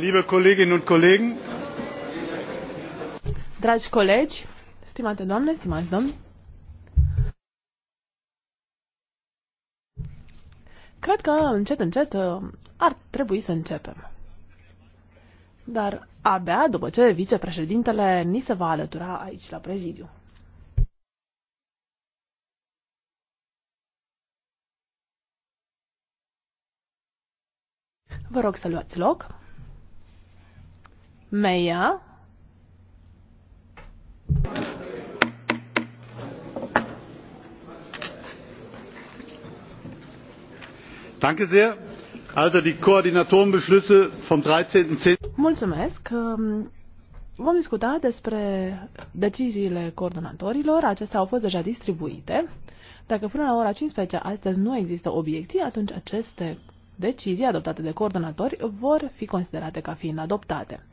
liebe Kolleginnen und Kollegen. Dragi colegi, stimate doamne, stimați domni, cred că încet, încet uh, ar trebui să începem. Dar abia după ce vicepreședintele ni se va alătura aici la prezidiu. Vă rog să luați loc. Meia. Danke sehr. Also die Koordinatorenbeschlüsse vom 13.10. Mulțumesc. Um, vom discuta despre deciziile coordonatorilor. Acestea au fost deja distribuite. Dacă până la ora 15 astăzi nu există obiecții, atunci aceste decizii adoptate de coordonatori vor fi considerate ca fiind adoptate.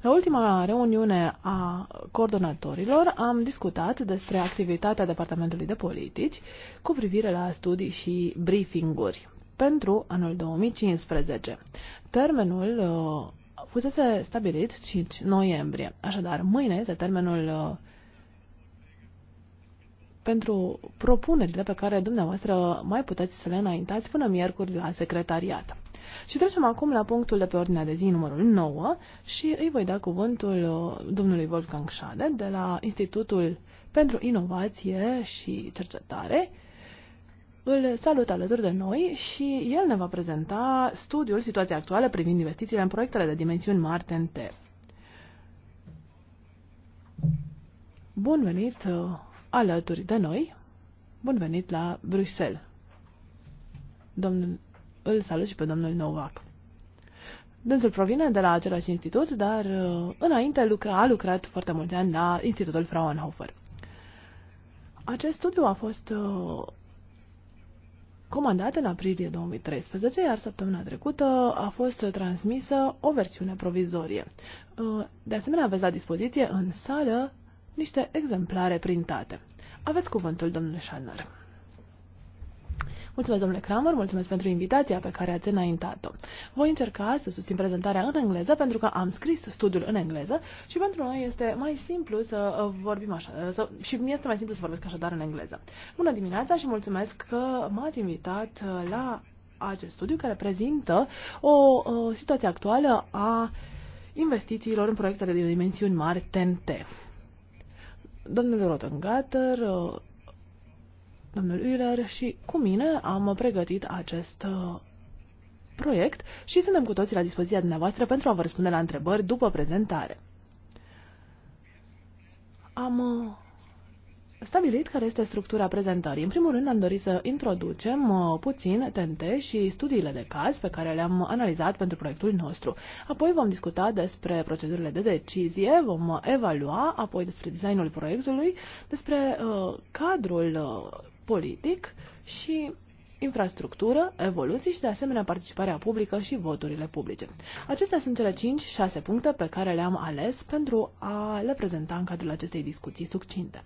La ultima reuniune a coordonatorilor am discutat despre activitatea Departamentului de Politici cu privire la studii și briefinguri pentru anul 2015. Termenul uh, fusese stabilit 5 noiembrie, așadar mâine este termenul uh, pentru propunerile pe care dumneavoastră mai puteți să le înaintați până miercuri la secretariat. Și trecem acum la punctul de pe ordinea de zi numărul 9 și îi voi da cuvântul uh, domnului Wolfgang Schade de la Institutul pentru Inovație și Cercetare. Îl salut alături de noi și el ne va prezenta studiul situației actuale privind investițiile în proiectele de dimensiuni mari TNT. Bun venit, uh, alături de noi. Bun venit la Bruxelles. Domnul, îl salut și pe domnul Novak. Dânsul provine de la același institut, dar uh, înainte lucra, a lucrat foarte mulți ani la Institutul Fraunhofer. Acest studiu a fost uh, comandat în aprilie 2013, iar săptămâna trecută a fost transmisă o versiune provizorie. Uh, de asemenea, aveți la dispoziție în sală niște exemplare printate. Aveți cuvântul, domnule Shanner. Mulțumesc, domnule Kramer, mulțumesc pentru invitația pe care ați înaintat-o. Voi încerca să susțin prezentarea în engleză pentru că am scris studiul în engleză și pentru noi este mai simplu să vorbim așa, să, și mie este mai simplu să vorbesc așadar în engleză. Bună dimineața și mulțumesc că m-ați invitat la acest studiu care prezintă o, o situație actuală a investițiilor în proiecte de dimensiuni mari TNT domnul Rotengater, uh, domnul Uller și cu mine am pregătit acest uh, proiect și suntem cu toții la dispoziția dumneavoastră pentru a vă răspunde la întrebări după prezentare. Am uh, stabilit care este structura prezentării. În primul rând am dorit să introducem uh, puțin TNT și studiile de caz pe care le-am analizat pentru proiectul nostru. Apoi vom discuta despre procedurile de decizie, vom evalua apoi despre designul proiectului, despre uh, cadrul uh, politic și infrastructură, evoluții și de asemenea participarea publică și voturile publice. Acestea sunt cele 5-6 puncte pe care le-am ales pentru a le prezenta în cadrul acestei discuții succinte.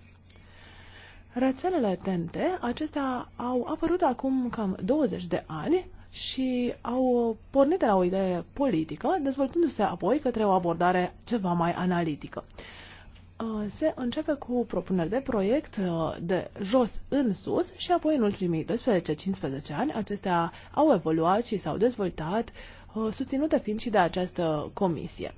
Rețelele TNT, acestea au apărut acum cam 20 de ani și au pornit de la o idee politică, dezvoltându-se apoi către o abordare ceva mai analitică. Uh, se începe cu propuneri de proiect uh, de jos în sus și apoi în ultimii 12-15 ani acestea au evoluat și s-au dezvoltat uh, Uh, susținută fiind și de această comisie.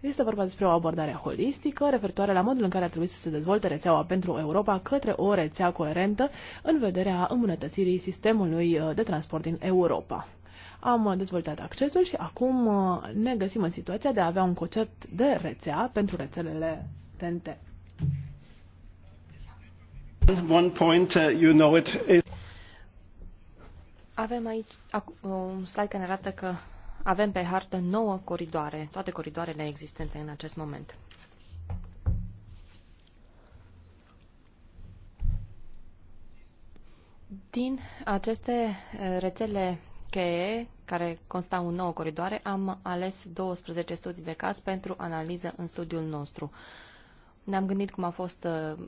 Este vorba despre o abordare holistică referitoare la modul în care ar trebui să se dezvolte rețeaua pentru Europa către o rețea coerentă în vederea îmbunătățirii sistemului uh, de transport din Europa. Am dezvoltat accesul și acum uh, ne găsim în situația de a avea un concept de rețea pentru rețelele TNT. One point, uh, you know it, is... Avem aici un slide care ne arată că avem pe hartă nouă coridoare, toate coridoarele existente în acest moment. Din aceste eh, rețele cheie, care constau în nouă coridoare, am ales 12 studii de caz pentru analiză în studiul nostru. Ne-am gândit cum a fost uh,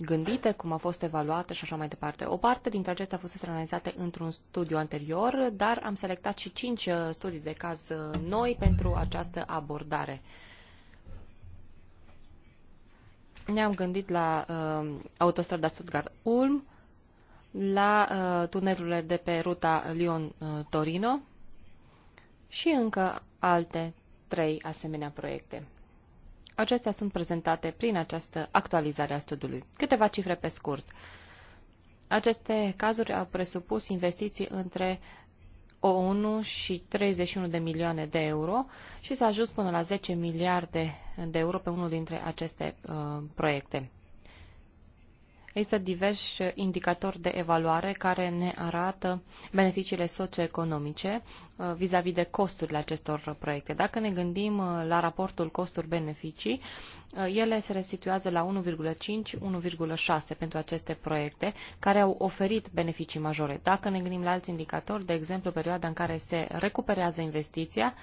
gândite, cum a fost evaluate și așa mai departe. O parte dintre acestea a fost analizate într-un studiu anterior, dar am selectat și cinci uh, studii de caz uh, noi pentru această abordare. Ne-am gândit la uh, autostrada Stuttgart-Ulm, la uh, tunelurile de pe ruta Lyon-Torino și încă alte trei asemenea proiecte. Acestea sunt prezentate prin această actualizare a studiului. Câteva cifre pe scurt. Aceste cazuri au presupus investiții între 1 și 31 de milioane de euro și s-a ajuns până la 10 miliarde de euro pe unul dintre aceste uh, proiecte. Există diversi indicatori de evaluare care ne arată beneficiile socioeconomice uh, vis-a-vis de costurile acestor proiecte. Dacă ne gândim uh, la raportul costuri-beneficii, uh, ele se resituează la 1,5-1,6 pentru aceste proiecte care au oferit beneficii majore. Dacă ne gândim la alți indicatori, de exemplu perioada în care se recuperează investiția,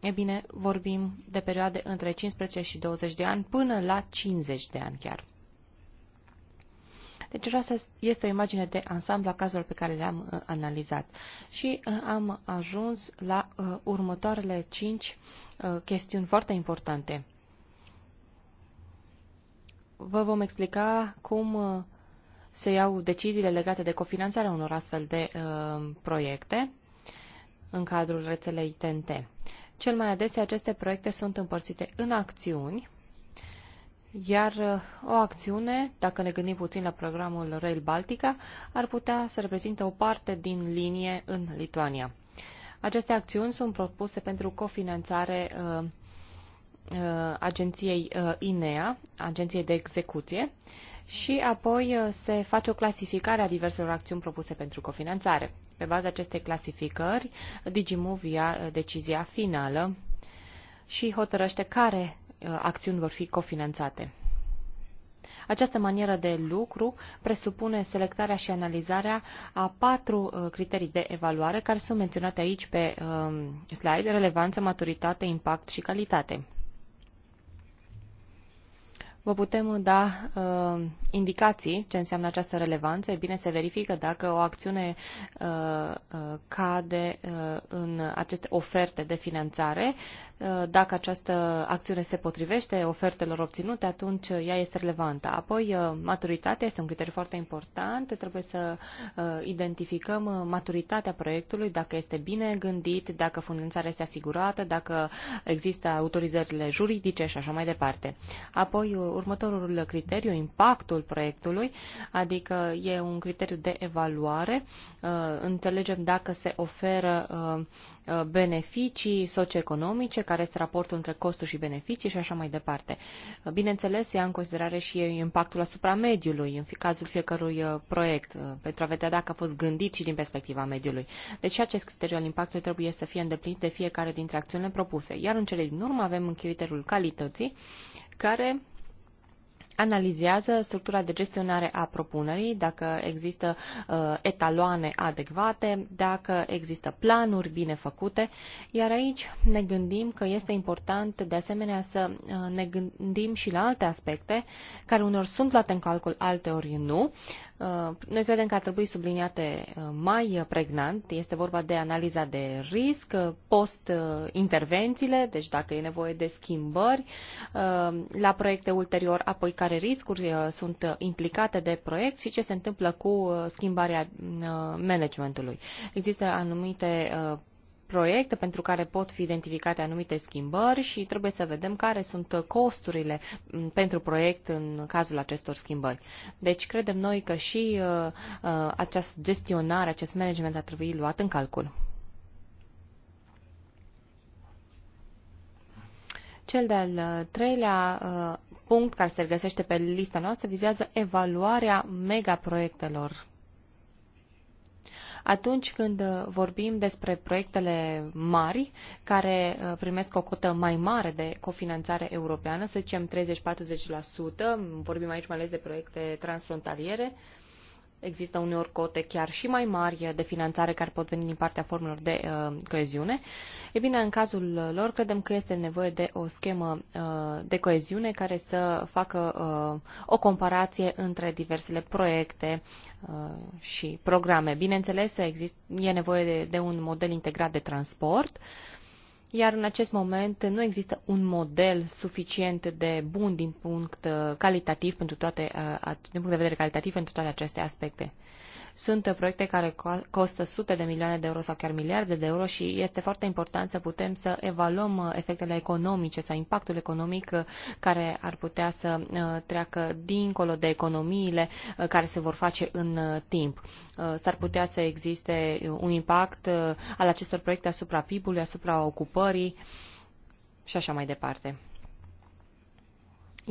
E bine, vorbim de perioade între 15 și 20 de ani până la 50 de ani chiar. Deci aceasta este o imagine de ansamblu a cazurilor pe care le-am uh, analizat. Și uh, am ajuns la uh, următoarele cinci chestiuni foarte importante. Vă vom explica cum se iau deciziile legate de cofinanțarea unor astfel de uh, proiecte în cadrul rețelei TNT. Cel mai adesea aceste proiecte sunt împărțite în acțiuni iar uh, o acțiune, dacă ne gândim puțin la programul Rail Baltica, ar putea să reprezinte o parte din linie în Lituania. Aceste acțiuni sunt propuse pentru cofinanțare uh, uh, agenției uh, INEA, agenției de execuție, și apoi uh, se face o clasificare a diverselor acțiuni propuse pentru cofinanțare. Pe baza acestei clasificări, DigiMove ia uh, decizia finală și hotărăște care Uh, acțiuni vor fi cofinanțate. Această manieră de lucru presupune selectarea și analizarea a patru uh, criterii de evaluare care sunt menționate aici pe uh, slide, relevanță, maturitate, impact și calitate vă putem da uh, indicații ce înseamnă această relevanță. E bine, se verifică dacă o acțiune uh, uh, cade uh, în aceste oferte de finanțare. Uh, dacă această acțiune se potrivește ofertelor obținute, atunci ea este relevantă. Apoi, uh, maturitatea este un criteriu foarte important. Trebuie să uh, identificăm uh, maturitatea proiectului, dacă este bine gândit, dacă finanțarea este asigurată, dacă există autorizările juridice și așa mai departe. Apoi, uh, următorul criteriu, impactul proiectului, adică e un criteriu de evaluare. Uh, înțelegem dacă se oferă uh, uh, beneficii socioeconomice, care este raportul între costuri și beneficii și așa mai departe. Bineînțeles, ia în considerare și impactul asupra mediului, în cazul fiecărui proiect, pentru a vedea dacă a fost gândit și din perspectiva mediului. Deci acest criteriu al impactului trebuie să fie îndeplinit de fiecare dintre acțiunile propuse. Iar în cele din urmă avem criteriul calității, care analizează structura de gestionare a propunerii, dacă există uh, etaloane adecvate, dacă există planuri bine făcute, iar aici ne gândim că este important de asemenea să uh, ne gândim și la alte aspecte care unor sunt luate în calcul, alteori nu, Uh, noi credem că ar trebui subliniate uh, mai uh, pregnant. Este vorba de analiza de risc, post-intervențiile, deci dacă e nevoie de schimbări, la proiecte ulterior, apoi care riscuri sunt implicate de proiect și ce se întâmplă cu schimbarea managementului. Există anumite proiecte pentru care pot fi identificate anumite schimbări și trebuie să vedem care sunt costurile mm, pentru proiect în cazul acestor schimbări. Deci credem noi că și uh, uh această gestionare, acest management ar trebui luat în calcul. Cel de-al uh, treilea uh, punct care se regăsește pe lista noastră vizează evaluarea megaproiectelor atunci când uh, vorbim despre proiectele mari care uh, primesc o cotă mai mare de cofinanțare europeană, să zicem 30-40%, vorbim aici mai ales de proiecte transfrontaliere, uh, Există uneori cote chiar și mai mari de finanțare care pot veni din partea formelor de uh, coeziune. E bine, în cazul lor credem că este nevoie de o schemă uh, de coeziune care să facă uh, o comparație între diversele proiecte uh, și programe. Bineînțeles, există e nevoie de, de un model integrat de transport uh, iar în acest moment nu există un model suficient de bun din punct uh, calitativ pentru toate, uh, din punct de vedere calitativ pentru toate aceste aspecte. Sunt proiecte care costă sute de milioane de euro sau chiar miliarde de euro și este foarte important să putem să evaluăm uh, efectele economice sau impactul economic uh, care ar putea să uh, treacă dincolo de economiile care se vor face în timp. S-ar putea să existe un impact al acestor proiecte asupra PIB-ului, asupra ocupării și așa mai departe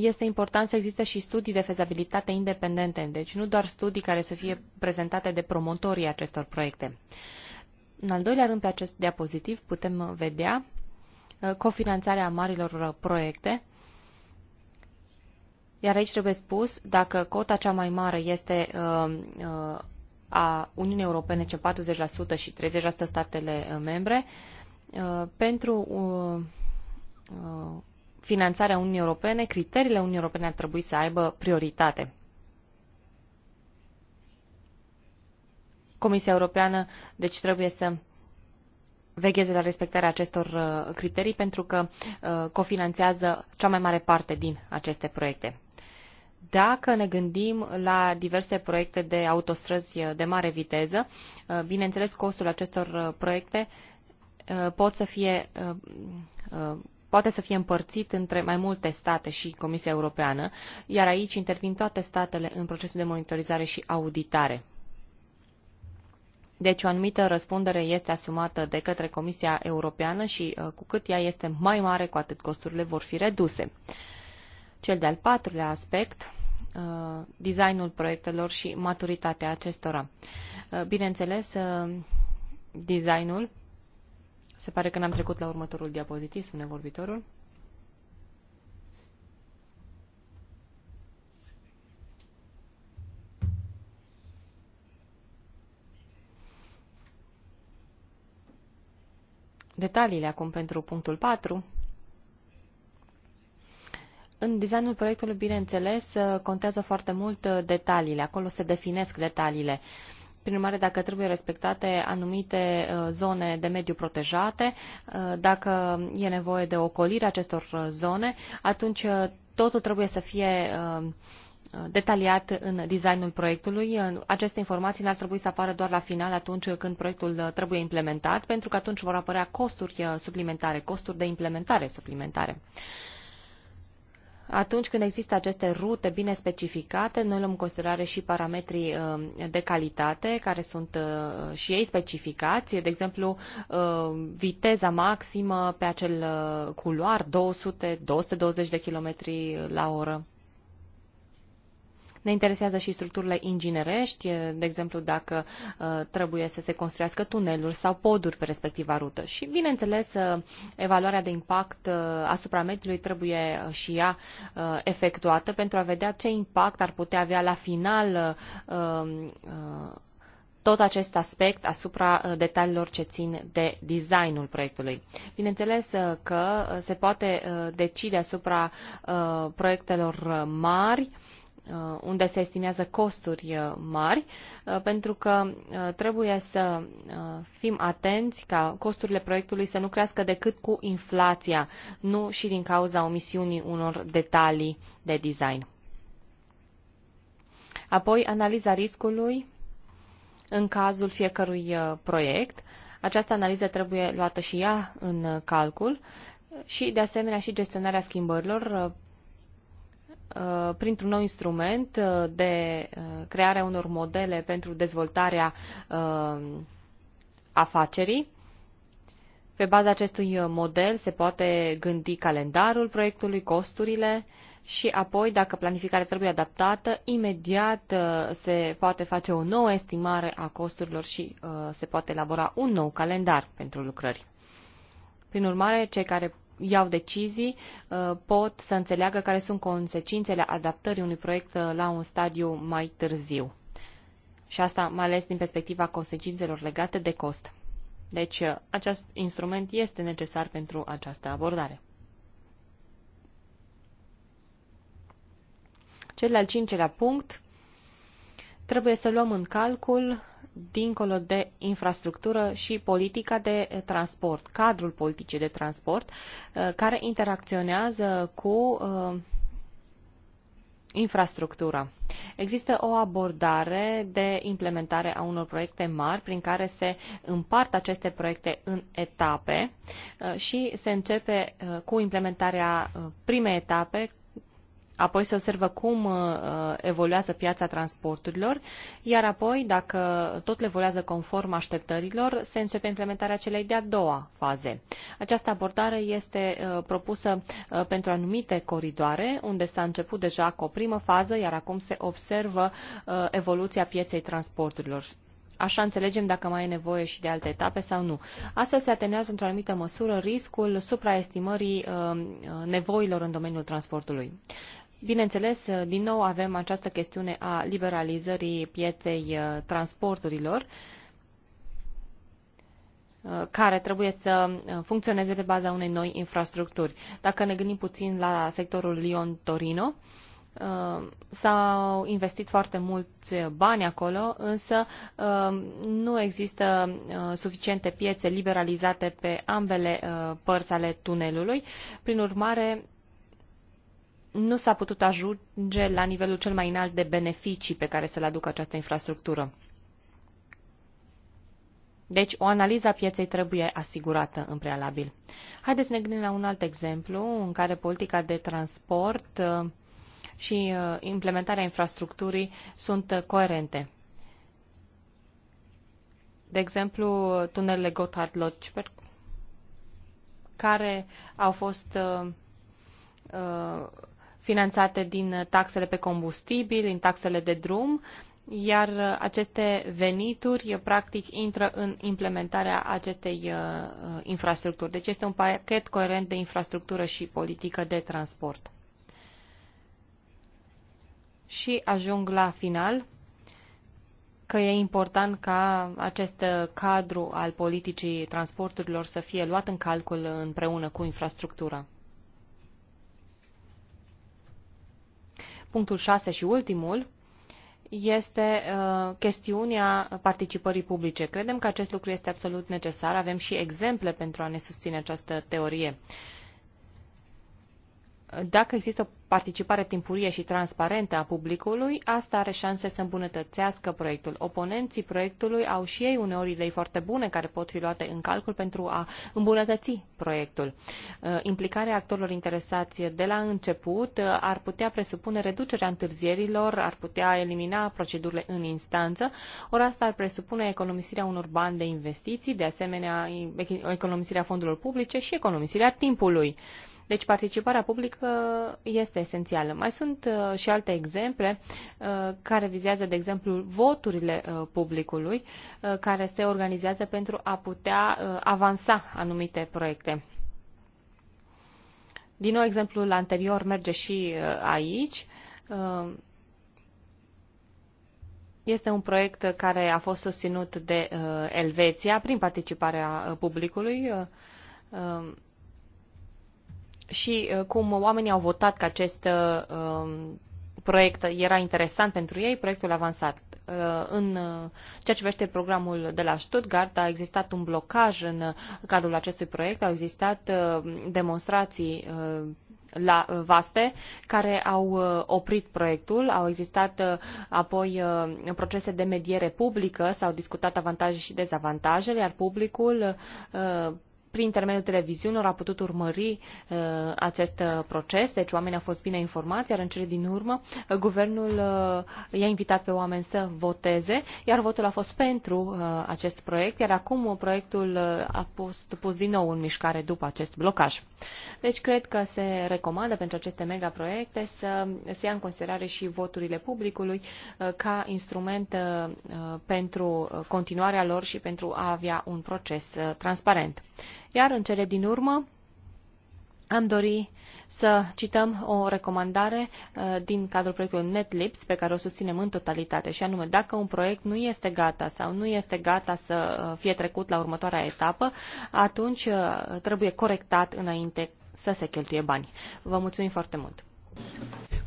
este important să existe și studii de fezabilitate independente, deci nu doar studii care să fie prezentate de promotorii acestor proiecte. În al doilea rând, pe acest diapozitiv putem vedea uh, cofinanțarea marilor uh, proiecte, iar aici trebuie spus, dacă cota cea mai mare este uh, a Uniunii Europene, ce 40% și 30% statele membre, pentru finanțarea Uniunii Europene, criteriile Uniunii Europene ar trebui să aibă prioritate. Comisia Europeană, deci, trebuie să vegheze la respectarea acestor uh, criterii pentru că uh, cofinanțează cea mai mare parte din aceste proiecte. Dacă ne gândim la diverse proiecte de autostrăzi uh, de mare viteză, bineînțeles costul acestor proiecte pot să fie poate să fie împărțit între mai multe state și Comisia Europeană, iar aici intervin toate statele în procesul de monitorizare și auditare. Deci o anumită răspundere este asumată de către Comisia Europeană și uh, cu cât ea este mai mare, cu atât costurile vor fi reduse. Cel de-al patrulea aspect, uh, designul proiectelor și maturitatea acestora. Uh, bineînțeles, designul se pare că n-am trecut la următorul diapozitiv, spune vorbitorul. Detaliile acum pentru punctul 4. În designul proiectului, bineînțeles, contează foarte mult detaliile. Acolo se definesc detaliile. Uh, prin urmare, dacă trebuie respectate anumite uh, zone de mediu protejate, uh, dacă e nevoie de ocolire acestor uh, zone, atunci totul trebuie să fie detaliat în designul proiectului. Aceste informații n-ar trebui să apară doar la final atunci când proiectul trebuie implementat, pentru că atunci vor apărea costuri suplimentare, costuri de implementare suplimentare atunci când există aceste rute bine specificate, noi luăm în considerare și parametrii uh, de calitate care sunt uh, și ei specificați, de exemplu uh, viteza maximă pe acel culoar 200-220 de km la oră. Ne interesează și structurile inginerești, de exemplu dacă uh, trebuie să se construiască tuneluri sau poduri pe respectiva rută. Și, bineînțeles, uh, evaluarea de impact uh, asupra mediului trebuie și ea efectuată pentru a vedea ce impact ar putea avea la final um, tot acest aspect asupra detaliilor ce țin de designul proiectului. Bineînțeles că se poate decide asupra proiectelor mari Uh, unde se estimează costuri uh, mari, uh, pentru că trebuie să fim atenți ca costurile proiectului să nu crească decât cu inflația, nu și din cauza omisiunii unor detalii de design. Apoi, analiza riscului în cazul fiecărui proiect. Această analiză trebuie luată și ea în calcul și, de asemenea, și gestionarea schimbărilor Uh, printr-un nou instrument uh, de uh, crearea unor modele pentru dezvoltarea afacerii. Pe baza acestui model se poate gândi calendarul proiectului, costurile și apoi, dacă planificarea trebuie adaptată, imediat se poate face o nouă estimare a costurilor și se poate elabora un nou calendar pentru lucrări. Prin urmare, cei care iau decizii uh, pot să înțeleagă care sunt consecințele adaptării unui proiect uh, la un stadiu mai târziu. Și asta mai ales din perspectiva consecințelor legate de cost. Deci uh, acest instrument este necesar pentru această abordare. Cel al cincelea punct trebuie să luăm în calcul dincolo de infrastructură și politica de transport, cadrul politicii de transport, uh, care interacționează cu uh, infrastructura. Există o abordare de implementare a unor proiecte mari prin care se împart aceste proiecte în etape uh, și se începe cu implementarea primei etape Apoi se observă cum uh, evoluează piața transporturilor, iar apoi, dacă tot le evoluează conform așteptărilor, se începe implementarea celei de-a doua faze. Această abordare este uh, propusă uh, pentru anumite coridoare, unde s-a început deja cu o primă fază, iar acum se observă evoluția pieței transporturilor. Așa înțelegem dacă mai e nevoie și de alte etape sau nu. Astfel se atenuează într-o anumită măsură riscul supraestimării nevoilor în domeniul transportului. Bineînțeles, din nou avem această chestiune a liberalizării pieței uh, transporturilor, uh, care trebuie să uh, funcționeze pe baza unei noi infrastructuri. Dacă ne gândim puțin la sectorul Lyon-Torino, s-au investit foarte mulți bani acolo, însă nu există suficiente piețe liberalizate pe ambele părți ale tunelului. Prin urmare, nu s-a putut ajunge la nivelul cel mai înalt de beneficii pe care să le aducă această infrastructură. Deci, o analiză a pieței trebuie asigurată în prealabil. Haideți să ne gândim la un alt exemplu în care politica de transport uh, și uh, implementarea infrastructurii sunt uh, coerente. De exemplu, tunelele Gotthard-Lochberg, care au fost finanțate din taxele pe combustibil, din taxele de drum, iar aceste venituri eh, practic intră în implementarea acestei eh, eh, infrastructuri. Deci este un pachet coerent de infrastructură și politică de transport. Și ajung la final că e important ca acest cadru al politicii transporturilor să fie luat în calcul împreună cu infrastructura. Punctul 6 și ultimul este uh, chestiunea participării publice. Credem că acest lucru este absolut necesar. Avem și exemple pentru a ne susține această teorie. Uh, dacă există o participare timpurie și transparentă a publicului, asta are șanse să îmbunătățească proiectul. Oponenții proiectului au și ei uneori idei foarte bune care pot fi luate în calcul pentru a îmbunătăți proiectul. Uh, implicarea actorilor interesați de la început uh, ar putea presupune reducerea întârzierilor, ar putea elimina procedurile în instanță, ori asta ar presupune economisirea unor bani de investiții, de asemenea economisirea fondurilor publice și economisirea timpului. Deci participarea publică este esențială. Mai sunt uh, și alte exemple uh, care vizează, de exemplu, voturile uh, publicului care se organizează pentru a putea avansa anumite proiecte. Din nou, exemplul anterior merge și aici. Este un proiect care a fost susținut de Elveția prin participarea publicului și uh, cum oamenii au votat că acest uh, um, proiect era interesant pentru ei, proiectul avansat. Uh, în ceea ce privește programul de la Stuttgart, a existat un blocaj în cadrul acestui proiect, au existat demonstrații la vaste care au oprit proiectul, au existat apoi procese de mediere publică, s-au discutat avantaje și dezavantajele, iar publicul prin intermediul televiziunilor a putut urmări uh, acest uh, proces, deci oamenii au fost bine informați, iar în cele din urmă uh, guvernul uh, i-a invitat pe oameni să voteze, iar votul a fost pentru uh, acest proiect, iar acum uh, proiectul uh, a fost pus din nou în mișcare după acest blocaj. Deci cred că se recomandă pentru aceste megaproiecte să se ia în considerare și voturile publicului uh, ca instrument uh, uh pentru continuarea lor și pentru a avea un proces transparent. Iar în cele din urmă, am dori să cităm o recomandare uh, din cadrul proiectului NetLips pe care o susținem în totalitate și anume dacă un proiect nu este gata sau nu este gata să uh, fie trecut la următoarea etapă, atunci uh, trebuie corectat înainte să se cheltuie bani. Vă mulțumim foarte mult!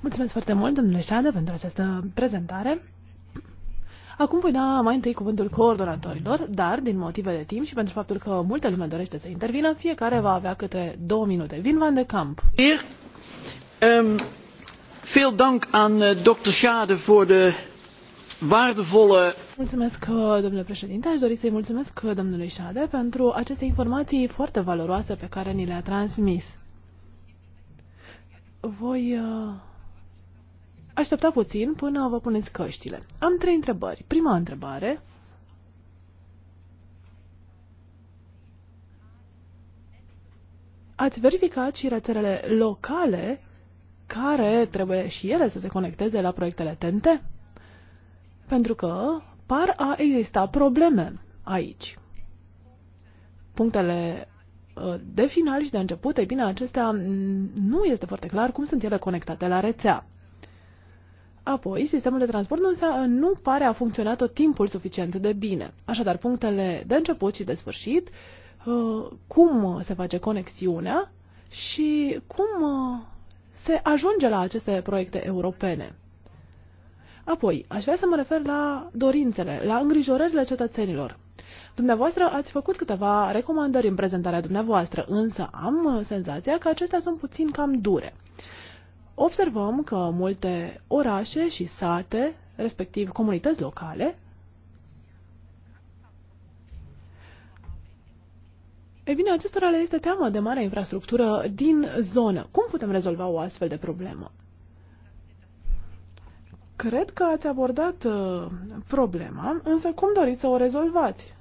Mulțumesc foarte mult, domnule Șadă, pentru această prezentare. Acum voi da mai întâi cuvântul coordonatorilor, dar din motive de timp și pentru faptul că multă lume dorește să intervină, fiecare va avea câte două minute. Vin van de Camp. Ehm, veel dank aan eh, dokter Schade voor de waardevolle... Mulțumesc, eh, domnule președinte. Aș dori să-i mulțumesc eh, domnului Schade pentru aceste informații foarte valoroase pe care ni le-a transmis. Voi... Uh aștepta puțin până vă puneți căștile. Am trei întrebări. Prima întrebare. Ați verificat și rețelele locale care trebuie și ele să se conecteze la proiectele TNT? Pentru că par a exista probleme aici. Punctele uh, de final și de început, ei bine, acestea mm, nu este foarte clar cum sunt ele conectate la rețea. Apoi, sistemul de transport nu pare a funcționa tot timpul suficient de bine. Așadar, punctele de început și de sfârșit, uh, cum se face conexiunea și cum uh, se ajunge la aceste proiecte europene. Apoi, aș vrea să mă refer la dorințele, la îngrijorările cetățenilor. Dumneavoastră ați făcut câteva recomandări în prezentarea dumneavoastră, însă am senzația că acestea sunt puțin cam dure observăm că multe orașe și sate, respectiv comunități locale, e bine, acestora le este teamă de mare infrastructură din zonă. Cum putem rezolva o astfel de problemă? Cred că ați abordat uh, problema, însă cum doriți să o rezolvați?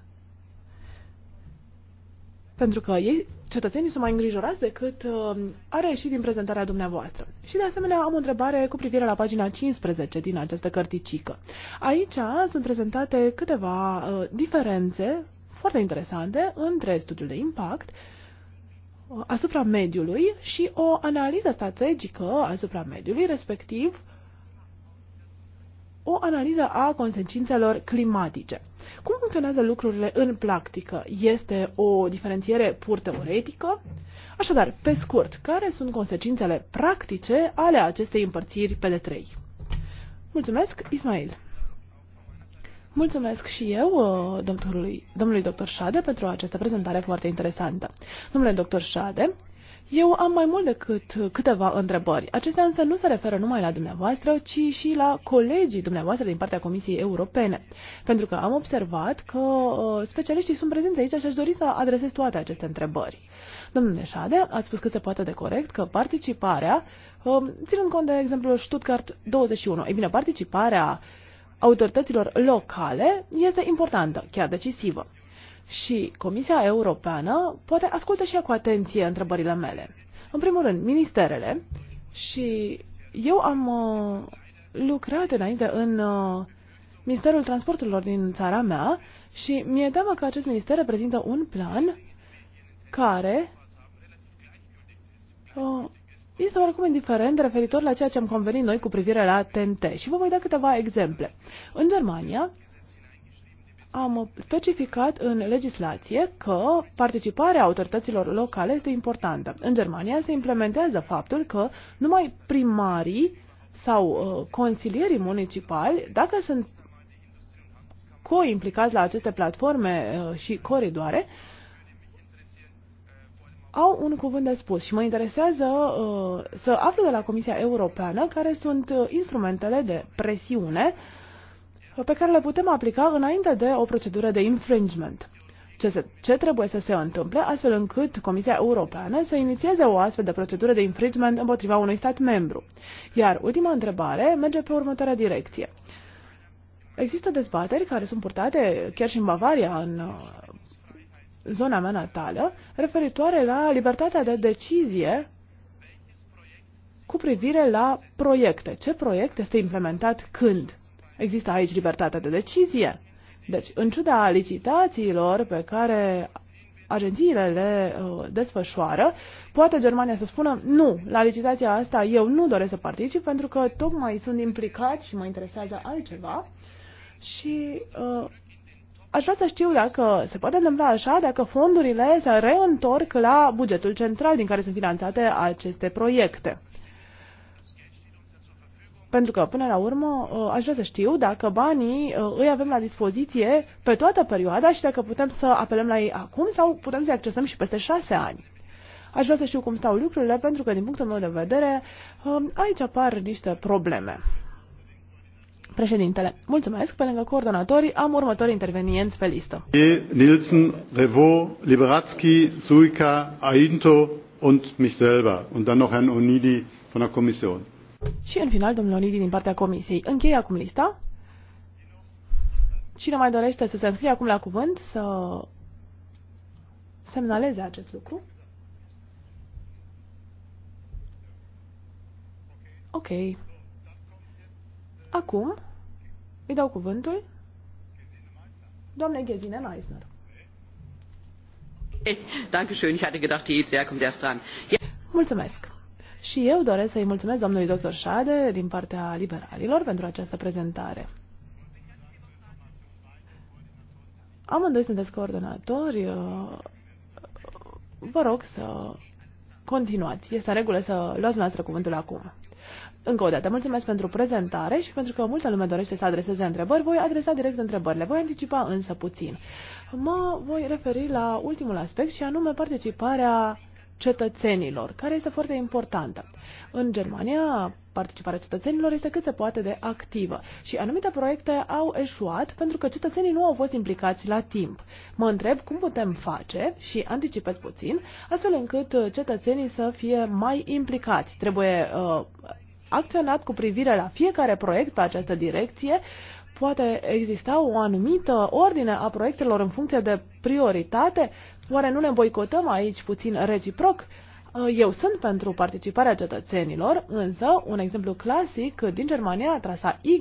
Pentru că ei cetățenii sunt mai îngrijorați decât uh, a reieșit din prezentarea dumneavoastră. Și de asemenea am o întrebare cu privire la pagina 15 din această cărticică. Aici sunt prezentate câteva uh, diferențe foarte interesante între studiul de impact uh, asupra mediului și o analiză strategică asupra mediului, respectiv o analiză a consecințelor climatice. Cum funcționează lucrurile în practică? Este o diferențiere pur teoretică? Așadar, pe scurt, care sunt consecințele practice ale acestei împărțiri pe de trei. Mulțumesc, Ismail! Mulțumesc și eu uh, domnului, domnului doctor Șade pentru această prezentare foarte interesantă. Domnule doctor Șade, eu am mai mult decât câteva întrebări. Acestea însă nu se referă numai la dumneavoastră, ci și la colegii dumneavoastră din partea Comisiei Europene. Pentru că am observat că uh, specialiștii sunt prezenți aici și aș dori să adresez toate aceste întrebări. Domnule Șade, ați spus cât se poate de corect că participarea, uh, ținând cont de exemplul Stuttgart 21, ei bine, participarea autorităților locale este importantă, chiar decisivă. Și Comisia Europeană poate ascultă și ea cu atenție întrebările mele. În primul rând, ministerele și eu am uh, lucrat înainte în uh, Ministerul Transporturilor din țara mea și mi-e teamă că acest minister reprezintă un plan care uh, este oarecum indiferent referitor la ceea ce am convenit noi cu privire la TNT. Și vă voi da câteva exemple. În Germania, am specificat în legislație că participarea autorităților locale este importantă. În Germania se implementează faptul că numai primarii sau uh, consilierii municipali, dacă sunt co-implicați la aceste platforme uh, și coridoare, au un cuvânt de spus și mă interesează uh, să aflu de la Comisia Europeană care sunt uh, instrumentele de presiune uh, pe care le putem aplica înainte de o procedură de infringement. Ce, se, ce trebuie să se întâmple astfel încât Comisia Europeană să inițieze o astfel de procedură de infringement împotriva unui stat membru? Iar ultima întrebare merge pe următoarea direcție. Există dezbateri care sunt purtate chiar și în Bavaria, în uh, zona mea natală, referitoare la libertatea de decizie cu privire la proiecte. Ce proiect este implementat când? Există aici libertatea de decizie. Deci, în ciuda licitațiilor pe care agențiile le uh, desfășoară, poate Germania să spună nu, la licitația asta eu nu doresc să particip pentru că tocmai sunt implicat și mă interesează altceva și uh, aș vrea să știu dacă se poate întâmpla așa, dacă fondurile se reîntorc la bugetul central din care sunt finanțate aceste proiecte. Pentru că, până la urmă, uh, aș vrea să știu dacă banii uh, îi avem la dispoziție pe toată perioada și dacă putem să apelăm la ei acum sau putem să-i accesăm și peste șase ani. Aș vrea să știu cum stau lucrurile, pentru că, din punctul meu de vedere, uh, aici apar niște probleme. Președintele, mulțumesc. Pe lângă coordonatori, am următorii intervenienți pe listă. Nilsen, Revo, Liberatski, Suica, Ainto und mich selber. Und dann noch Herrn Onidi von der Kommission. Și în final, domnul Lidi din partea comisiei. Încheie acum lista. Cine mai dorește să se înscrie acum la cuvânt, să semnaleze acest lucru? Ok. Acum îi dau cuvântul doamnei Gesine Meisner. Dankeschön, ich hatte gedacht, die ECR kommt erst dran. Mulțumesc. Și eu doresc să-i mulțumesc domnului dr. Șade din partea liberalilor pentru această prezentare. Amândoi sunteți coordonatori. Uh, vă rog să continuați. Este în regulă să luați dumneavoastră cuvântul acum. Încă o dată, mulțumesc pentru prezentare și pentru că multă lume dorește să adreseze întrebări, voi adresa direct întrebările, voi anticipa însă puțin. Mă voi referi la ultimul aspect și anume participarea cetățenilor, care este foarte importantă. În Germania, participarea cetățenilor este cât se poate de activă și anumite proiecte au eșuat pentru că cetățenii nu au fost implicați la timp. Mă întreb cum putem face și anticipez puțin, astfel încât uh, cetățenii să fie mai implicați. Trebuie uh, acționat cu privire la fiecare proiect pe această direcție, poate exista o anumită ordine a proiectelor în funcție de prioritate Oare nu ne boicotăm aici puțin reciproc? Uh, eu sunt pentru participarea cetățenilor, însă un exemplu clasic din Germania, trasa Y,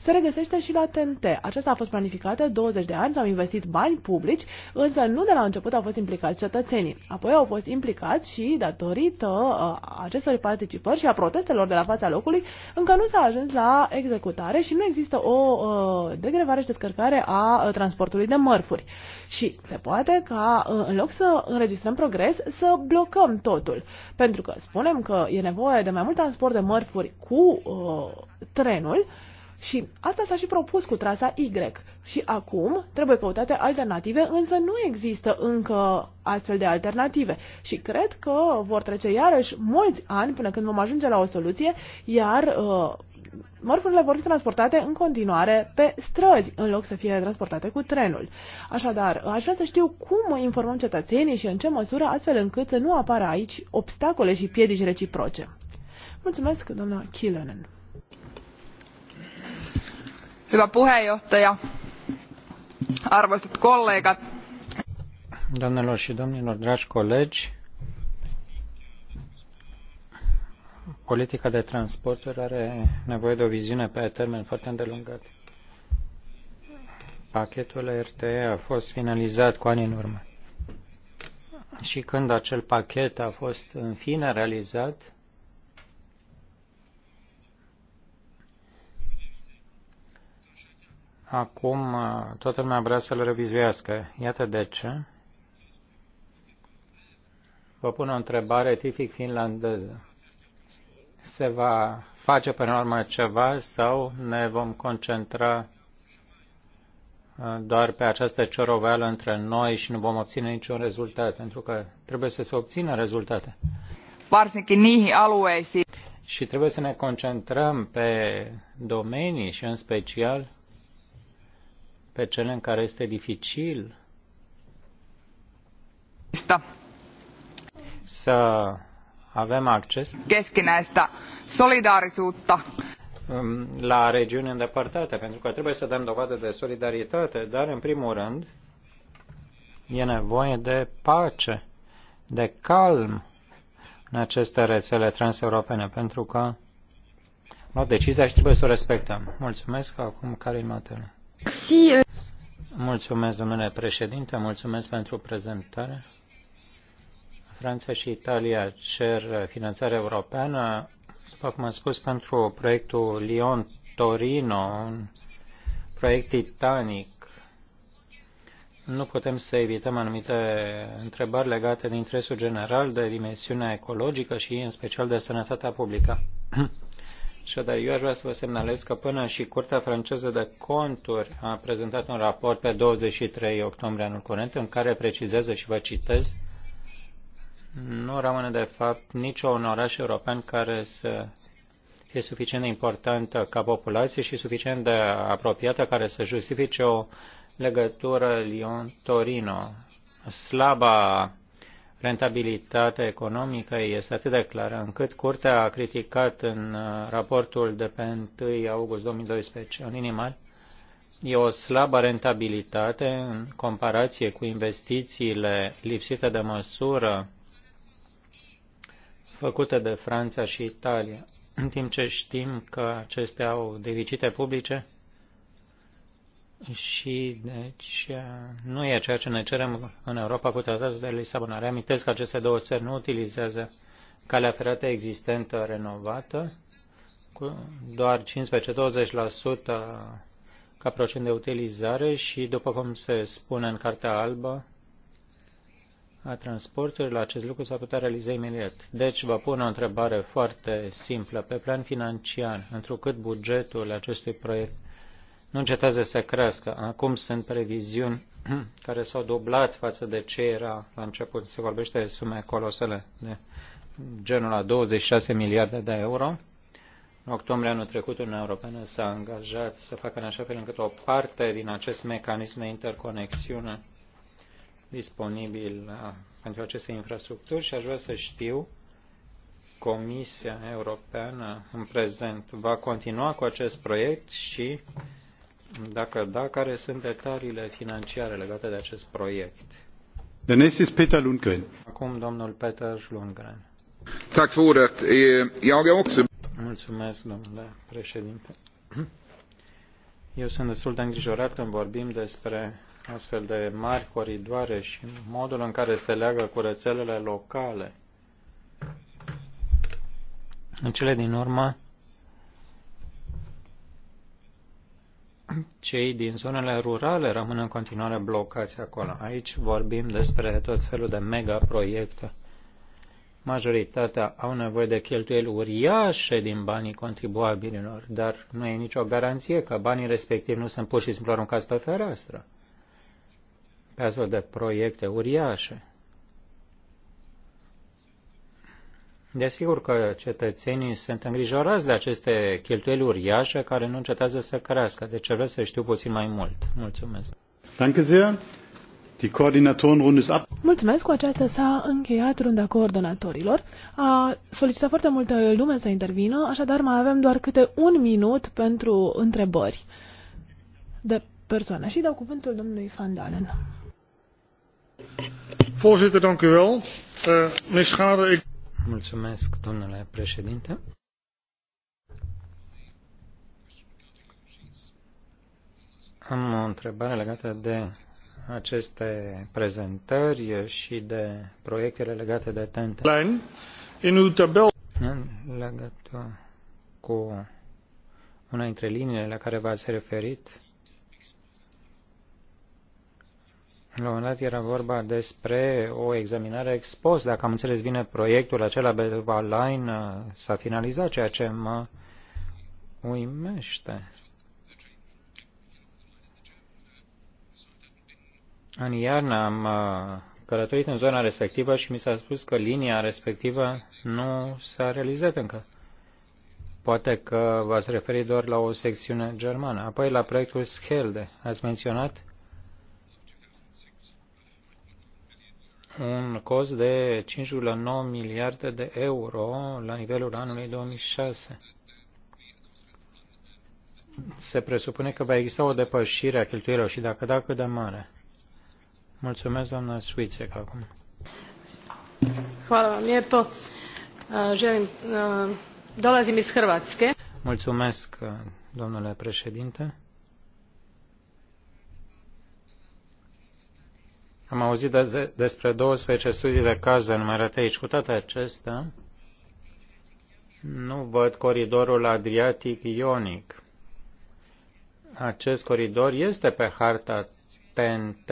se regăsește și la TNT. Aceasta a fost planificată 20 de ani, s-au investit bani publici, însă nu de la început au fost implicați cetățenii. Apoi au fost implicați și datorită uh, acestor participări și a protestelor de la fața locului, încă nu s-a ajuns la executare și nu există o uh, degrevare și descărcare a transportului de mărfuri. Și se poate ca, ă, în loc să înregistrăm progres, să blocăm totul. Pentru că spunem că e nevoie de mai mult transport de mărfuri cu uh, trenul, și asta s-a și propus cu trasa Y. Și acum trebuie căutate alternative, însă nu există încă astfel de alternative. Și cred că vor trece iarăși mulți ani până când vom ajunge la o soluție, iar uh, Mărfurile vor fi transportate în continuare pe străzi, în loc să fie transportate cu trenul. Așadar, aș vrea să știu cum informăm cetățenii și în ce măsură, astfel încât să nu apară aici obstacole și piedici reciproce. Mulțumesc, doamna Kilonen. Hyvä puheenjohtaja, arvoisat kollegat. Doamnelor și domnilor, dragi colegi, politica de transporturi are nevoie de o viziune pe termen foarte îndelungat. Pachetul RTE a fost finalizat cu ani în urmă. Și când acel pachet a fost în fine realizat, acum uh, toată lumea vrea să-l revizuiască. Iată de ce. Vă pun o întrebare tipic finlandeză se va face până la urmă ceva sau ne vom concentra uh, doar pe această cioroveală între noi și nu vom obține niciun rezultat, pentru că trebuie să se obțină rezultate. Și trebuie să ne concentrăm pe domenii și în special pe cele în care este dificil să avem acces keskinäistä solidaarisuutta la regiuni îndepărtate, pentru că trebuie să dăm dovadă de solidaritate, dar în primul rând e nevoie de pace, de calm în aceste rețele transeuropene, pentru că luat decizia și trebuie să o respectăm. Mulțumesc acum, Karin Matele. Euh. Mulțumesc, domnule președinte, mulțumesc pentru prezentare. Franța și Italia cer finanțare europeană, după cum am spus, pentru proiectul Lyon-Torino, un proiect titanic. Nu putem să evităm anumite întrebări legate de interesul general, de dimensiunea ecologică și în special de sănătatea publică. Și dar eu aș vrea să vă semnalez că până și Curtea franceză de conturi a prezentat un raport pe 23 octombrie anul curent în care precizează și vă citez nu rămâne de fapt nicio un oraș european care să fie suficient de importantă ca populație și suficient de apropiată care să justifice o legătură Lyon-Torino. Slaba rentabilitate economică este atât de clară încât Curtea a criticat în uh, raportul de pe 1 august 2012 în mari. e o slabă rentabilitate în comparație cu investițiile lipsite de măsură făcute de Franța și Italia, în timp ce știm că acestea au deficite publice și deci nu e ceea ce ne cerem în Europa cu tratatul de Lisabona. Reamintesc că aceste două țări nu utilizează calea ferată existentă renovată, cu doar 15-20% ca procent de utilizare și, după cum se spune în Cartea Albă, a transporturilor, acest lucru s a putea realiza imediat. Deci vă pun o întrebare foarte simplă. Pe plan financiar, întrucât bugetul acestui proiect nu încetează să crească. Acum sunt previziuni care s-au dublat față de ce era la început. Se vorbește de sume colosale de genul la 26 miliarde de euro. În octombrie anul trecut, Uniunea Europeană s-a angajat să facă în așa fel încât o parte din acest mecanism de interconexiune disponibil uh, pentru aceste infrastructuri și aș vrea să știu Comisia Europeană în prezent va continua cu acest proiect și, dacă da, care sunt detaliile financiare legate de acest proiect. The next is Peter Lundgren. Acum domnul Peter Lundgren. Tack för ordet. Eh, Jag är också... Mulțumesc, domnule președinte. Eu sunt destul de îngrijorat când vorbim despre astfel de mari coridoare și modul în care se leagă cu rețelele locale. În cele din urmă, cei din zonele rurale rămân în continuare blocați acolo. Aici vorbim despre tot felul de mega proiecte. Majoritatea au nevoie de cheltuieli uriașe din banii contribuabililor, dar nu e nicio garanție că banii respectivi nu sunt pur și simplu aruncați pe fereastră pe astfel de proiecte uriașe. Desigur că cetățenii sunt îngrijorați de aceste cheltuieli uriașe care nu încetează să crească, deci vreau să știu puțin mai mult. Mulțumesc. Danke sehr. Die Koordinatorenrunde ist ab. Mulțumesc, cu aceasta s-a încheiat runda coordonatorilor. A solicitat foarte multă lume să intervină, așadar mai avem doar câte un minut pentru întrebări de persoană. Și dau cuvântul domnului Fandalen. Dalen. Voorzitter, dank u wel. Uh, meneer Schade, ik... Mulțumesc, domnule președinte. Am o întrebare legată de aceste prezentări și de proiectele legate de tente. Lijn, in uw tabel... legătură cu una dintre liniile la care v-ați referit, La un moment dat era vorba despre o examinare ex post. Dacă am înțeles bine, proiectul acela Bedva Line uh, s-a finalizat, ceea ce mă uimește. În iarnă am uh, călătorit în zona respectivă și mi s-a spus că linia respectivă nu s-a realizat încă. Poate că v-ați referit doar la o secțiune germană. Apoi la proiectul Schelde. Ați menționat un cost de 5,9 miliarde de euro la nivelul anului 2006. Se presupune că va exista o depășire a cheltuielor și dacă da, cât de mare. Mulțumesc, doamna Suițec, acum. Hvala vam lijepo. Želim, dolazim iz Hrvatske. Mulțumesc, domnule președinte. Am auzit de, de, despre 12 studii de caz enumerate aici. Cu toate acestea, nu văd coridorul Adriatic-Ionic. Acest coridor este pe harta TNT.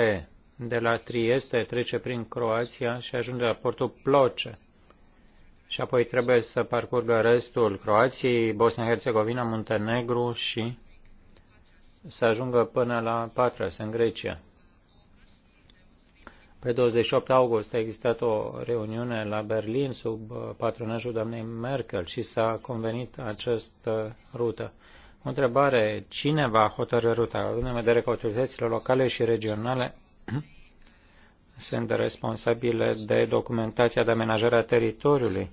De la Trieste trece prin Croația și ajunge la portul Ploce. Și apoi trebuie să parcurgă restul Croației, Bosnia-Herzegovina, Muntenegru și să ajungă până la Patras, în Grecia. Pe 28 august a existat o reuniune la Berlin sub uh, patronajul doamnei Merkel și s-a convenit această rută. O întrebare, cine va hotărâ ruta? în vedere că autoritățile locale și regionale sunt responsabile de documentația de amenajare a teritoriului,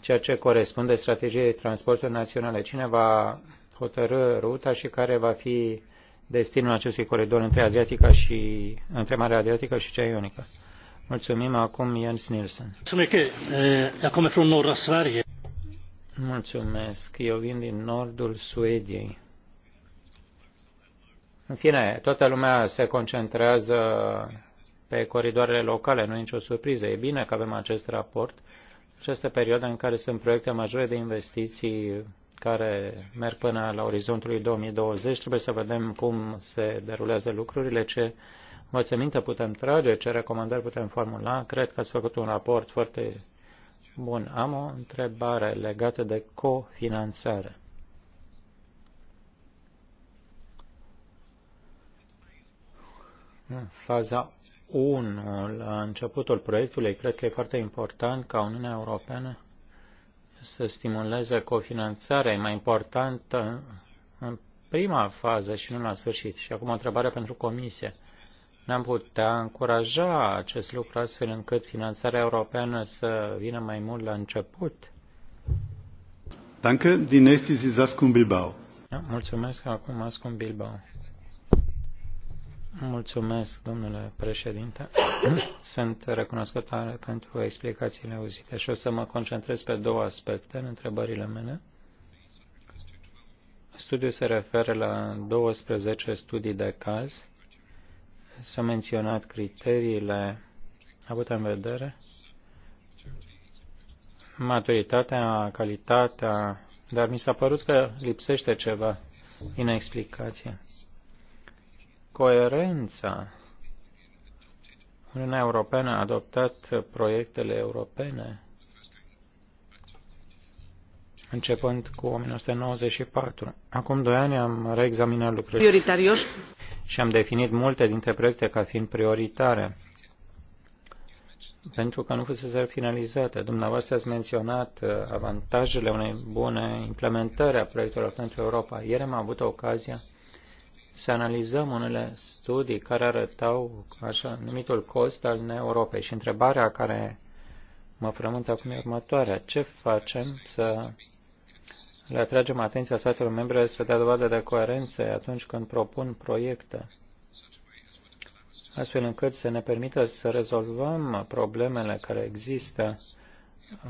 ceea ce corespunde strategiei transportului naționale. Cine va hotărâ ruta și care va fi destinul acestui coridor între, Adriatica și, între Marea Adriatică și cea Ionică. Mulțumim acum Jens Nielsen. Eh, Mulțumesc. Eu vin din nordul Suediei. În fine, toată lumea se concentrează pe coridoarele locale, nu e nicio surpriză. E bine că avem acest raport, această perioadă în care sunt proiecte majore de investiții care merg până la orizontul 2020. Trebuie să vedem cum se derulează lucrurile, ce învățăminte putem trage, ce recomandări putem formula. Cred că ați făcut un raport foarte bun. Am o întrebare legată de cofinanțare. Faza 1, la începutul proiectului, cred că e foarte important ca Uniunea Europeană să stimuleze cofinanțarea e mai importantă în prima fază și nu la sfârșit. Și acum o întrebare pentru Comisie. Ne-am putea încuraja acest lucru astfel încât finanțarea europeană să vină mai mult la început? Danke, die nächste ist Bilbao. Da, mulțumesc, acum Ascun Bilbao. Mulțumesc, domnule președinte. Sunt recunoscătoare pentru explicațiile auzite și o să mă concentrez pe două aspecte în întrebările mele. Studiul se referă la 12 studii de caz. S-a menționat criteriile avut în vedere maturitatea, calitatea, dar mi s-a părut că lipsește ceva în explicație coerența. Uniunea Europeană a adoptat proiectele europene începând cu 1994. Acum doi ani am reexaminat lucrurile Prioritarios. și am definit multe dintre proiecte ca fiind prioritare pentru că nu fusese finalizate. Dumneavoastră ați menționat uh, avantajele unei bune implementări a proiectelor pentru Europa. Ieri am avut ocazia să analizăm unele studii care arătau așa numitul cost al Europei. Și întrebarea care mă frământă acum e următoarea. Ce facem să le atragem atenția statelor membre să dea dovadă de coerență atunci când propun proiecte, astfel încât să ne permită să rezolvăm problemele care există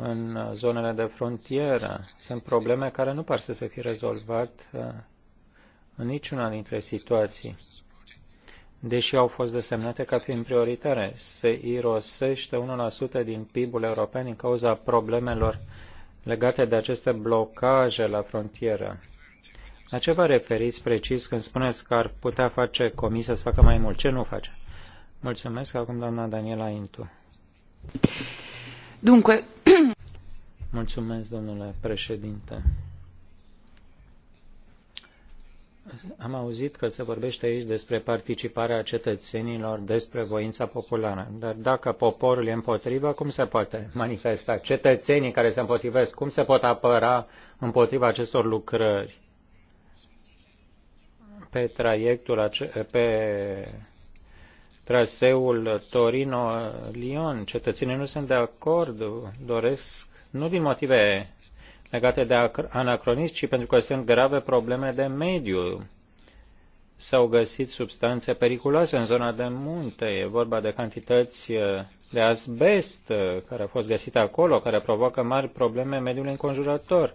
în zonele de frontieră. Sunt probleme care nu par să se fi rezolvat uh, în niciuna dintre situații, deși au fost desemnate ca fiind prioritare. Se irosește 1% din PIB-ul european din cauza problemelor legate de aceste blocaje la frontieră. La ce vă referiți precis când spuneți că ar putea face comisia să facă mai mult? Ce nu face? Mulțumesc. Acum doamna Daniela Intu. Dunque. Mulțumesc, domnule președinte. Am auzit că se vorbește aici despre participarea cetățenilor, despre voința populară. Dar dacă poporul e împotrivă, cum se poate manifesta? Cetățenii care se împotrivesc, cum se pot apăra împotriva acestor lucrări? Pe traiectul, ace- pe traseul Torino-Lyon, cetățenii nu sunt de acord, doresc, nu din motive legate de anacronism, ci pentru că sunt grave probleme de mediu. S-au găsit substanțe periculoase în zona de munte. E vorba de cantități uh, de asbest uh, care a fost găsit acolo, care provoacă mari probleme mediului înconjurător.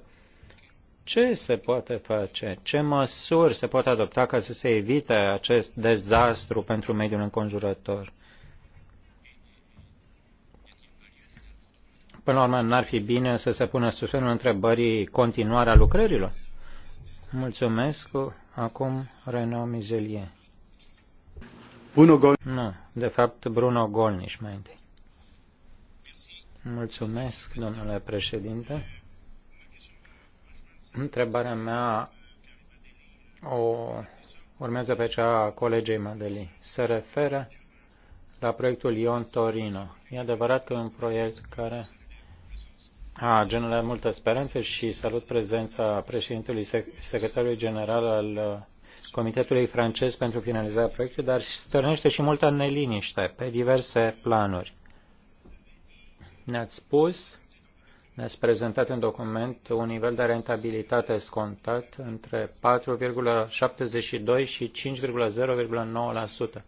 Ce se poate face? Ce măsuri se pot adopta ca să se evite acest dezastru pentru mediul înconjurător? Până la urmă, n-ar fi bine să se pună sub întrebării continuarea lucrărilor? Mulțumesc. Acum, Renaud Mizelie. Bruno Gol. Nu, de fapt, Bruno Golniș mai întâi. Mulțumesc, domnule președinte. Întrebarea mea o urmează pe cea a colegei Madeli. Se referă la proiectul Ion Torino. E adevărat că e un proiect care a generat multă speranță și salut prezența președintelui secretarului general al uh, Comitetului francez pentru finalizarea proiectului, dar stârnește și multă neliniște pe diverse planuri. Ne-ați spus, ne-ați prezentat în document un nivel de rentabilitate scontat între 4,72 și 5,0,9%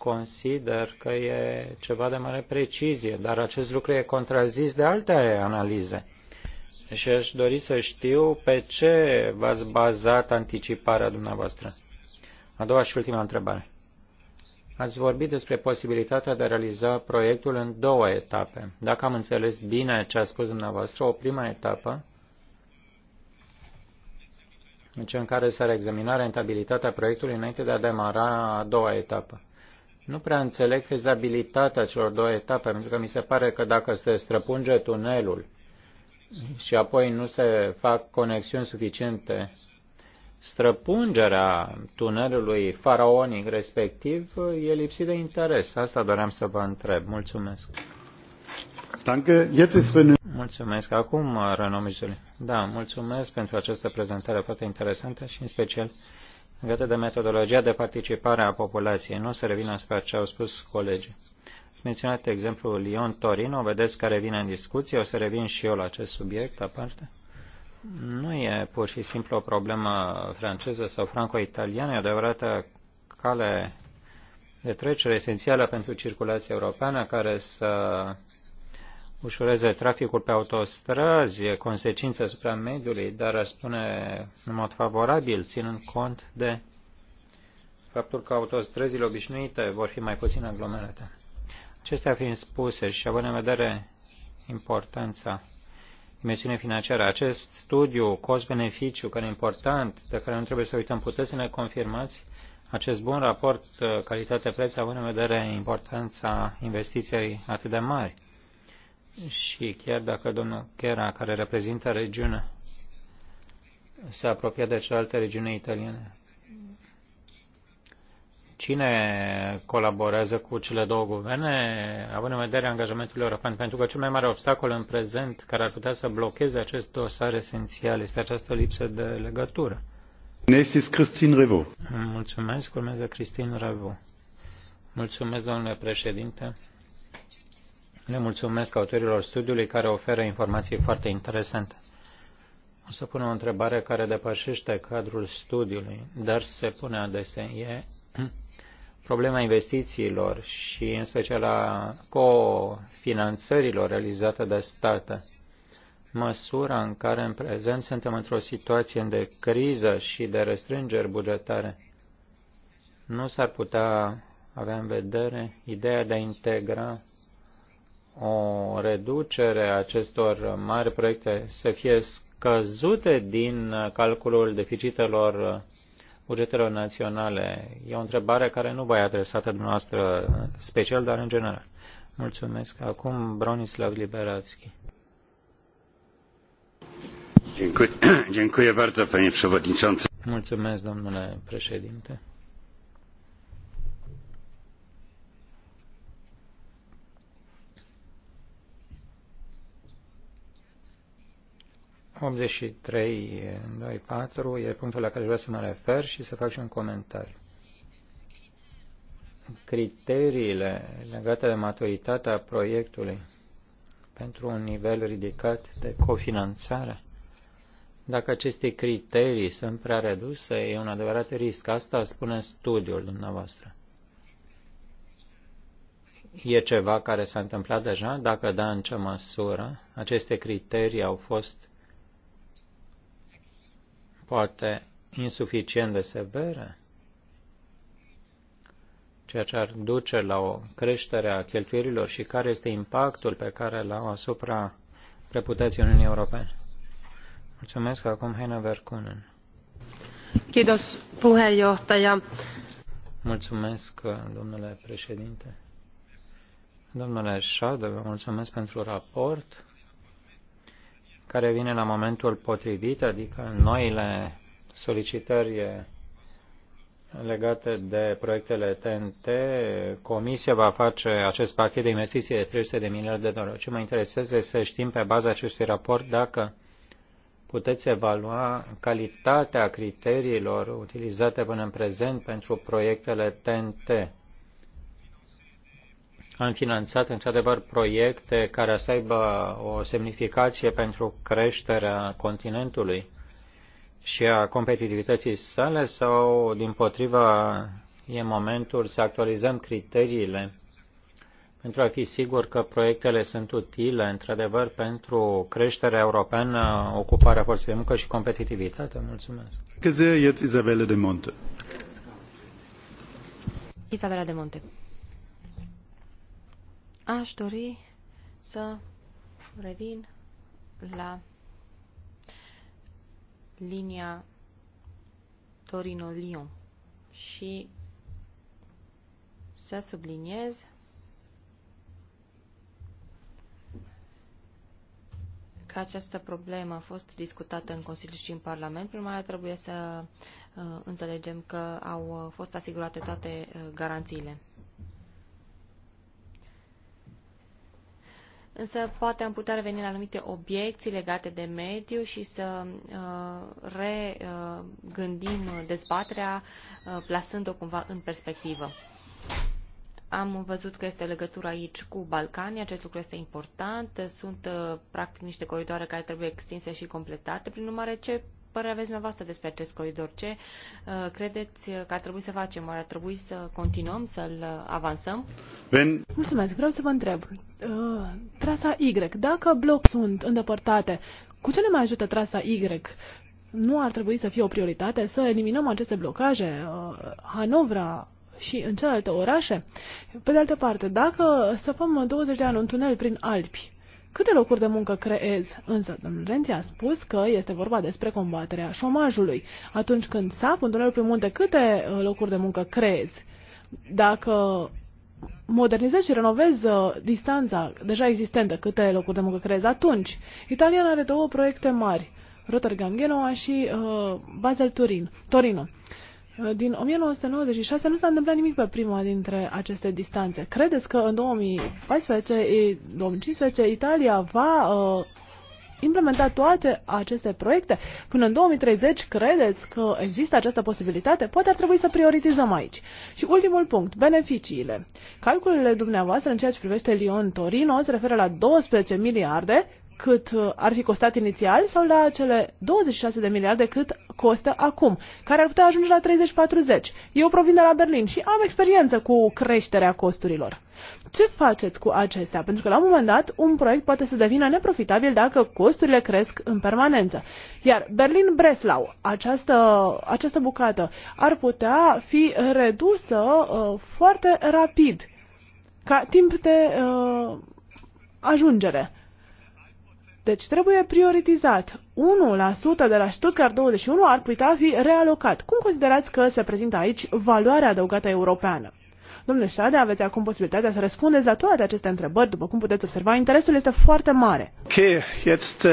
consider că e ceva de mare precizie, dar acest lucru e contrazis de alte analize. Și aș dori să știu pe ce v-ați bazat anticiparea dumneavoastră. A doua și ultima întrebare. Ați vorbit despre posibilitatea de a realiza proiectul în două etape. Dacă am înțeles bine ce a spus dumneavoastră, o prima etapă, în deci în care s-ar examina rentabilitatea proiectului înainte de a demara a doua etapă. Nu prea înțeleg fezabilitatea celor două etape, pentru că mi se pare că dacă se străpunge tunelul și apoi nu se fac conexiuni suficiente, străpungerea tunelului faraonic respectiv e lipsit de interes. Asta doream să vă întreb. Mulțumesc. Mulțumesc. Acum, Renomizul. Da, mulțumesc pentru această prezentare foarte interesantă și în special legată de metodologia de participare a populației. Nu se revin asupra ce au spus colegii. Ați menționat exemplul Lyon-Torino, vedeți care vine în discuție, o să revin și eu la acest subiect aparte. Nu e pur și simplu o problemă franceză sau franco-italiană, e adevărată cale de trecere esențială pentru circulația europeană care să ușureze traficul pe autostrăzi, consecințe asupra mediului, dar aș spune în mod favorabil, ținând cont de faptul că autostrăzile obișnuite vor fi mai puțin aglomerate. Acestea fiind spuse și având în vedere importanța dimensiunii financiare. Acest studiu, cost-beneficiu, care e important, de care nu trebuie să uităm, puteți să ne confirmați acest bun raport calitate-preț, având în vedere importanța investiției atât de mari și chiar dacă domnul Chera, care reprezintă regiunea, se apropie de cealaltă regiuni italiene, cine colaborează cu cele două guverne, având în vedere angajamentul european, pentru că cel mai mare obstacol în prezent care ar putea să blocheze acest dosar esențial este această lipsă de legătură. Revo. Mulțumesc, urmează Cristin Revo. Mulțumesc, domnule președinte. Le mulțumesc autorilor studiului care oferă informații foarte interesante. O să pun o întrebare care depășește cadrul studiului, dar se pune adesea. E problema investițiilor și în special a cofinanțărilor realizate de state. Măsura în care în prezent suntem într-o situație de criză și de restrângeri bugetare, nu s-ar putea avea în vedere ideea de a integra o reducere a acestor mari proiecte să fie scăzute din calculul deficitelor bugetelor naționale? E o întrebare care nu va e adresată dumneavoastră special, dar în general. Mulțumesc. Acum Bronislav Liberatski. Mulțumesc, domnule președinte. 83, e punctul la care vreau să mă refer și să fac și un comentariu. Criteriile legate de maturitatea proiectului pentru un nivel ridicat de cofinanțare. Dacă aceste criterii sunt prea reduse, e un adevărat risc. Asta spune studiul dumneavoastră. E ceva care s-a întâmplat deja? Dacă da, în ce măsură aceste criterii au fost poate insuficient de severe, ceea ce ar duce la o creștere a cheltuielilor și care este impactul pe care l-au asupra reputației Uniunii Europene. Mulțumesc acum Heina Verkunen. Kiitos puheenjohtaja. Mulțumesc, domnule președinte. Domnule Șadă, vă mulțumesc pentru raport care vine la momentul potrivit, adică noile solicitări legate de proiectele TNT, Comisia va face acest pachet de investiții de 300 de miliarde de dolari. Ce mă interesează este să știm pe baza acestui raport dacă puteți evalua calitatea criteriilor utilizate până în prezent pentru proiectele TNT am finanțat, într-adevăr, proiecte care să aibă o semnificație pentru creșterea continentului și a competitivității sale sau, din potriva, e momentul să actualizăm criteriile pentru a fi sigur că proiectele sunt utile, într-adevăr, pentru creșterea europeană, ocuparea forței de muncă și competitivitate. Mulțumesc. Că jetzt de Monte. Isabela de Monte. Aș dori să revin la linia Torino-Lyon și să subliniez că această problemă a fost discutată în Consiliu și în Parlament. Prima dată trebuie să uh, înțelegem că au uh, fost asigurate toate uh, garanțiile. însă poate am putea reveni la anumite obiecții legate de mediu și să uh, regândim uh, dezbaterea, uh, plasând-o cumva în perspectivă. Am văzut că este legătura aici cu Balcanii, acest lucru este important, sunt uh, practic niște coridoare care trebuie extinse și completate, prin urmare ce părere aveți dumneavoastră despre acest coridor? Ce uh, credeți că ar trebui să facem? Ar trebui să continuăm, să-l avansăm? Ben. Mulțumesc. Vreau să vă întreb. Uh, trasa Y, dacă bloc sunt îndepărtate, cu ce ne mai ajută trasa Y? Nu ar trebui să fie o prioritate să eliminăm aceste blocaje? Uh, Hanovra, și în celelalte orașe. Pe de altă parte, dacă săpăm 20 de ani un tunel prin Alpi, câte locuri de muncă creezi. Însă, domnul Renzi a spus că este vorba despre combaterea șomajului. Atunci când sap în pe munte, câte uh, locuri de muncă creezi? Dacă modernizezi și renovezi uh, distanța deja existentă, câte locuri de muncă creezi atunci? Italia are două proiecte mari, Rotterdam Genoa și uh, Basel Turin, Torino. Uh, din 1996 nu s-a întâmplat nimic pe prima dintre aceste distanțe. Credeți că în 2014-2015 Italia va uh, implementa toate aceste proiecte? Până în 2030 credeți că există această posibilitate? Poate ar trebui să prioritizăm aici. Și ultimul punct, beneficiile. Calculele dumneavoastră în ceea ce privește Lyon-Torino se referă la 12 miliarde cât uh, ar fi costat inițial sau la cele 26 de miliarde cât costă acum, care ar putea ajunge la 30-40. Eu provin de la Berlin și am experiență cu creșterea costurilor. Ce faceți cu acestea? Pentru că la un moment dat un proiect poate să devină neprofitabil dacă costurile cresc în permanență. Iar Berlin-Breslau, această, această bucată, ar putea fi redusă uh, foarte rapid, ca timp de uh, ajungere. Deci trebuie prioritizat. 1% de la Stuttgart 21 ar putea fi realocat. Cum considerați că se prezintă aici valoarea adăugată europeană? Domnule Șade, aveți acum posibilitatea să răspundeți la toate aceste întrebări. După cum puteți observa, interesul este foarte mare. Ok, jetzt, uh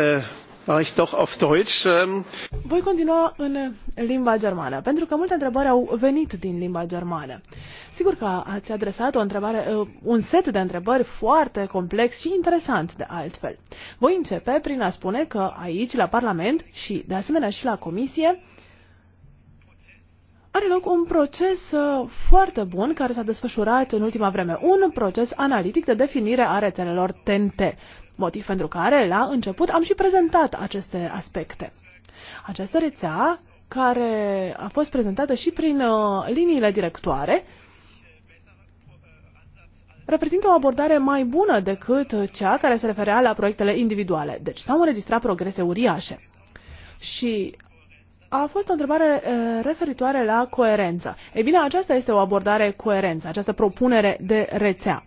ich doch auf Deutsch. Ehm. Voi continua în limba germană, pentru că multe întrebări au venit din limba germană. Sigur că ați adresat o întrebare, eh, un set de întrebări foarte complex și interesant de altfel. Voi începe prin a spune că aici, la Parlament și de asemenea și la Comisie, are loc un proces eh, foarte bun care s-a desfășurat în ultima vreme, un proces analitic de definire a rețelelor TNT. Motiv pentru care, la început, am și prezentat aceste aspecte. Această rețea, care a fost prezentată și prin uh, liniile directoare, reprezintă o abordare mai bună decât cea care se referea la proiectele individuale. Deci s-au înregistrat progrese uriașe. Și a fost o întrebare uh, referitoare la coerență. Ei bine, aceasta este o abordare coerență, această propunere de rețea.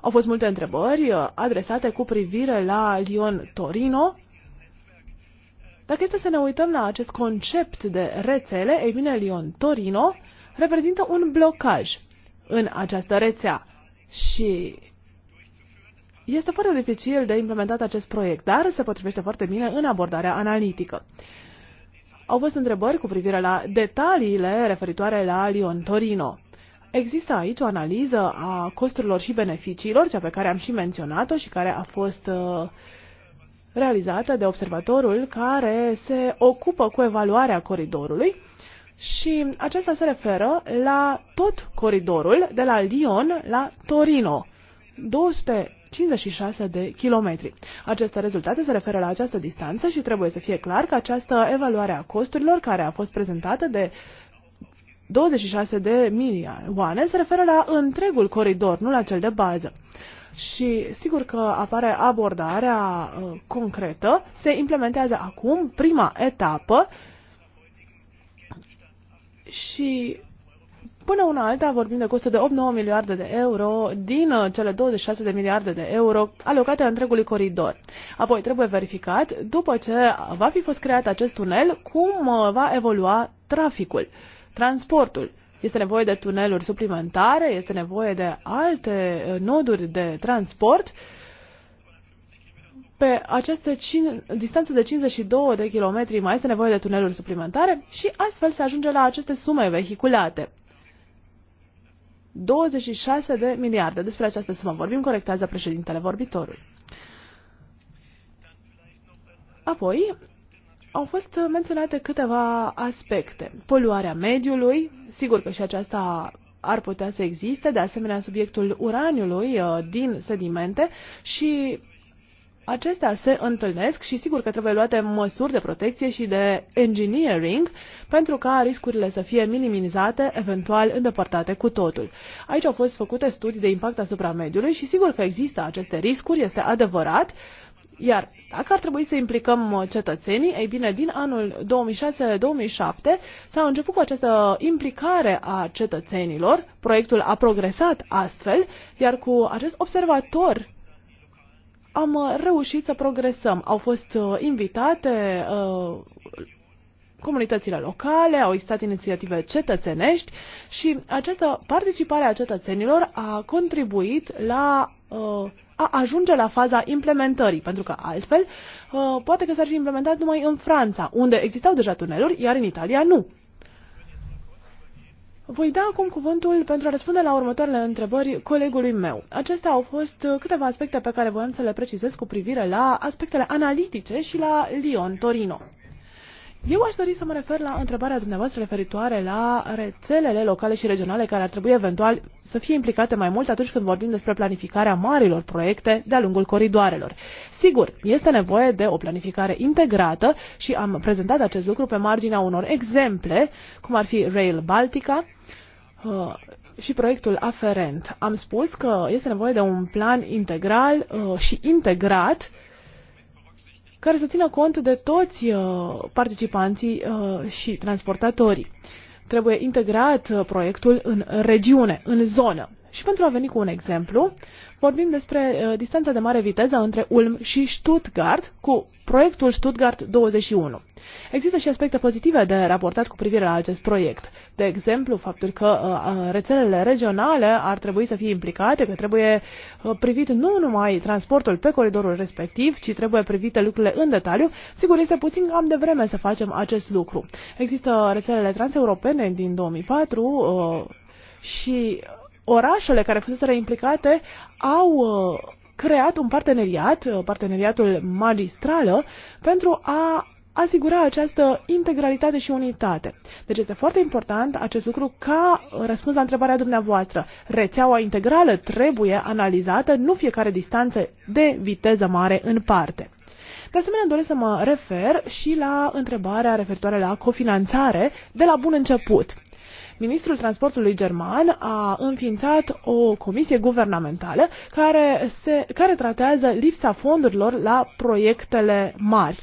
Au fost multe întrebări uh, adresate cu privire la Lyon-Torino. Dacă este să ne uităm la acest concept de rețele, ei bine, Lyon-Torino reprezintă un blocaj în această rețea și este foarte dificil de implementat acest proiect, dar se potrivește foarte bine în abordarea analitică. Au fost întrebări cu privire la detaliile referitoare la Lyon-Torino. Există aici o analiză a costurilor și beneficiilor, cea pe care am și menționat-o și care a fost uh, realizată de observatorul care se ocupă cu evaluarea coridorului și acesta se referă la tot coridorul de la Lyon la Torino, 256 de kilometri. Aceste rezultate se referă la această distanță și trebuie să fie clar că această evaluare a costurilor care a fost prezentată de 26 de milioane se referă la întregul coridor, nu la cel de bază. Și sigur că apare abordarea uh, concretă, se implementează acum prima etapă și Până una alta vorbim de costul de 8-9 miliarde de euro din uh, cele 26 de miliarde de euro alocate întregului coridor. Apoi trebuie verificat, după ce va fi fost creat acest tunel, cum uh, va evolua traficul transportul. Este nevoie de tuneluri suplimentare, este nevoie de alte uh, noduri de transport. Pe aceste distanțe de 52 de kilometri mai este nevoie de tuneluri suplimentare și astfel se ajunge la aceste sume vehiculate. 26 de miliarde. Despre această sumă vorbim, corectează președintele vorbitorul. Apoi, au fost menționate câteva aspecte. Poluarea mediului, sigur că și aceasta ar putea să existe, de asemenea subiectul uraniului uh, din sedimente și acestea se întâlnesc și sigur că trebuie luate măsuri de protecție și de engineering pentru ca riscurile să fie minimizate, eventual îndepărtate cu totul. Aici au fost făcute studii de impact asupra mediului și sigur că există aceste riscuri, este adevărat, iar dacă ar trebui să implicăm uh, cetățenii, ei bine, din anul 2006-2007 s-a început cu această implicare a cetățenilor, proiectul a progresat astfel, iar cu acest observator am uh, reușit să progresăm. Au fost uh, invitate uh, comunitățile locale, au existat inițiative cetățenești și această participare a cetățenilor a contribuit la uh, a ajunge la faza implementării, pentru că altfel uh, poate că s-ar fi implementat numai în Franța, unde existau deja tuneluri, iar în Italia nu. Voi da acum cuvântul pentru a răspunde la următoarele întrebări colegului meu. Acestea au fost câteva aspecte pe care voiam să le precizez cu privire la aspectele analitice și la Lyon-Torino. Eu aș dori să mă refer la întrebarea dumneavoastră referitoare la rețelele locale și regionale care ar trebui eventual să fie implicate mai mult atunci când vorbim despre planificarea marilor proiecte de-a lungul coridoarelor. Sigur, este nevoie de o planificare integrată și am prezentat acest lucru pe marginea unor exemple, cum ar fi Rail Baltica, uh, și proiectul aferent. Am spus că este nevoie de un plan integral uh, și integrat care să țină cont de toți uh, participanții uh, și transportatorii. Trebuie integrat uh, proiectul în regiune, în zonă. Și pentru a veni cu un exemplu, vorbim despre uh, distanța de mare viteză între Ulm și Stuttgart cu proiectul Stuttgart 21. Există și aspecte pozitive de raportat cu privire la acest proiect. De exemplu, faptul că uh, uh, rețelele regionale ar trebui să fie implicate, că trebuie uh, privit nu numai transportul pe coridorul respectiv, ci trebuie privite lucrurile în detaliu. Sigur, este puțin cam de vreme să facem acest lucru. Există rețelele transeuropene din 2004 uh, și orașele care fuseseră implicate au uh, creat un parteneriat, uh, parteneriatul magistrală, pentru a asigura această integralitate și unitate. Deci este foarte important acest lucru ca răspuns la întrebarea dumneavoastră. Rețeaua integrală trebuie analizată, nu fiecare distanță de viteză mare în parte. De asemenea, doresc să mă refer și la întrebarea referitoare la cofinanțare de la bun început. Ministrul Transportului German a înființat o comisie guvernamentală care, se, care tratează lipsa fondurilor la proiectele mari.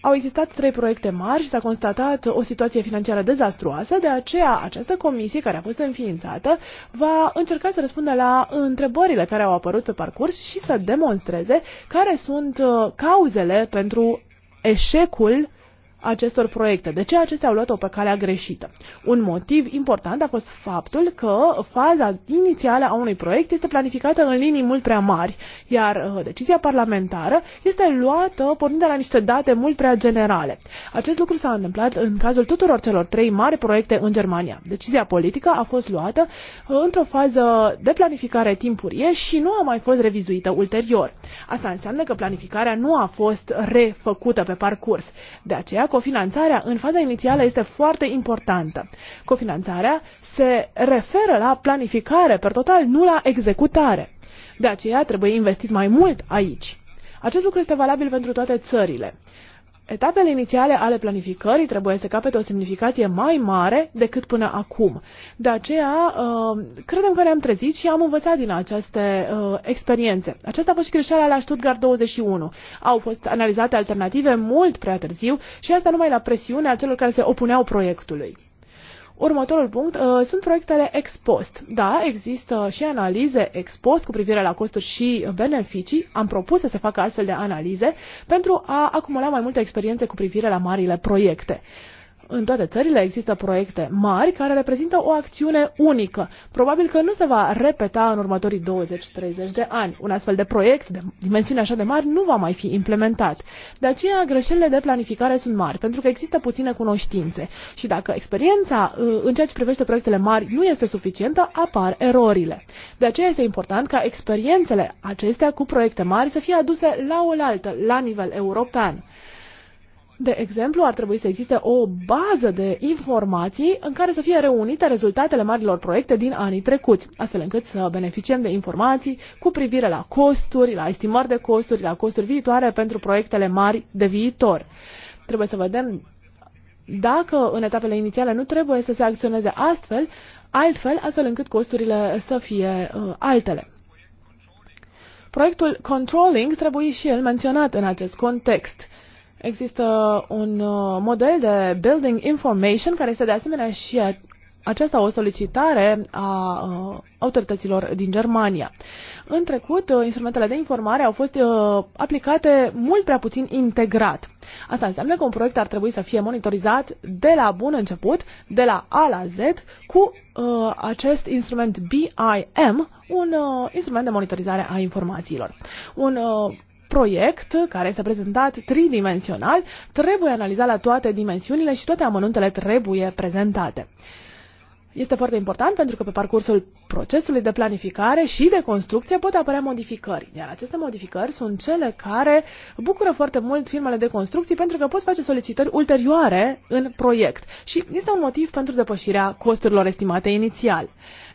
Au existat trei proiecte mari și s-a constatat o situație financiară dezastruoasă, de aceea această comisie care a fost înființată va încerca să răspundă la întrebările care au apărut pe parcurs și să demonstreze care sunt uh, cauzele pentru eșecul acestor proiecte. De ce acestea au luat-o pe calea greșită? Un motiv important a fost faptul că faza inițială a unui proiect este planificată în linii mult prea mari, iar uh, decizia parlamentară este luată pornind de la niște date mult prea generale. Acest lucru s-a întâmplat în cazul tuturor celor trei mari proiecte în Germania. Decizia politică a fost luată uh, într-o fază de planificare timpurie și nu a mai fost revizuită ulterior. Asta înseamnă că planificarea nu a fost refăcută pe parcurs. De aceea, cofinanțarea în faza inițială este foarte importantă. Cofinanțarea se referă la planificare per total, nu la executare. De aceea trebuie investit mai mult aici. Acest lucru este valabil pentru toate țările etapele inițiale ale planificării trebuie să capete o semnificație mai mare decât până acum. De aceea, uh, credem că ne-am trezit și am învățat din aceste uh, experiențe. Aceasta a fost și greșeala la Stuttgart 21. Au fost analizate alternative mult prea târziu și asta numai la presiunea celor care se opuneau proiectului. Următorul punct uh, sunt proiectele ex post. Da, există și analize ex post cu privire la costuri și beneficii. Am propus să se facă astfel de analize pentru a acumula mai multe experiențe cu privire la marile proiecte. Uh, în toate țările există proiecte mari care reprezintă o acțiune unică. Probabil că nu se va repeta în următorii 20-30 de ani. Un astfel de proiect de dimensiune așa de mari nu va mai fi implementat. De aceea greșelile de planificare sunt mari, pentru că există puține cunoștințe. Și dacă experiența uh, în ceea ce privește proiectele mari nu este suficientă, apar erorile. De aceea este important ca experiențele acestea cu proiecte mari să fie aduse la oaltă, la nivel european. De exemplu, ar trebui să existe o bază de informații în care să fie reunite rezultatele marilor proiecte din anii trecuți, astfel încât să beneficiem de informații cu privire la costuri, la estimări de costuri, la costuri viitoare pentru proiectele mari de viitor. Trebuie să vedem dacă în etapele inițiale nu trebuie să se acționeze astfel, altfel, astfel încât costurile să fie uh, altele. Proiectul Controlling trebuie și el menționat în acest context – Există un uh, model de Building Information, care este de asemenea și aceasta o solicitare a uh, autorităților din Germania. În trecut, uh, instrumentele de informare au fost aplicate mult prea puțin integrat. Asta înseamnă că un proiect ar trebui să fie monitorizat de la bun început, de la A la Z, cu acest instrument BIM, un instrument de monitorizare a informațiilor. Un proiect care este prezentat tridimensional trebuie analizat la toate dimensiunile și toate amănuntele trebuie prezentate. Este foarte important pentru că pe parcursul procesului de planificare și de construcție pot apărea modificări, iar aceste modificări sunt cele care bucură foarte mult firmele de construcții pentru că pot face solicitări ulterioare în proiect și este un motiv pentru depășirea costurilor estimate inițial.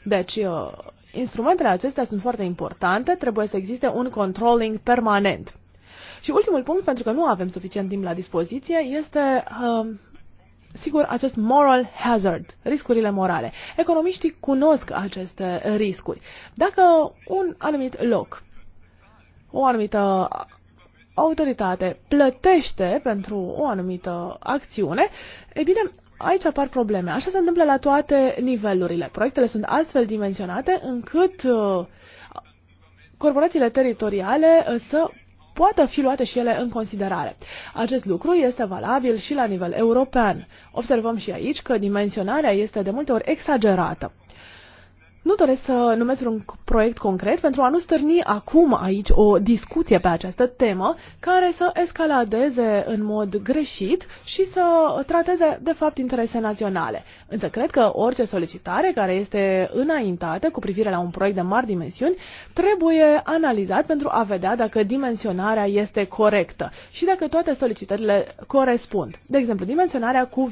Deci, uh, instrumentele acestea sunt foarte importante, trebuie să existe un controlling permanent. Și ultimul punct, pentru că nu avem suficient timp la dispoziție, este uh, sigur, acest moral hazard, riscurile morale. Economiștii cunosc aceste riscuri. Dacă un anumit loc, o anumită autoritate plătește pentru o anumită acțiune, e bine, Aici apar probleme. Așa se întâmplă la toate nivelurile. Proiectele sunt astfel dimensionate încât uh, corporațiile teritoriale uh, să poată fi luate și ele în considerare. Acest lucru este valabil și la nivel european. Observăm și aici că dimensionarea este de multe ori exagerată. Nu doresc să numesc un proiect concret pentru a nu stârni acum aici o discuție pe această temă care să escaladeze în mod greșit și să trateze, de fapt, interese naționale. Însă cred că orice solicitare care este înaintată cu privire la un proiect de mari dimensiuni trebuie analizat pentru a vedea dacă dimensionarea este corectă și dacă toate solicitările corespund. De exemplu, dimensionarea cu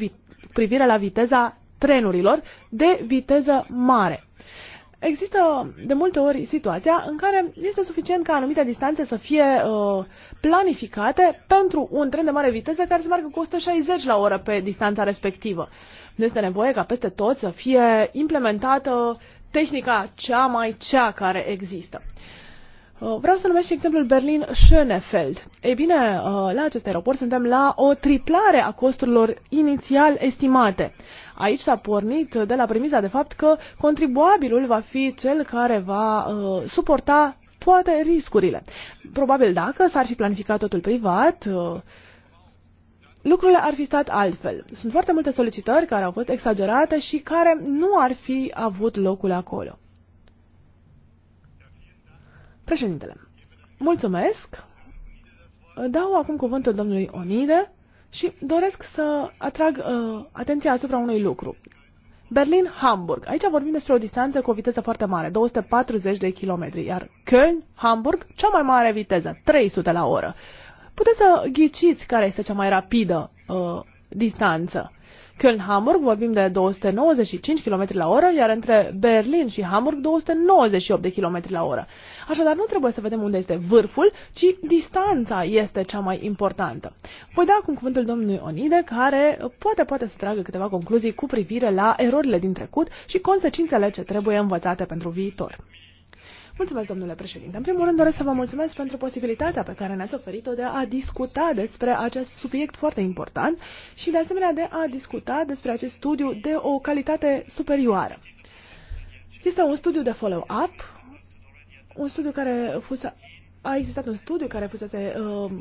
privire la viteza trenurilor de viteză mare există de multe ori situația în care este suficient ca anumite distanțe să fie uh, planificate pentru un tren de mare viteză care se meargă cu 160 la oră pe distanța respectivă. Nu este nevoie ca peste tot să fie implementată tehnica cea mai cea care există. Uh, vreau să numesc și exemplul Berlin-Schönefeld. Ei bine, uh, la acest aeroport suntem la o triplare a costurilor inițial estimate. Aici s-a pornit de la premisa de fapt că contribuabilul va fi cel care va uh, suporta toate riscurile. Probabil dacă s-ar fi planificat totul privat, uh, lucrurile ar fi stat altfel. Sunt foarte multe solicitări care au fost exagerate și care nu ar fi avut locul acolo. Președintele, mulțumesc. Dau acum cuvântul domnului Onide și doresc să atrag uh, atenția asupra unui lucru. Berlin-Hamburg. Aici vorbim despre o distanță cu o viteză foarte mare, 240 de kilometri, iar Köln-Hamburg, cea mai mare viteză, 300 la oră. Puteți să ghiciți care este cea mai rapidă uh, distanță. Köln-Hamburg vorbim de 295 km la oră, iar între Berlin și Hamburg 298 de km la oră. Așadar, nu trebuie să vedem unde este vârful, ci distanța este cea mai importantă. Voi da acum cuvântul domnului Onide, care poate poate să tragă câteva concluzii cu privire la erorile din trecut și consecințele ce trebuie învățate pentru viitor. Mulțumesc, domnule președinte. În primul rând, doresc să vă mulțumesc pentru posibilitatea pe care ne-ați oferit-o de a discuta despre acest subiect foarte important și, de asemenea, de a discuta despre acest studiu de o calitate superioară. Este un studiu de follow-up un studiu care fusă, a existat un studiu care fusese uh,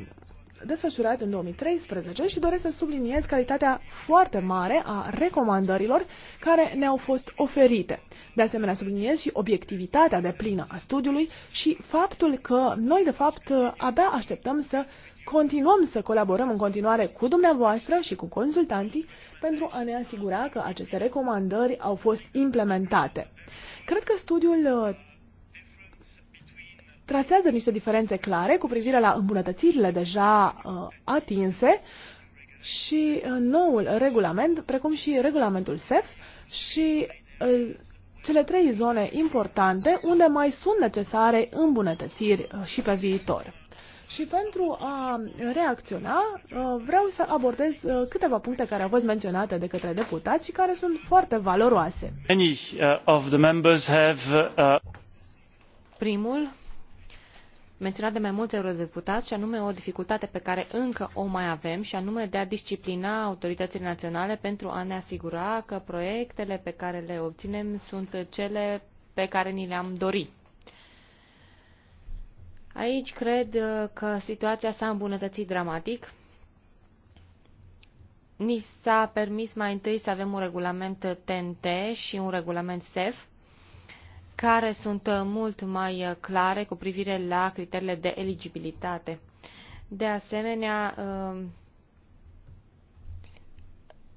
desfășurat în 2013 și doresc să subliniez calitatea foarte mare a recomandărilor care ne-au fost oferite. De asemenea, subliniez și obiectivitatea de plină a studiului și faptul că noi, de fapt, abia așteptăm să continuăm să colaborăm în continuare cu dumneavoastră și cu consultanții pentru a ne asigura că aceste recomandări au fost implementate. Cred că studiul trasează niște diferențe clare cu privire la îmbunătățirile deja uh, atinse și uh, noul regulament, precum și regulamentul SEF și uh, cele trei zone importante unde mai sunt necesare îmbunătățiri uh, și pe viitor. Și pentru a reacționa, uh, vreau să abordez uh, câteva puncte care au fost menționate de către deputați și care sunt foarte valoroase. Uh, Primul menționat de mai mulți eurodeputați, și anume o dificultate pe care încă o mai avem, și anume de a disciplina autoritățile naționale pentru a ne asigura că proiectele pe care le obținem sunt cele pe care ni le-am dorit. Aici cred uh, că situația s-a îmbunătățit dramatic. Ni s-a permis mai întâi să avem un regulament TNT și un regulament SEF, care sunt uh, mult mai uh, clare cu privire la criteriile de eligibilitate. De asemenea, um,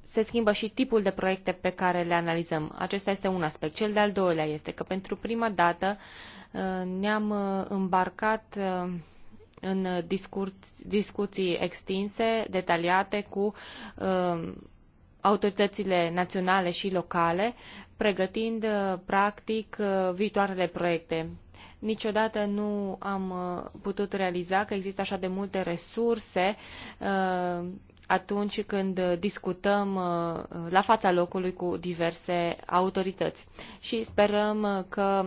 se schimbă și tipul de proiecte pe care le analizăm. Acesta este un aspect. Cel de-al doilea este că pentru prima dată uh, ne-am îmbarcat în discuții extinse, detaliate, cu autoritățile naționale și locale, pregătind uh, practic uh, viitoarele proiecte. Niciodată nu am uh, putut realiza că există așa de multe resurse atunci când discutăm la fața locului cu diverse autorități. Și sperăm că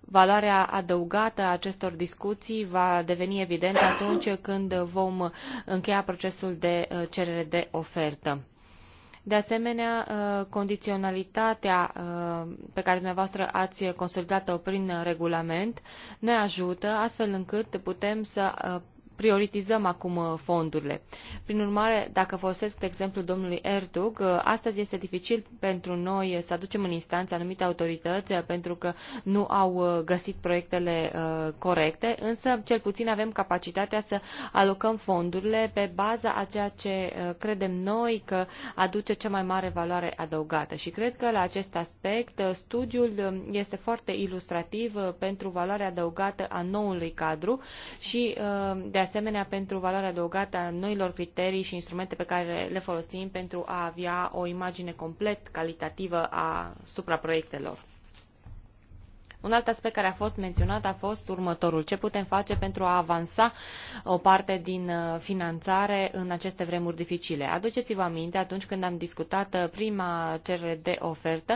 valoarea adăugată a acestor discuții va deveni evidentă atunci când vom încheia procesul de cerere de ofertă. De asemenea, uh, condiționalitatea uh, pe care dumneavoastră ați consolidat-o prin regulament ne ajută astfel încât putem să uh, prioritizăm acum uh, fondurile. Prin urmare, dacă folosesc de exemplu domnului Erdug, uh, astăzi este dificil pentru noi să aducem în instanță anumite autorități uh, pentru că nu au găsit proiectele corecte, însă cel puțin avem capacitatea să alocăm fondurile pe baza a ceea ce credem noi că aduce cea mai mare valoare adăugată. Și cred că la acest aspect studiul este foarte ilustrativ pentru valoarea adăugată a noului cadru și de asemenea pentru valoarea adăugată a noilor criterii și instrumente pe care le folosim pentru a avea o imagine complet calitativă a supraproiectelor. Un alt aspect care a fost menționat a fost următorul. Ce putem face pentru a avansa o parte din uh, finanțare în aceste vremuri dificile? Aduceți-vă aminte, atunci când am discutat uh, prima cerere de ofertă,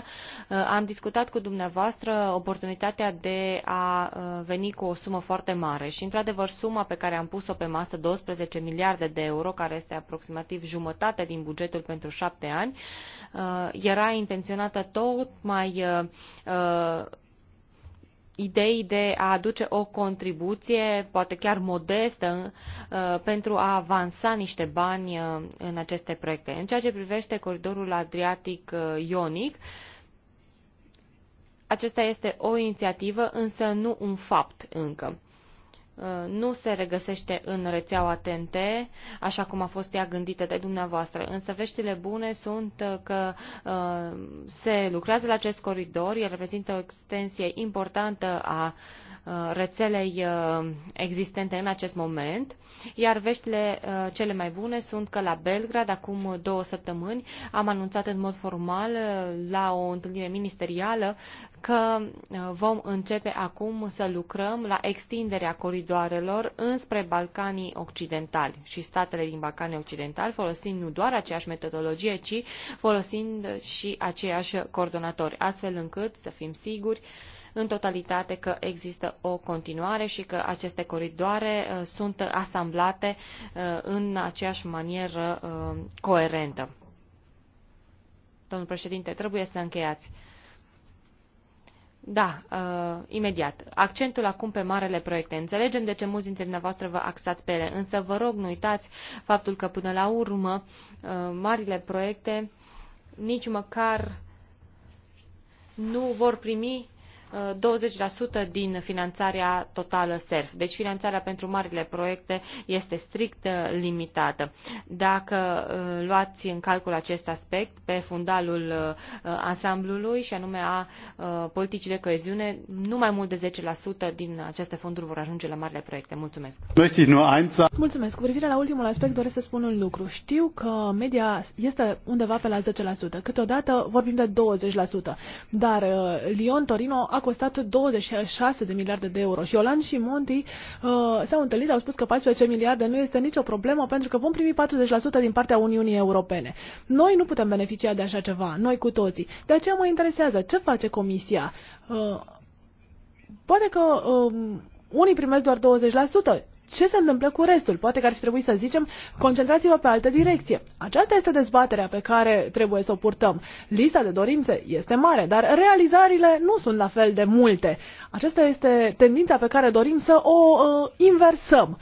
uh, am discutat cu dumneavoastră oportunitatea de a veni cu o sumă foarte mare și, într-adevăr, suma pe care am pus-o pe masă, 12 miliarde de euro, care este aproximativ jumătate din bugetul pentru șapte ani, era intenționată tot mai idei de a aduce o contribuție, poate chiar modestă, uh, pentru a avansa niște bani uh, în aceste proiecte. În ceea ce privește coridorul Adriatic-Ionic, uh, acesta este o inițiativă, însă nu un fapt încă. Uh, nu se regăsește în rețeaua TNT, așa cum a fost ea gândită de dumneavoastră. Însă veștile bune sunt că uh, se lucrează la acest coridor, el reprezintă o extensie importantă a uh, rețelei existente în acest moment, iar veștile cele mai bune sunt că la Belgrad, acum două săptămâni, am anunțat în mod formal la o întâlnire ministerială că vom începe acum să lucrăm la extinderea coridorului coridoarelor înspre Balcanii Occidentali și statele din Balcanii Occidentali, folosind nu doar aceeași metodologie, ci folosind și aceiași coordonatori, astfel încât să fim siguri în totalitate că există o continuare și că aceste coridoare uh, sunt asamblate uh, în aceeași manieră uh, coerentă. Domnul președinte, trebuie să încheiați. Da, uh, imediat. Accentul acum pe marele proiecte. Înțelegem de ce mulți dintre dumneavoastră vă axați pe ele, însă vă rog, nu uitați faptul că până la urmă uh, marile proiecte nici măcar nu vor primi 20% din finanțarea totală SERF. Deci finanțarea pentru marile proiecte este strict uh, limitată. Dacă uh, luați în calcul acest aspect pe fundalul uh, ansamblului și anume a politicii de coeziune, nu mai mult de 10% din aceste fonduri vor ajunge la marile proiecte. Mulțumesc! Mulțumesc! Cu privire la ultimul aspect doresc să spun un lucru. Știu că media este undeva pe la 10%. Câteodată vorbim de 20%. Dar Lyon-Torino costat 26 de miliarde de euro. Și Olan și Monti uh, s-au întâlnit, au spus că 14 miliarde nu este nicio problemă pentru că vom primi 40% din partea Uniunii Europene. Noi nu putem beneficia de așa ceva, noi cu toții. De aceea mă interesează ce face Comisia. Uh, poate că uh, unii primesc doar 20%, ce se întâmplă cu restul? Poate că ar fi trebuit să zicem, concentrați-vă pe altă direcție. Aceasta este dezbaterea pe care trebuie să o purtăm. Lista de dorințe este mare, dar realizările nu sunt la fel de multe. Aceasta este tendința pe care dorim să o uh, inversăm.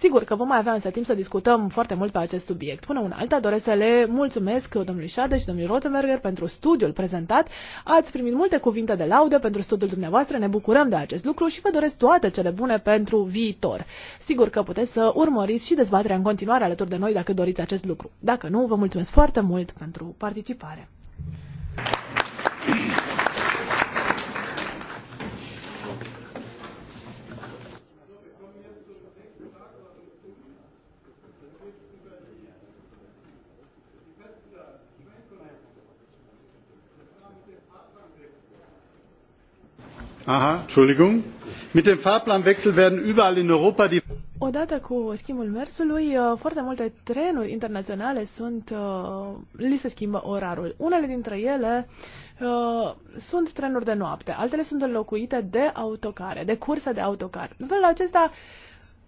Sigur că vom mai avea însă timp să discutăm foarte mult pe acest subiect. Până una alta, doresc să le mulțumesc domnului Șade și domnului Rotemerger pentru studiul prezentat. Ați primit multe cuvinte de laudă pentru studiul dumneavoastră, ne bucurăm de acest lucru și vă doresc toate cele bune pentru viitor. Sigur că puteți să urmăriți și dezbaterea în continuare alături de noi dacă doriți acest lucru. Dacă nu, vă mulțumesc foarte mult pentru participare. Odată cu schimbul mersului, uh, foarte multe trenuri internaționale sunt, uh, li se schimbă orarul. Unele dintre ele uh, sunt trenuri de noapte, altele sunt înlocuite de autocare, de curse de autocar. În felul acesta,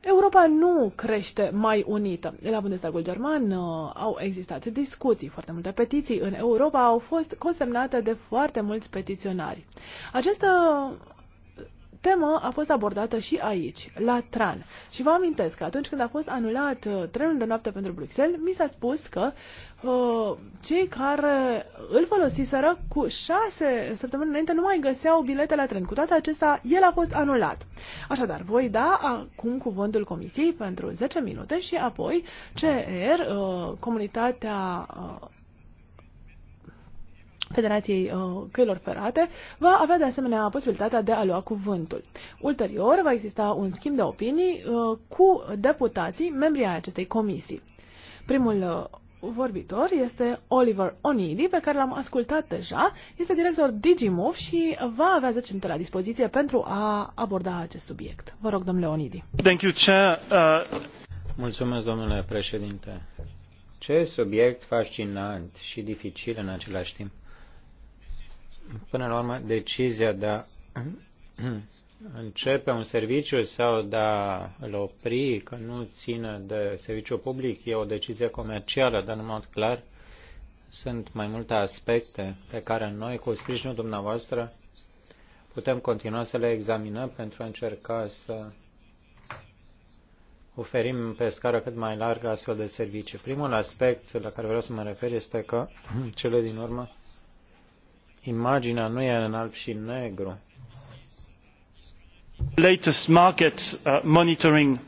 Europa nu crește mai unită. La Bundestagul German uh, au existat discuții, foarte multe petiții. În Europa au fost consemnate de foarte mulți petiționari. Această temă a fost abordată și aici, la TRAN. Și vă amintesc că atunci când a fost anulat uh, trenul de noapte pentru Bruxelles, mi s-a spus că uh, cei care îl folosiseră cu șase săptămâni înainte nu mai găseau bilete la tren. Cu toate acestea, el a fost anulat. Așadar, voi da acum cuvântul Comisiei pentru 10 minute și apoi CR, uh, Comunitatea uh, Federației uh, Căilor Ferate, va avea de asemenea posibilitatea de a lua cuvântul. Ulterior, va exista un schimb de opinii uh, cu deputații, membrii ai acestei comisii. Primul uh, vorbitor este Oliver Onidi, pe care l-am ascultat deja, este director Digimove și va avea 10 minute la dispoziție pentru a aborda acest subiect. Vă rog, domnule Onidi. Thank you, Chair. Uh... Mulțumesc, domnule președinte. Ce subiect fascinant și dificil în același timp până la urmă, decizia de a începe un serviciu sau de a-l opri, că nu ține de serviciu public, e o decizie comercială, dar în mod clar sunt mai multe aspecte pe care noi, cu sprijinul dumneavoastră, putem continua să le examinăm pentru a încerca să oferim pe scară cât mai largă astfel de servicii. Primul aspect la care vreau să mă refer este că cele din urmă Imaginea nu e în alb și negru. Latest market uh, monitoring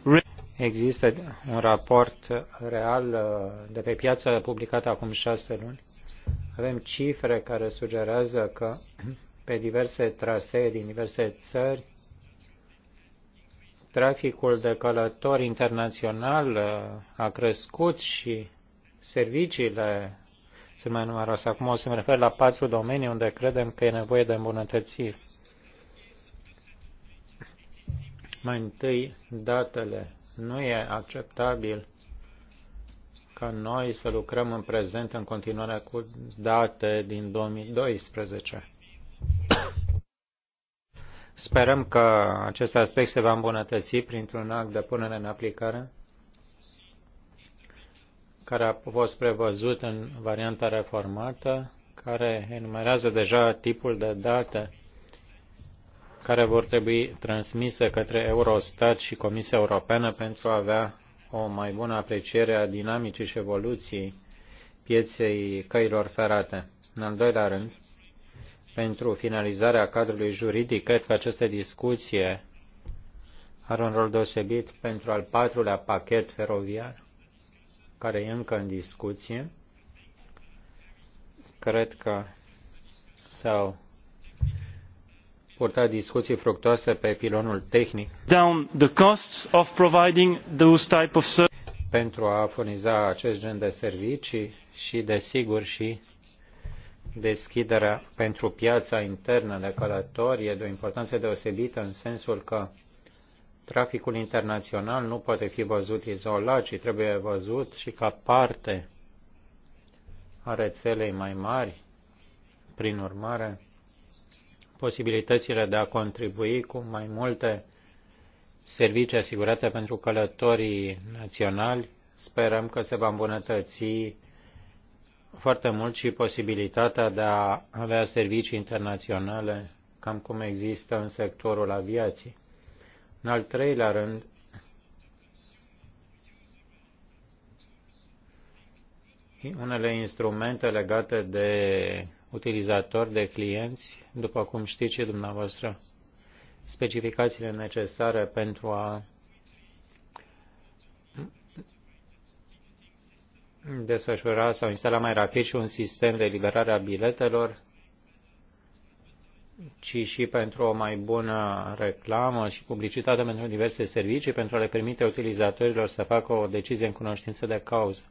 Există un raport real uh, de pe piață publicat acum șase luni. Avem cifre care sugerează că pe diverse trasee din diverse țări traficul de călători internațional uh, a crescut și serviciile sunt mai numeroase. Acum o să mă refer la patru domenii unde credem că e nevoie de îmbunătățiri. Mai întâi, datele. Nu e acceptabil ca noi să lucrăm în prezent în continuare cu date din 2012. Sperăm că acest aspect se va îmbunătăți printr-un act de punere în aplicare care a fost prevăzut în varianta reformată, care enumerează deja tipul de date care vor trebui transmise către Eurostat și Comisia Europeană pentru a avea o mai bună apreciere a dinamicii și evoluției pieței căilor ferate. În al doilea rând, pentru finalizarea cadrului juridic, cred că această discuție are un rol deosebit pentru al patrulea pachet feroviar care e încă în discuție. Cred că s-au purtat discuții fructoase pe pilonul tehnic. Down the costs of providing those type of pentru a furniza acest gen de servicii și, desigur, și deschiderea pentru piața internă de călători e de o importanță deosebită în sensul că Traficul internațional nu poate fi văzut izolat, ci trebuie văzut și ca parte a rețelei mai mari. Prin urmare, posibilitățile de a contribui cu mai multe servicii asigurate pentru călătorii naționali sperăm că se va îmbunătăți foarte mult și posibilitatea de a avea servicii internaționale, cam cum există în sectorul aviației. În al treilea rând, unele instrumente legate de utilizatori, de clienți, după cum știți și dumneavoastră, specificațiile necesare pentru a desfășura sau instala mai rapid și un sistem de liberare a biletelor ci și pentru o mai bună reclamă și publicitate pentru diverse servicii, pentru a le permite utilizatorilor să facă o decizie în cunoștință de cauză.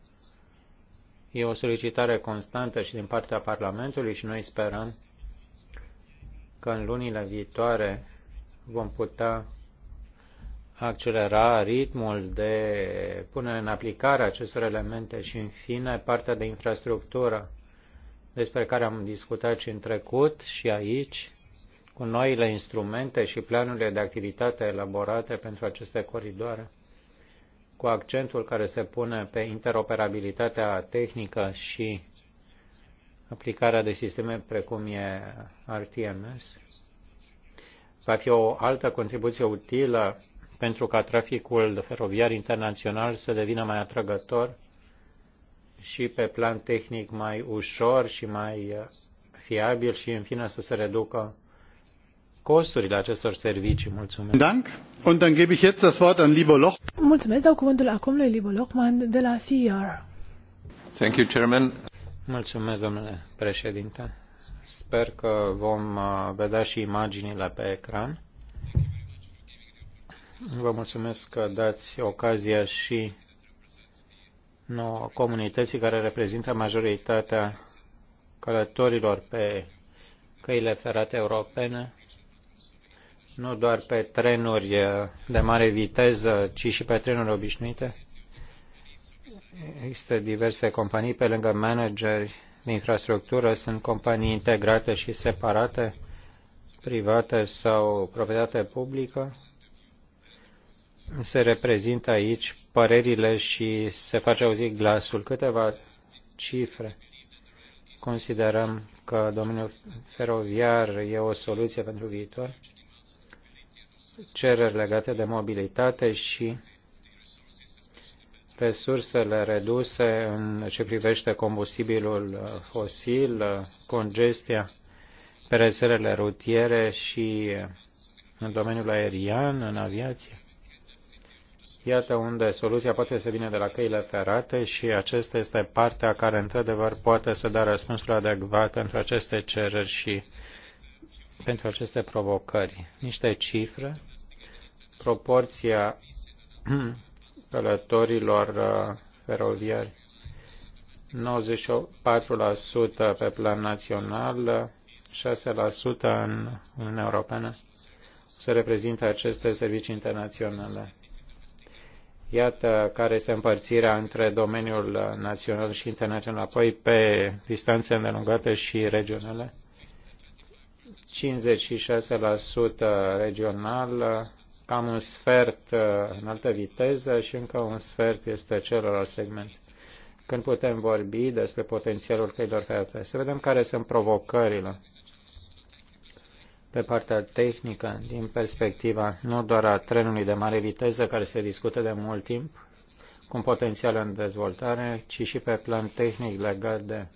E o solicitare constantă și din partea Parlamentului și noi sperăm că în lunile viitoare vom putea accelera ritmul de punere în aplicare a acestor elemente și, în fine, partea de infrastructură despre care am discutat și în trecut și aici, cu noile instrumente și planurile de activitate elaborate pentru aceste coridoare, cu accentul care se pune pe interoperabilitatea tehnică și aplicarea de sisteme precum e RTMS, va fi o altă contribuție utilă pentru ca traficul feroviar internațional să devină mai atrăgător și pe plan tehnic mai ușor și mai uh, fiabil și, în fine, să se reducă costurile acestor servicii. Mulțumesc. Dank. Und dann gebe ich jetzt das Wort an Libo Loch. Mulțumesc. Dau cuvântul acum lui Libo Lochman de la CR. Thank you, Chairman. Mulțumesc, domnule președinte. Sper că vom uh, vedea și imaginile pe ecran. Vă mulțumesc că dați ocazia și nouă comunității care reprezintă majoritatea călătorilor pe căile ferate europene, nu doar pe trenuri uh, de mare viteză, ci și pe trenuri obișnuite. Există diverse companii pe lângă manageri de infrastructură, sunt companii integrate și separate, private sau proprietate publică se reprezintă aici părerile și se face auzit glasul. Câteva cifre. Considerăm că domeniul feroviar e o soluție pentru viitor. Cereri legate de mobilitate și resursele reduse în ce privește combustibilul fosil, congestia pe rețelele rutiere și în domeniul aerian, în aviație Iată unde soluția poate să vină de la căile ferate și acesta este partea care, într-adevăr, poate să dea răspunsul adecvat pentru aceste cereri și pentru aceste provocări. Niște cifre, proporția călătorilor uh, feroviari, 94% pe plan național, 6% în Uniunea Europeană, se reprezintă aceste servicii internaționale. Iată care este împărțirea între domeniul național și internațional, apoi pe distanțe îndelungate și regionale. 56% regional, cam un sfert în altă viteză și încă un sfert este celălalt segment. Când putem vorbi despre potențialul căilor ferate, să vedem care sunt provocările pe partea tehnică din perspectiva nu doar a trenului de mare viteză care se discută de mult timp, cu un potențial în dezvoltare, ci și pe plan tehnic legat de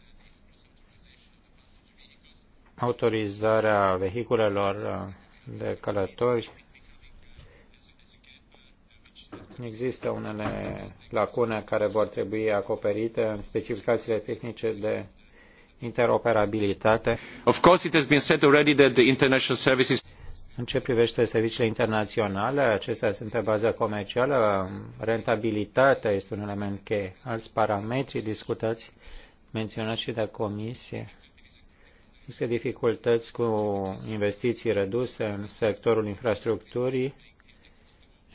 autorizarea vehiculelor uh, de călători. Există unele lacune care vor trebui acoperite în specificațiile tehnice de interoperabilitate. Of course, it has been said already that the international services în ce privește serviciile internaționale, acestea sunt pe bază comercială, rentabilitatea este un element cheie. Alți parametri discutați, menționați și de comisie, există dificultăți cu investiții reduse în sectorul infrastructurii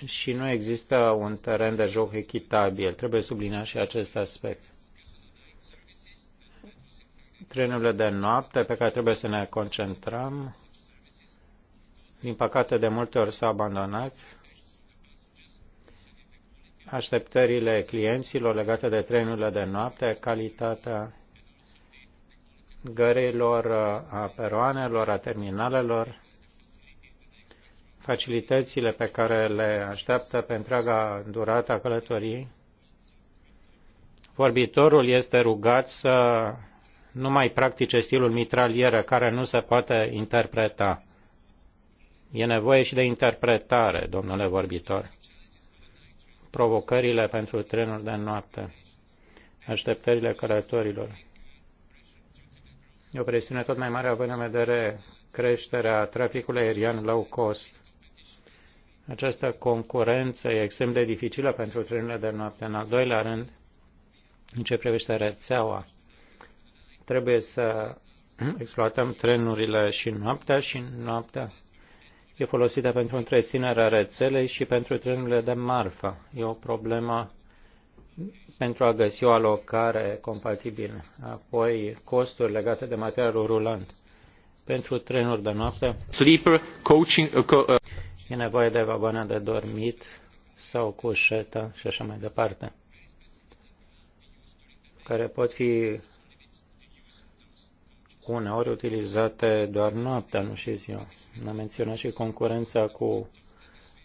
și nu există un teren de joc echitabil. Trebuie subliniat și acest aspect trenurile de noapte pe care trebuie să ne concentrăm. Din păcate, de multe ori s au abandonat. Așteptările clienților legate de trenurile de noapte, calitatea gărilor, a peroanelor, a terminalelor, facilitățile pe care le așteaptă pe întreaga durată a călătoriei. Vorbitorul este rugat să nu mai practice stilul mitralieră care nu se poate interpreta. E nevoie și de interpretare, domnule vorbitor. Provocările pentru trenul de noapte, așteptările călătorilor. E o presiune tot mai mare având în vedere creșterea traficului aerian low cost. Această concurență e extrem de dificilă pentru trenurile de noapte. În al doilea rând, în ce privește rețeaua, Trebuie să exploatăm trenurile și noaptea și noaptea e folosită pentru întreținerea rețelei și pentru trenurile de marfă. E o problemă pentru a găsi o alocare compatibilă. Apoi costuri legate de materialul rulant. Pentru trenuri de noapte Sleeper, coaching, uh, co- uh. e nevoie de vagoane de dormit sau cușetă și așa mai departe care pot fi uneori utilizate doar noaptea, nu și ziua. Am menționat și concurența cu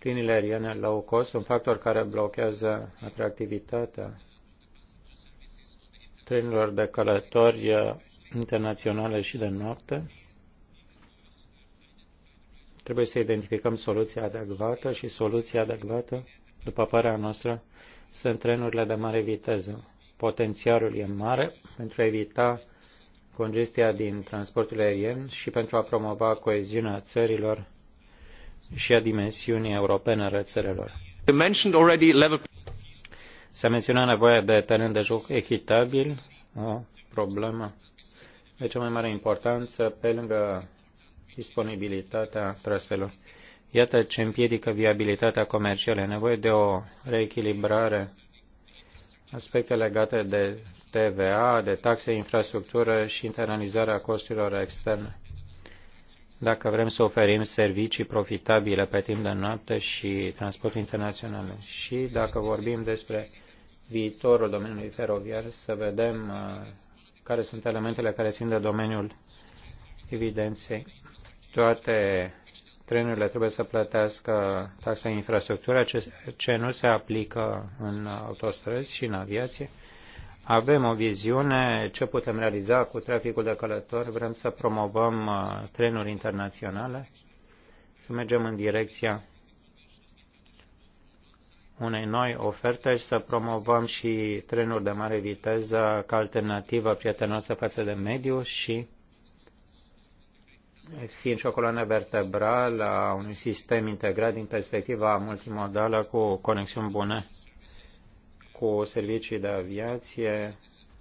liniile aeriene low cost, un factor care blochează atractivitatea trenurilor de călători eh, internaționale și de noapte. Trebuie să identificăm soluția adecvată și soluția adecvată, după părerea noastră, sunt trenurile de mare viteză. Potențialul e mare pentru a evita congestia din transportul aerien și pentru a promova coeziunea țărilor și a dimensiunii europene a rețelelor. S-a menționat nevoia de teren de joc echitabil, o problemă de cea mai mare importanță pe lângă disponibilitatea traselor. Iată ce împiedică viabilitatea comercială. E nevoie de o reechilibrare aspecte legate de TVA, de taxe, infrastructură și internalizarea costurilor externe. Dacă vrem să oferim servicii profitabile pe timp de noapte și transport internațional. Și dacă vorbim despre viitorul domeniului feroviar, să vedem uh, care sunt elementele care țin de domeniul evidenței. Toate trenurile trebuie să plătească taxa infrastructură, ce nu se aplică în autostrăzi și în aviație. Avem o viziune ce putem realiza cu traficul de călători, vrem să promovăm uh, trenuri internaționale, să mergem în direcția unei noi oferte și să promovăm și trenuri de mare viteză ca alternativă prietenoasă față de mediu și fiind și o coloană vertebrală a unui sistem integrat din perspectiva multimodală cu conexiuni bune cu servicii de aviație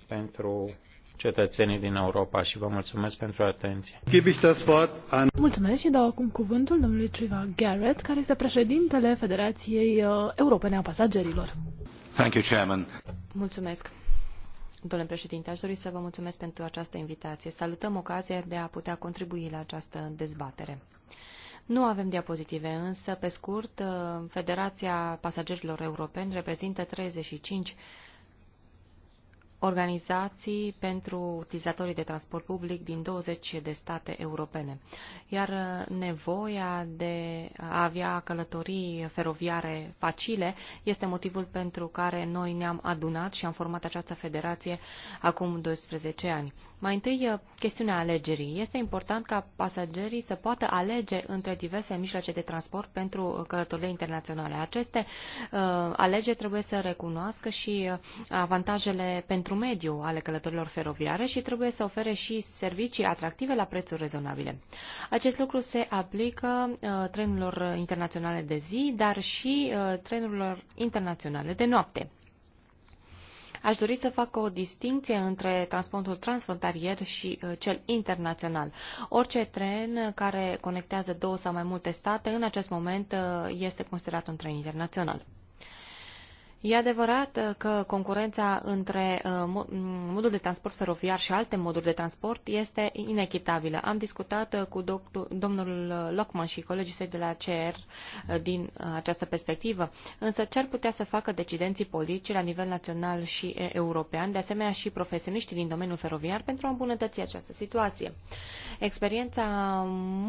pentru cetățenii din Europa și vă mulțumesc pentru atenție. Mulțumesc și dau acum cuvântul domnului Triva Garrett, care este președintele Federației uh, Europene a Pasagerilor. Thank you, Chairman. Mulțumesc. Domnule președinte, aș dori să vă mulțumesc pentru această invitație. Salutăm ocazia de a putea contribui la această dezbatere. Nu avem diapozitive, însă, pe scurt, Federația Pasagerilor Europeni reprezintă 35 organizații pentru utilizatorii de transport public din 20 de state europene, iar uh, nevoia de a avea călătorii feroviare facile este motivul pentru care noi ne-am adunat și am format această federație acum 12 ani. Mai întâi, uh, chestiunea alegerii. Este important ca pasagerii să poată alege între diverse mijloace de transport pentru uh, călătorile internaționale. Aceste uh, alegeri trebuie să recunoască și avantajele pentru pentru mediu ale călătorilor feroviare și trebuie să ofere și servicii atractive la prețuri rezonabile. Acest lucru se aplică uh, trenurilor internaționale de zi, dar și uh, trenurilor internaționale de noapte. Aș dori să fac o distinție între transportul transfrontalier și uh, cel internațional. Orice tren care conectează două sau mai multe state în acest moment uh, este considerat un tren internațional. E adevărat uh, că concurența între uh, modul de transport feroviar și alte moduri de transport este inechitabilă. Am discutat uh, cu domnul Lockman și colegii săi de la CR din această perspectivă, însă ce ar putea să facă decidenții politici la nivel național și european, de asemenea și profesioniștii din domeniul feroviar, pentru a îmbunătăți această situație? Experiența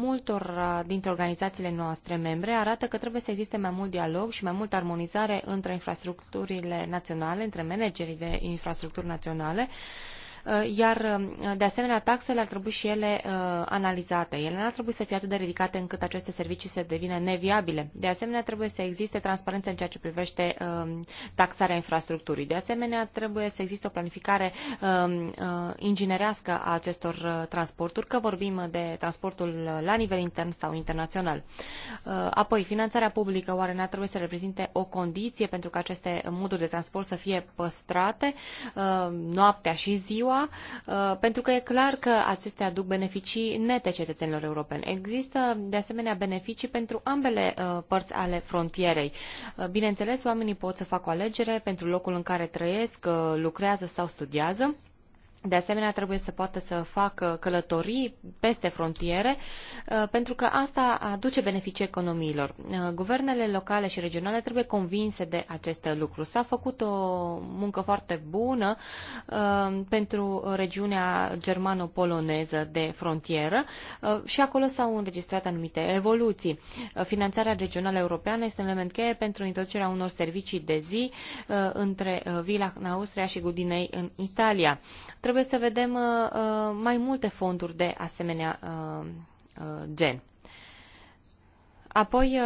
multor dintre organizațiile noastre membre arată că trebuie să existe mai mult dialog și mai multă armonizare între infrastructură infrastructurile naționale, între managerii de infrastructuri naționale, Uh, iar um, de asemenea taxele ar trebui și ele uh, analizate. Ele nu ar trebui să fie atât de ridicate încât aceste servicii să devină neviabile. De asemenea, trebuie să existe transparență în ceea ce privește um, taxarea infrastructurii. De asemenea, trebuie să existe o planificare um, uh, inginerească a acestor transporturi, că vorbim de transportul la nivel intern sau internațional. Apoi, finanțarea publică oare nu ar trebui să reprezinte o condiție pentru ca aceste moduri de transport să fie păstrate noaptea și ziua, ziua, uh, pentru că e clar că acestea aduc beneficii nete cetățenilor europeni. Există, de asemenea, beneficii pentru ambele uh, părți ale frontierei. Uh, bineînțeles, oamenii pot să facă o alegere pentru locul în care trăiesc, lucrează sau studiază de asemenea, trebuie să poată să facă călătorii peste frontiere, uh, pentru că asta aduce beneficii economiilor. Uh, guvernele locale și regionale trebuie convinse de acest lucru. S-a făcut o muncă foarte bună uh, pentru regiunea germano-poloneză de frontieră și acolo s-au înregistrat anumite evoluții. Finanțarea regională europeană este un element cheie pentru introducerea unor servicii de zi între Vila în Austria și Gudinei în Italia trebuie să vedem uh, uh, mai multe fonduri de asemenea uh, gen. Apoi,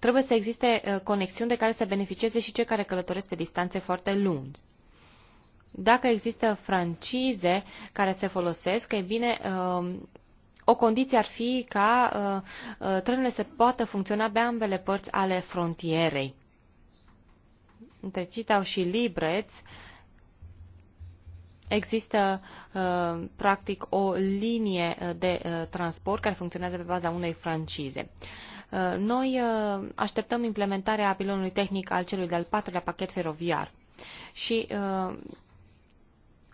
trebuie să existe conexiuni de care să beneficieze și cei care călătoresc pe distanțe foarte lungi. Dacă există francize care se folosesc, e bine, o condiție ar fi ca trenurile să poată funcționa pe ambele părți ale frontierei. Între Citau și Libreț, uh, Există uh, practic o linie uh, de uh, transport care funcționează pe baza unei francize. Noi așteptăm implementarea pilonului tehnic al celui de-al patrulea pachet feroviar și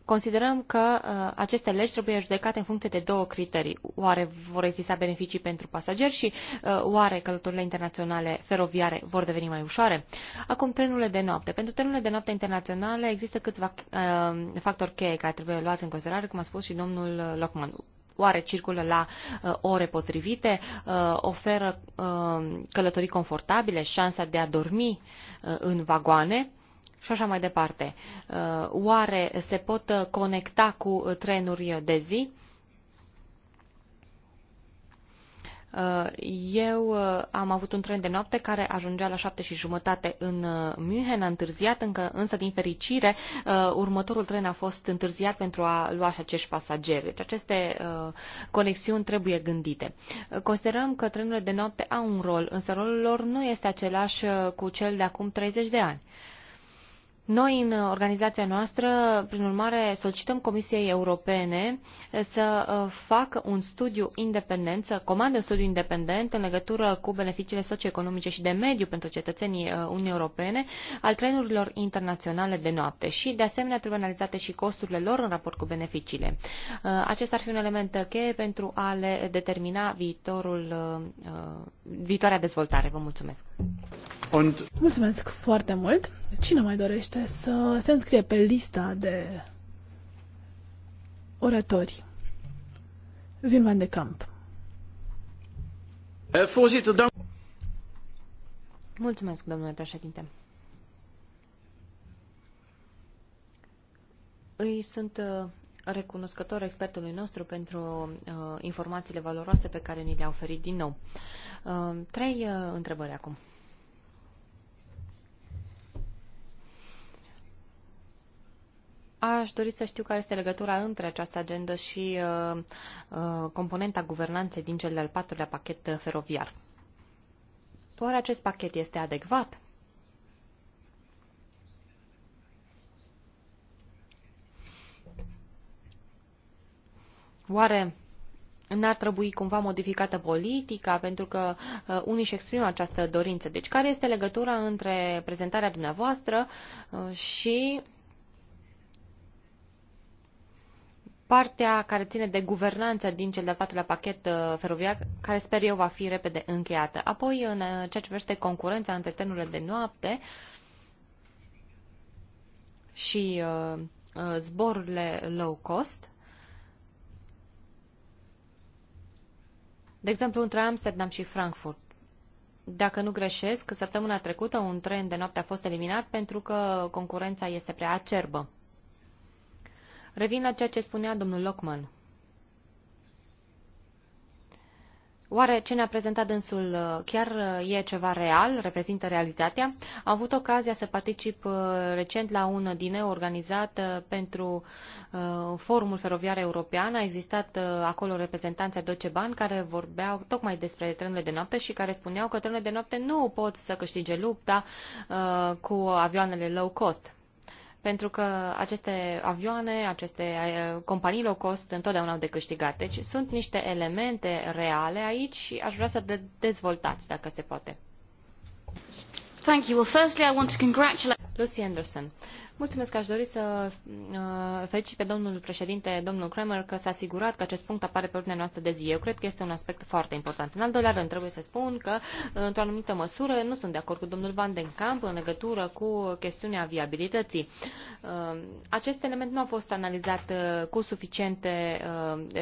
Considerăm că uh, aceste legi trebuie judecate în funcție de două criterii. Oare vor exista beneficii pentru pasageri și uh, oare călătorile internaționale feroviare vor deveni mai ușoare? Acum, trenurile de noapte. Pentru trenurile de noapte internaționale există câțiva uh, factori cheie care trebuie luați în considerare, cum a spus și domnul Lockman. oare circulă la uh, ore potrivite, uh, oferă uh, călătorii confortabile, șansa de a dormi uh, în vagoane și așa mai departe. Uh, oare se pot uh, conecta cu uh, trenuri de zi? Eu am avut un tren de noapte care ajungea la șapte și jumătate în München, a întârziat, încă, însă din fericire următorul tren a fost întârziat pentru a lua și acești pasageri. Deci aceste conexiuni trebuie gândite. Considerăm că trenurile de noapte au un rol, însă rolul lor nu este același cu cel de acum 30 de ani. Noi, în organizația noastră, prin urmare, solicităm Comisiei Europene eh, să eh, facă un studiu independent, să comande un studiu independent în legătură cu beneficiile socioeconomice și de mediu pentru cetățenii eh, Uniunii Europene al trenurilor internaționale de noapte și, de asemenea, trebuie analizate și costurile lor în raport cu beneficiile. Acesta ar fi un element cheie pentru a le determina viitorul, viitoarea dezvoltare. Vă mulțumesc! Und... Mulțumesc foarte mult! Cine mai dorește? este să se înscrie pe lista de oratori. Vin Van de Camp. Eh, Mulțumesc, domnule președinte. Îi sunt uh, recunoscător expertului nostru pentru uh, informațiile valoroase pe care ni le-a oferit din nou. Uh, trei întrebări acum. Aș dori să știu care este legătura între această agendă și uh, uh, componenta guvernanței din cel de-al patrulea pachet feroviar. Oare acest pachet este adecvat? Oare n-ar trebui cumva modificată politica, pentru că uh, unii își exprimă această dorință. Deci, care este legătura între prezentarea dumneavoastră uh, și uh, partea care ține de guvernanță din cel de-al patrulea pachet uh, feroviar, care sper eu va fi repede încheiată. Apoi, în uh, ceea ce privește concurența între trenurile de noapte și uh, zborurile low cost, de exemplu, între Amsterdam și Frankfurt. Dacă nu greșesc, săptămâna trecută un tren de noapte a fost eliminat pentru că concurența este prea acerbă. Revin la ceea ce spunea domnul Lockman. Oare ce ne-a prezentat dânsul uh, chiar uh, e ceva real, reprezintă realitatea? Am avut ocazia să particip uh, recent la un dineu organizat pentru Forumul Feroviar European. A existat acolo reprezentanța Deutsche Bahn care vorbeau tocmai despre trenurile de noapte și care spuneau că trenurile de noapte nu pot să câștige lupta da, cu avioanele low cost pentru că aceste avioane, aceste eh, companii low cost întotdeauna au de câștigat. Deci sunt niște elemente reale aici și aș vrea să le dezvoltați, dacă se poate. Mulțumesc, aș dori să uh, felicit pe domnul președinte, domnul Kramer, că s-a asigurat că acest punct apare pe ordinea noastră de zi. Eu cred că este un aspect foarte important. În al doilea rând, trebuie să spun că, într-o anumită măsură, nu sunt de acord cu domnul Van den Camp în legătură cu chestiunea viabilității. Uh, acest element nu a fost analizat uh, cu suficiente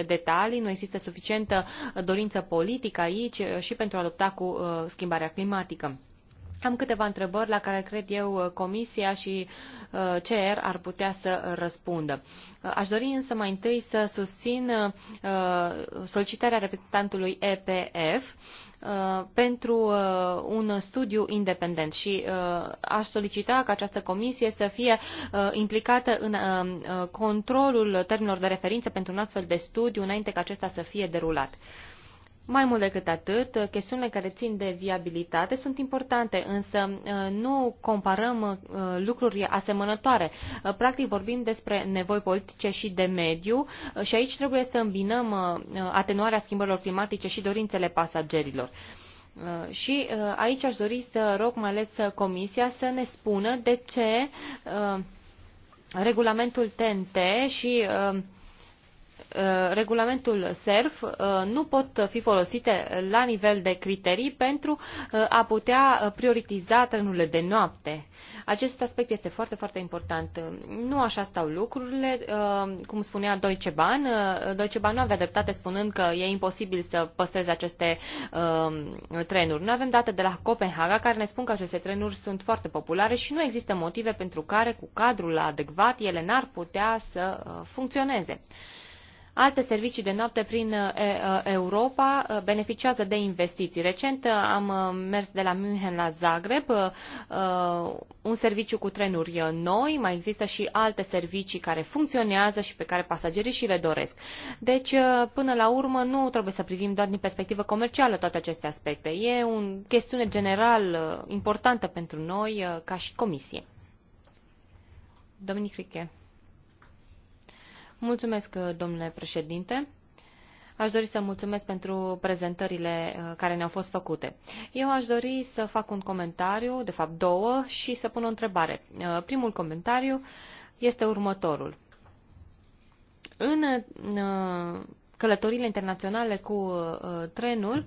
detalii, nu există suficientă dorință politică aici și pentru a lupta cu schimbarea climatică. Am câteva întrebări la care cred eu uh, Comisia și uh, CR ar putea să uh, răspundă. Aș dori însă mai întâi să susțin solicitarea reprezentantului EPF pentru un studiu independent și aș solicita ca această comisie să fie implicată în controlul termenilor de referință pentru un astfel de studiu înainte ca acesta să fie derulat. Mai mult decât atât, chestiunile care țin de viabilitate sunt importante, însă uh, nu comparăm uh, lucruri asemănătoare. Uh, practic vorbim despre nevoi politice și de mediu și aici trebuie să îmbinăm atenuarea schimbărilor climatice și dorințele pasagerilor. Și aici aș dori să rog mai ales Comisia să ne spună de ce regulamentul TNT și uh, Uh, regulamentul SERF uh, nu pot fi folosite la nivel de criterii pentru uh, a putea prioritiza trenurile de noapte. Acest aspect este foarte, foarte important. Nu așa stau lucrurile. Cum spunea Deutsche Bahn, Deutsche Bahn nu avea dreptate spunând că e imposibil să păstreze aceste trenuri. Nu avem date de la Copenhaga care ne spun că aceste trenuri sunt foarte populare și nu există motive pentru care, cu cadrul adecvat, ele n-ar putea să funcționeze. Alte servicii de noapte prin uh, uh, Europa uh, beneficiază de investiții. Recent am mers de la München la Zagreb, un serviciu cu trenuri noi, mai există și alte servicii care funcționează și pe care pasagerii și le doresc. Deci, până la urmă, nu trebuie să privim doar din perspectivă comercială toate aceste aspecte. E o chestiune general importantă pentru noi ca și comisie. Dominic Riche. Mulțumesc, uh, domnule președinte. Aș dori să mulțumesc pentru prezentările uh, care ne-au fost făcute. Eu aș dori să fac un comentariu, de fapt două, și să pun o întrebare. Uh, primul comentariu este următorul. În călătorile internaționale cu trenul,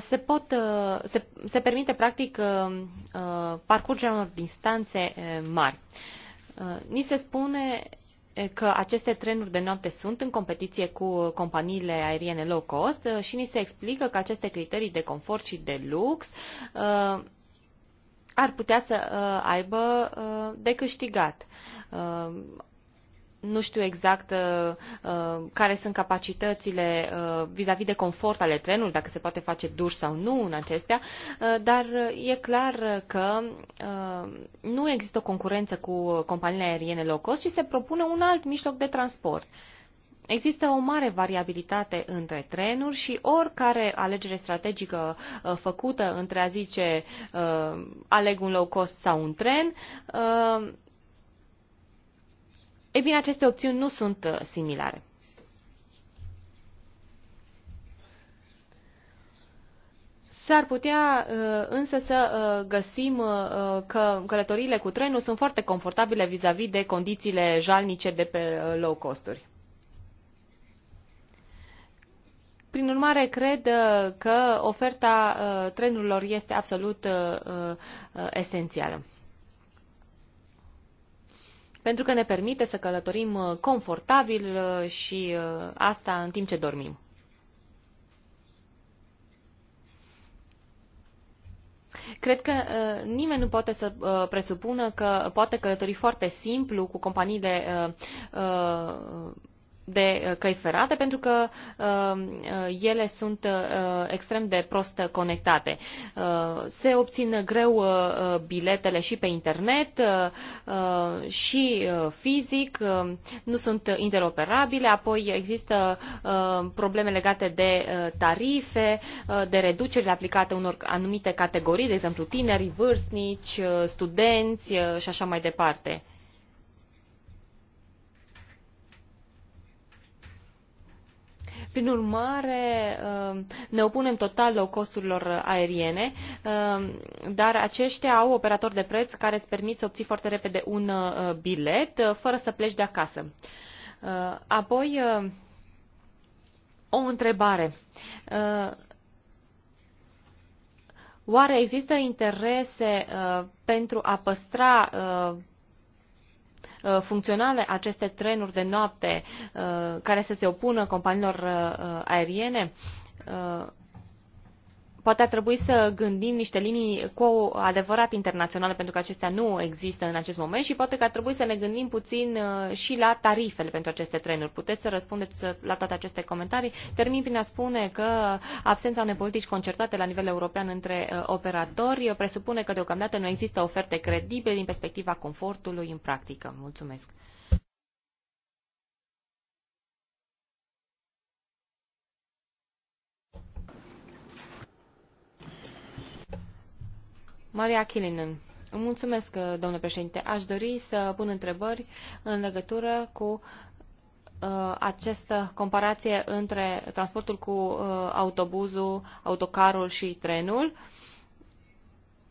se, pot, se, se permite practic parcurgerea unor distanțe mari. Ni se spune că aceste trenuri de noapte sunt în competiție cu companiile aeriene low cost uh, și ni se explică că aceste criterii de confort și de lux uh, ar putea să uh, aibă de câștigat nu știu exact uh, uh care sunt capacitățile uh, vis-a-vis uh, -vis de confort ale trenului, dacă se poate face duș sau nu în acestea, uh, dar e clar că uh, nu există o concurență cu companiile aeriene low cost, ci se propune un alt mijloc de transport. Există o mare variabilitate între trenuri și oricare alegere strategică uh, făcută între a zice aleg un low cost sau un tren, ei bine, aceste opțiuni nu sunt uh, similare. S-ar putea uh, însă să uh, găsim că călătoriile cu trenul sunt foarte confortabile vis-a-vis -vis de condițiile jalnice de pe low costuri. Prin urmare, cred că oferta trenurilor este absolut esențială pentru că ne permite să călătorim uh, confortabil uh, și uh, asta în timp ce dormim. Cred că uh, nimeni nu poate să uh, presupună că poate călători foarte simplu cu companii de uh, uh, de uh, căi ferate pentru că uh, uh ele sunt uh, uh, extrem de prost conectate. Uh, se obțin greu biletele și pe internet și fizic, nu sunt interoperabile, apoi există probleme legate de tarife, de reduceri aplicate unor anumite categorii, de exemplu tineri, vârstnici, studenți și așa mai departe. Prin urmare, uh, ne opunem total costurilor aeriene, uh, dar aceștia au operatori de preț care îți permit să obții foarte repede un uh, bilet fără să pleci de acasă. Apoi, o întrebare. Oare există interese uh, pentru a păstra uh, Uh, funcționale aceste trenuri de noapte uh, care să se opună companiilor uh, aeriene? Poate ar trebui să gândim niște linii cu adevărat internaționale, pentru că acestea nu există în acest moment și poate că ar trebui să ne gândim puțin uh, și la tarifele pentru aceste trenuri. Puteți să răspundeți uh, la toate aceste comentarii. Termin prin a spune că absența unei politici concertate la nivel european între uh, operatori presupune că deocamdată nu există oferte credibile din perspectiva confortului în practică. Mulțumesc. Maria Kilinen. Mulțumesc, domnule președinte. Aș dori să pun întrebări în legătură cu uh, această comparație între transportul cu uh, autobuzul, autocarul și trenul. Uh,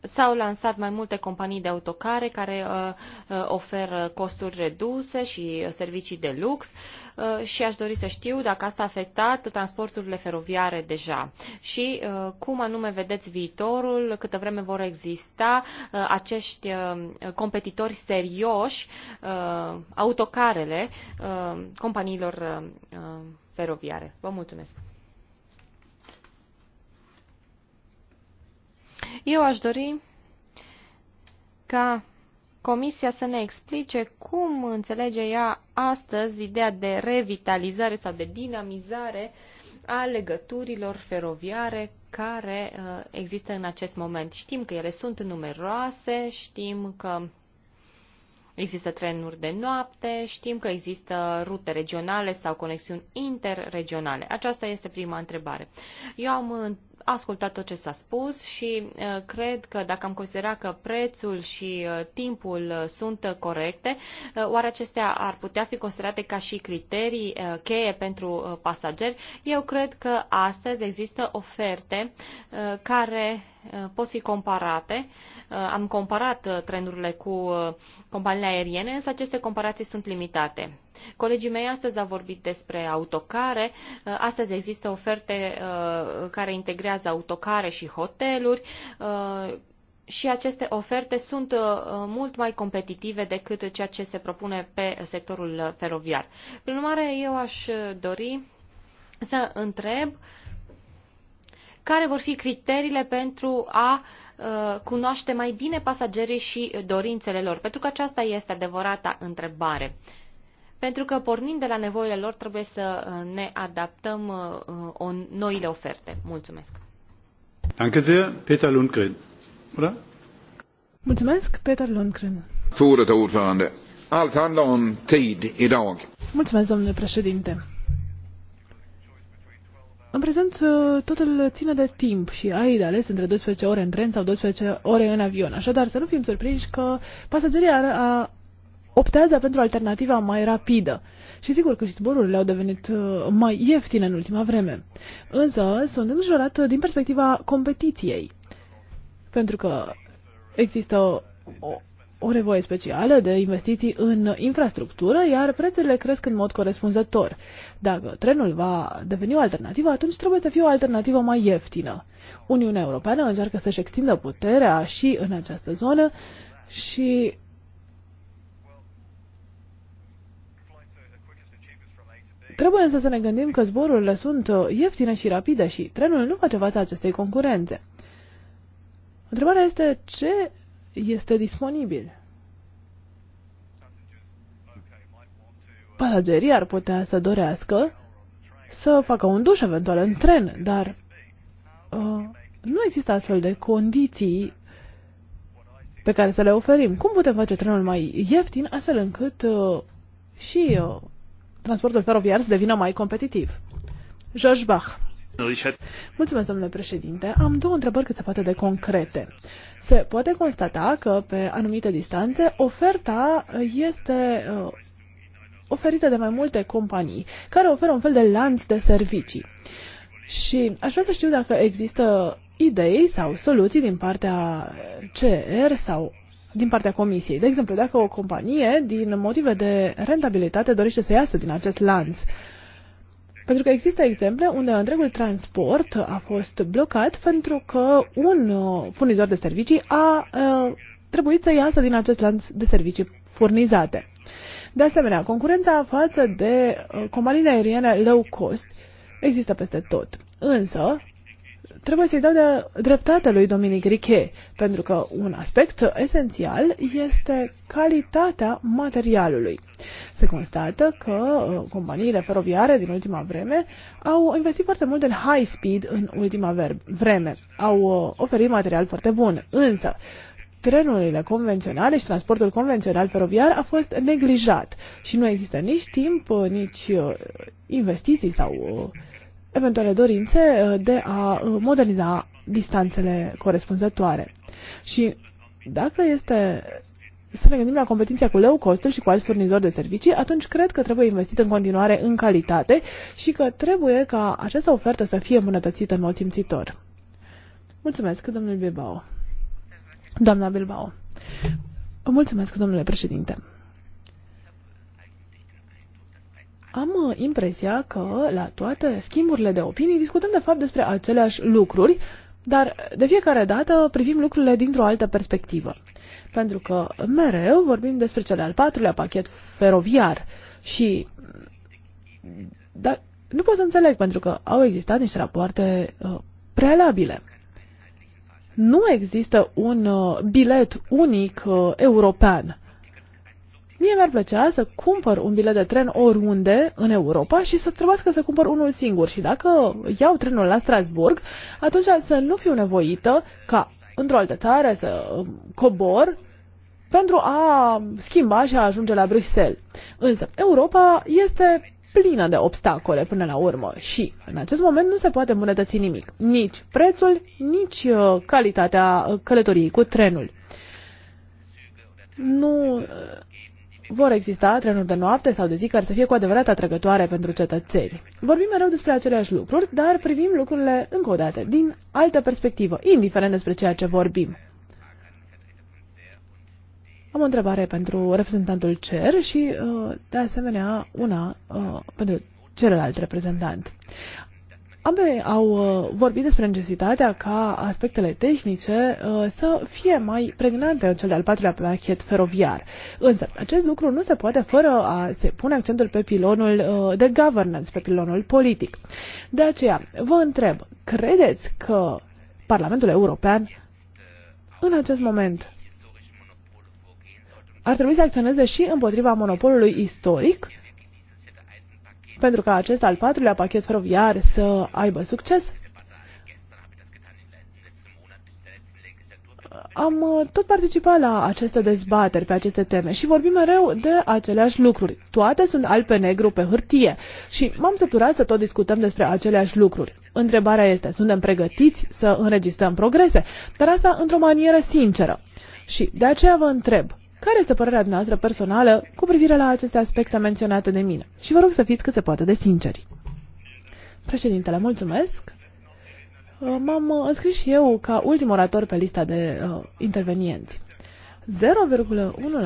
S-au lansat mai multe companii de autocare care uh, uh, oferă costuri reduse și servicii de lux uh, și aș dori să știu dacă asta a afectat transporturile feroviare deja și uh, cum anume vedeți viitorul, câtă vreme vor exista uh, acești uh, competitori serioși, uh, autocarele uh, companiilor uh, uh feroviare. Vă mulțumesc! Eu aș dori ca Comisia să ne explice cum înțelege ea astăzi ideea de revitalizare sau de dinamizare a legăturilor feroviare care uh, există în acest moment. Știm că ele sunt numeroase, știm că există trenuri de noapte, știm că există rute regionale sau conexiuni interregionale. Aceasta este prima întrebare. Eu am ascultat tot ce s-a spus și uh, cred că dacă am considerat că prețul și uh, timpul uh, sunt corecte, oare acestea ar putea fi considerate ca și criterii cheie pentru pasageri? Eu cred că astăzi există oferte care Uh, pot fi comparate. Uh, am comparat uh, trenurile cu companiile aeriene, însă aceste comparații sunt limitate. Colegii mei astăzi au vorbit despre autocare. Astăzi există oferte care integrează autocare și hoteluri și aceste oferte sunt mult mai competitive decât ceea ce se propune pe sectorul feroviar. Prin urmare, eu aș dori să întreb uh, care vor fi criteriile pentru a uh, cunoaște mai bine pasagerii și dorințele lor? Pentru că aceasta este adevărata întrebare. Pentru că pornind de la nevoile lor trebuie să uh, ne adaptăm uh, o noile oferte. Mulțumesc. Danke sehr, Peter Lundgren. Oder? Mulțumesc, Peter Lundgren. Fără ordförande. Allt handlar om tid idag. Mulțumesc, domnule președinte. În prezent, uh, totul ține de timp și ai de ales între 12 ore în tren sau 12 ore în avion. Așadar, să nu fim surprinși că pasagerii ar, a, optează pentru alternativa mai rapidă. Și sigur că și zborurile au devenit uh, mai ieftine în ultima vreme. Însă, sunt îngrijorat uh, din perspectiva competiției. Pentru că există o, o revoie specială de investiții în infrastructură, iar prețurile cresc în mod corespunzător. Dacă trenul va deveni o alternativă, atunci trebuie să fie o alternativă mai ieftină. Uniunea Europeană încearcă să-și extindă puterea și în această zonă și Trebuie însă să ne gândim că zborurile sunt ieftine și rapide și trenul nu face față acestei concurențe. Întrebarea este ce este disponibil. Pasagerii ar putea să dorească să facă un duș eventual în tren, dar uh, nu există astfel de condiții pe care să le oferim. Cum putem face trenul mai ieftin astfel încât uh, și uh, transportul feroviar să devină mai competitiv? George Bach. Mulțumesc, domnule președinte. Am două întrebări cât se poate de concrete. Se poate constata că pe anumite distanțe oferta este uh, oferită de mai multe companii care oferă un fel de lanț de servicii. Și aș vrea să știu dacă există idei sau soluții din partea CR sau din partea comisiei. De exemplu, dacă o companie, din motive de rentabilitate, dorește să iasă din acest lanț, pentru că există exemple unde întregul transport a fost blocat pentru că un uh, furnizor de servicii a uh, trebuit să iasă din acest lanț de servicii furnizate. De asemenea, concurența față de uh, companiile aeriene low cost există peste tot. Însă, trebuie să-i dau de dreptate lui Dominic Riquet, pentru că un aspect esențial este calitatea materialului. Se constată că uh, companiile feroviare din ultima vreme au investit foarte mult în high speed în ultima vreme. Au uh, oferit material foarte bun, însă trenurile convenționale și transportul convențional feroviar a fost neglijat și nu există nici timp, uh, nici investiții sau eventuale dorințe uh, de a uh, moderniza distanțele corespunzătoare. Și dacă este să ne gândim la competiția cu low cost și cu alți furnizori de servicii, atunci cred că trebuie investit în continuare în calitate și că trebuie ca această ofertă să fie îmbunătățită în mod simțitor. Mulțumesc, domnul Bilbao. Doamna Bilbao. Mulțumesc, domnule președinte. am uh, impresia că la toate schimburile de opinii discutăm de fapt despre aceleași lucruri, dar de fiecare dată privim lucrurile dintr-o altă perspectivă. Pentru că mereu vorbim despre cel al patrulea pachet feroviar și dar nu pot să înțeleg pentru că au existat niște rapoarte uh, prealabile. Nu există un uh, bilet unic uh, european Mie mi-ar plăcea să cumpăr un bilet de tren oriunde în Europa și să trebuiască să cumpăr unul singur. Și dacă iau trenul la Strasburg, atunci să nu fiu nevoită ca într-o altă țară să um, cobor pentru a schimba și a ajunge la Bruxelles. Însă, Europa este plină de obstacole până la urmă și în acest moment nu se poate îmbunătăți nimic, nici prețul, nici uh, calitatea uh, călătoriei cu trenul. Nu uh, vor exista trenuri de noapte sau de zi care să fie cu adevărat atrăgătoare pentru cetățeni. Vorbim mereu despre aceleași lucruri, dar privim lucrurile încă o dată, din altă perspectivă, indiferent despre ceea ce vorbim. Am o întrebare pentru reprezentantul CER și, uh, de asemenea, una uh, pentru celălalt reprezentant. Ambele au uh, vorbit despre necesitatea ca aspectele tehnice uh, să fie mai pregnante în cel de-al patrulea pachet feroviar. Însă, acest lucru nu se poate fără a se pune accentul pe pilonul uh, de governance, pe pilonul politic. De aceea, vă întreb, credeți că Parlamentul European în acest moment ar trebui să acționeze și împotriva monopolului istoric pentru ca acest al patrulea pachet feroviar să aibă succes, am uh, tot participat la aceste dezbateri pe aceste teme și vorbim mereu de aceleași lucruri. Toate sunt al pe negru pe hârtie și m-am săturat să tot discutăm despre aceleași lucruri. Întrebarea este, suntem pregătiți să înregistrăm progrese, dar asta într-o manieră sinceră. Și de aceea vă întreb, care este părerea noastră personală cu privire la aceste aspecte menționate de mine? Și vă rog să fiți cât se poate de sinceri. Președintele, mulțumesc. Uh, m-am uh, înscris și eu ca ultim orator pe lista de uh, intervenienți.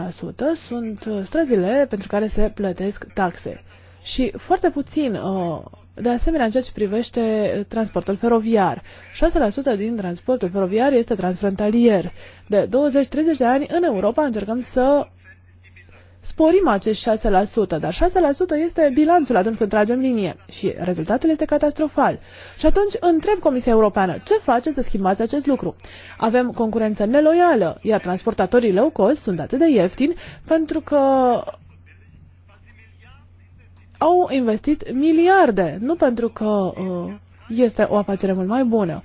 0,1% sunt uh, străzile pentru care se plătesc taxe și foarte puțin uh, de asemenea, în ceea ce privește eh, transportul feroviar, 6% din transportul feroviar este transfrontalier. De 20-30 de ani în Europa încercăm să sporim acești 6%, dar 6% este bilanțul atunci când tragem linie și rezultatul este catastrofal. Și atunci întreb Comisia Europeană, ce face să schimbați acest lucru? Avem concurență neloială, iar transportatorii low cost sunt atât de ieftini pentru că au investit miliarde, nu pentru că uh, este o afacere mult mai bună.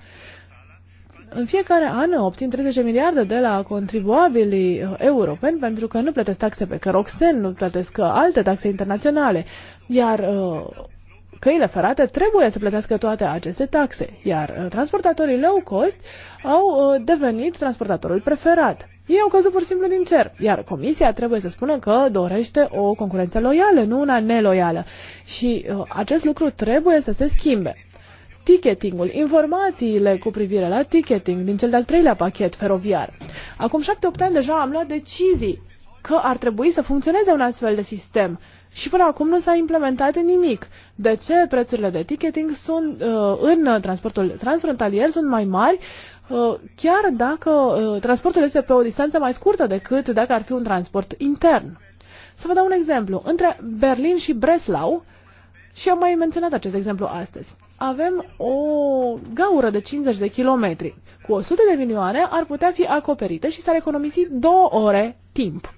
În fiecare an obțin 30 miliarde de la contribuabilii uh, europeni pentru că nu plătesc taxe pe caroxen, nu plătesc uh, alte taxe internaționale, iar căile ferate trebuie să plătească toate aceste taxe, iar transportatorii low cost au devenit transportatorul preferat. Ei au căzut pur și simplu din cer. Iar comisia trebuie să spună că dorește o concurență loială, nu una neloială. Și uh, acest lucru trebuie să se schimbe. Ticketingul, informațiile cu privire la ticketing din cel de-al treilea pachet feroviar. Acum 7-8 ani deja am luat decizii că ar trebui să funcționeze un astfel de sistem și până acum nu s-a implementat nimic. De ce prețurile de ticketing sunt uh, în transportul transfrontalier sunt mai mari Uh, chiar dacă uh, transportul este pe o distanță mai scurtă decât dacă ar fi un transport intern. Să vă dau un exemplu. Între Berlin și Breslau, și am mai menționat acest exemplu astăzi, avem o gaură de 50 de kilometri. Cu 100 de milioane ar putea fi acoperite și s-ar economisi două ore timp.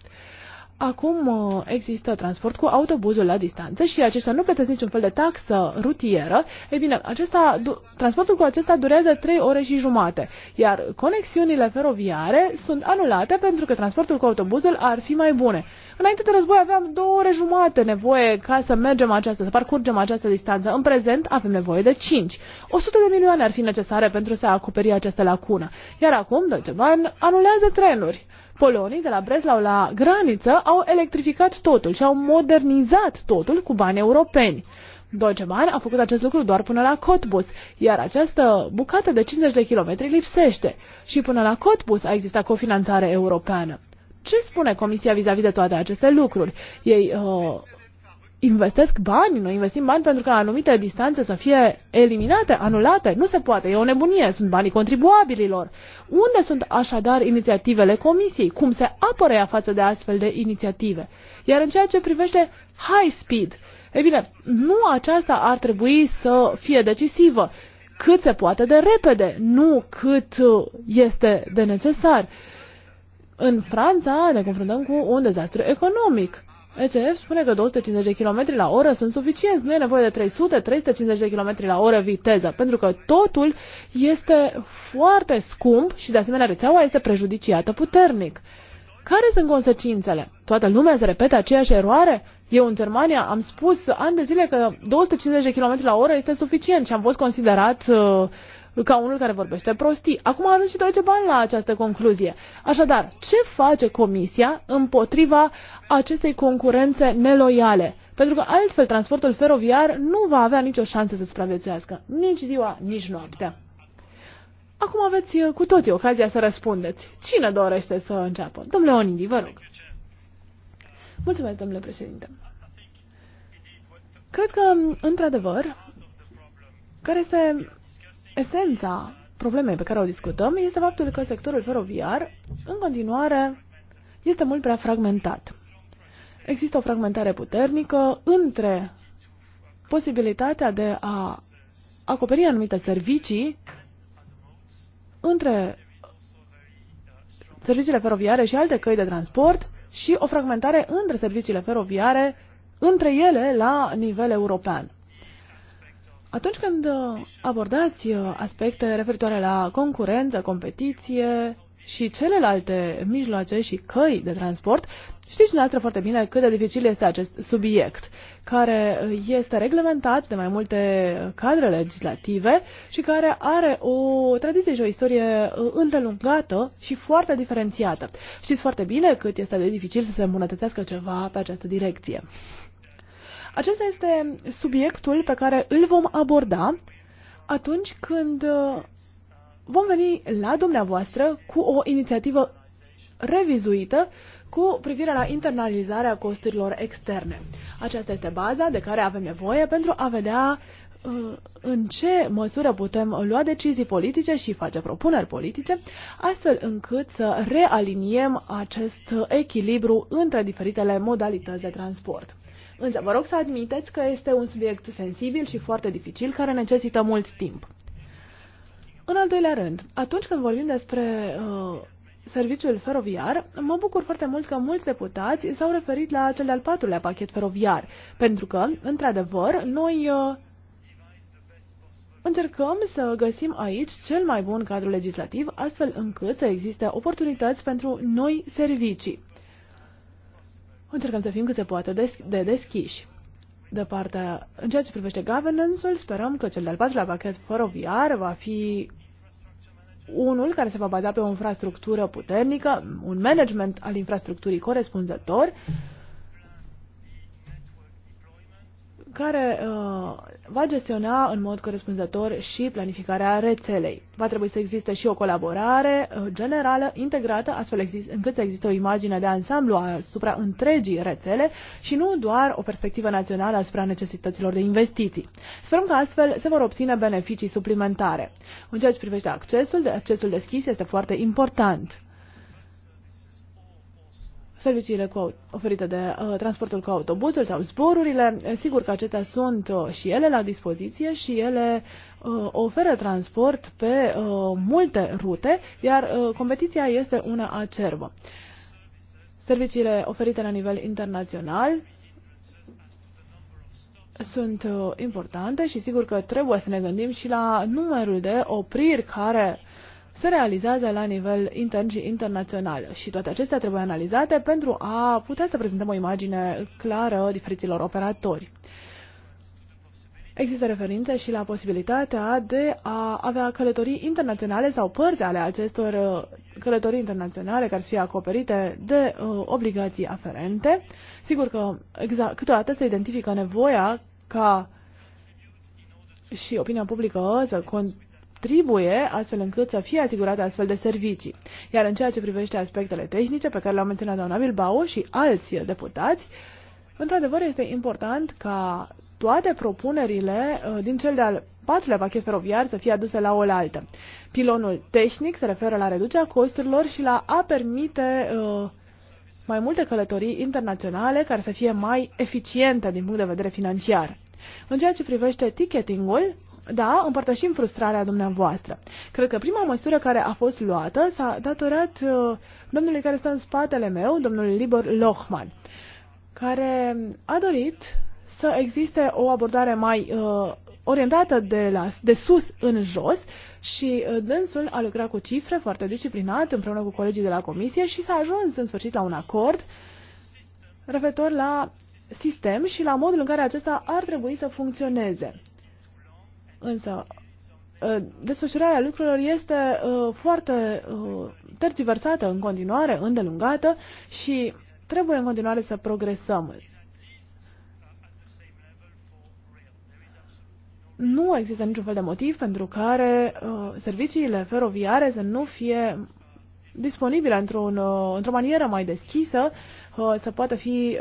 Acum uh, există transport cu autobuzul la distanță și acesta nu plătesc niciun fel de taxă rutieră. Ei bine, acesta, transportul cu acesta durează 3 ore și jumate, iar conexiunile feroviare sunt anulate pentru că transportul cu autobuzul ar fi mai bune. Înainte de război aveam 2 ore jumate nevoie ca să mergem această, să parcurgem această distanță. În prezent avem nevoie de 5. 100 de milioane ar fi necesare pentru să acoperi această lacună. Iar acum, Deutsche Bahn anulează trenuri. Polonii de la Breslau la graniță au electrificat totul și au modernizat totul cu bani europeni. Deutsche Bahn a făcut acest lucru doar până la Cottbus, iar această bucată de 50 de kilometri lipsește. Și până la Cottbus a existat cofinanțare europeană. Ce spune Comisia vis-a-vis -vis de toate aceste lucruri? Ei uh, investesc bani, noi investim bani pentru ca anumite distanțe să fie eliminate, anulate. Nu se poate, e o nebunie, sunt banii contribuabililor. Unde sunt așadar inițiativele comisiei? Cum se apără ea față de astfel de inițiative? Iar în ceea ce privește high speed, e bine, nu aceasta ar trebui să fie decisivă cât se poate de repede, nu cât uh, este de necesar. În Franța ne confruntăm cu un dezastru economic ECF spune că 250 de km la oră sunt suficienți, nu e nevoie de 300, 350 de km la oră viteză, pentru că totul este foarte scump și de asemenea rețeaua este prejudiciată puternic. Care sunt consecințele? Toată lumea se repete aceeași eroare? Eu în Germania am spus ani de zile că 250 de km la oră este suficient și am fost considerat uh, ca unul care vorbește prostii. Acum a ajuns și Deutsche Bahn la această concluzie. Așadar, ce face Comisia împotriva acestei concurențe neloiale? Pentru că altfel transportul feroviar nu va avea nicio șansă să supraviețuiască, nici ziua, nici noaptea. Acum aveți uh, cu toții ocazia să răspundeți. Cine dorește să înceapă? Domnule Onidi, vă rog. Mulțumesc, domnule președinte. Cred că, într-adevăr, care este esența problemei pe care o discutăm este faptul că sectorul feroviar în continuare este mult prea fragmentat. Există o fragmentare puternică între posibilitatea de a acoperi anumite servicii între serviciile feroviare și alte căi de transport și o fragmentare între serviciile feroviare, între ele la nivel european. Atunci când uh, abordați uh, aspecte referitoare la concurență, competiție și celelalte mijloace și căi de transport, știți dumneavoastră foarte bine cât de dificil este acest subiect, care uh, este reglementat de mai multe cadre legislative și care are o tradiție și o istorie îndelungată și foarte diferențiată. Știți foarte bine cât este de dificil să se îmbunătățească ceva pe această direcție. Acesta este subiectul pe care îl vom aborda atunci când uh, vom veni la dumneavoastră cu o inițiativă revizuită cu privire la internalizarea costurilor externe. Aceasta este baza de care avem nevoie pentru a vedea uh, în ce măsură putem lua decizii politice și face propuneri politice, astfel încât să realiniem acest echilibru între diferitele modalități de transport. Însă vă rog să admiteți că este un subiect sensibil și foarte dificil care necesită mult timp. În al doilea rând, atunci când vorbim despre uh, serviciul feroviar, mă bucur foarte mult că mulți deputați s-au referit la cel de-al patrulea pachet feroviar, pentru că, într-adevăr, noi uh, încercăm să găsim aici cel mai bun cadru legislativ, astfel încât să existe oportunități pentru noi servicii încercăm să fim cât se poate de deschiși. De partea, în ceea ce privește governance-ul, sperăm că cel de-al patrulea pachet feroviar va fi unul care se va baza pe o infrastructură puternică, un management al infrastructurii corespunzător, care uh, va gestiona în mod corespunzător și planificarea rețelei. Va trebui să existe și o colaborare uh, generală, integrată, astfel exist, încât să existe o imagine de ansamblu asupra întregii rețele și nu doar o perspectivă națională asupra necesităților de investiții. Sperăm că astfel se vor obține beneficii suplimentare. În ceea ce privește accesul, accesul deschis este foarte important serviciile cu, oferite de uh, transportul cu autobuzul sau zborurile. Sigur că acestea sunt uh, și ele la dispoziție și ele uh, oferă transport pe uh, multe rute, iar uh, competiția este una acerbă. Serviciile oferite la nivel internațional sunt uh, importante și sigur că trebuie să ne gândim și la numărul de opriri care se realizează la nivel intern și internațional și toate acestea trebuie analizate pentru a putea să prezentăm o imagine clară diferiților operatori. Există referințe și la posibilitatea de a avea călătorii internaționale sau părți ale acestor uh, călătorii internaționale care să fie acoperite de uh, obligații aferente. Sigur că exact, câteodată se identifică nevoia ca și opinia publică să con- trebuie astfel încât să fie asigurate astfel de servicii. Iar în ceea ce privește aspectele tehnice pe care le-au menționat doamna Bilbao și alți deputați, într-adevăr este important ca toate propunerile uh, din cel de-al patrulea pachet feroviar să fie aduse la oaltă. Pilonul tehnic se referă la reducerea costurilor și la a permite uh, mai multe călătorii internaționale care să fie mai eficiente din punct de vedere financiar. În ceea ce privește ticketingul, da, împărtășim frustrarea dumneavoastră. Cred că prima măsură care a fost luată s-a datorat uh, domnului care stă în spatele meu, domnul Libor Lohman, care a dorit să existe o abordare mai uh, orientată de, la, de sus în jos și uh, dânsul a lucrat cu cifre foarte disciplinat împreună cu colegii de la comisie și s-a ajuns în sfârșit la un acord referitor la sistem și la modul în care acesta ar trebui să funcționeze. Însă, ă, desfășurarea lucrurilor este ă, foarte ă, tergiversată în continuare, îndelungată și trebuie în continuare să progresăm. Nu există niciun fel de motiv pentru care serviciile feroviare să nu fie disponibile într-un, într-o manieră mai deschisă, să poată fi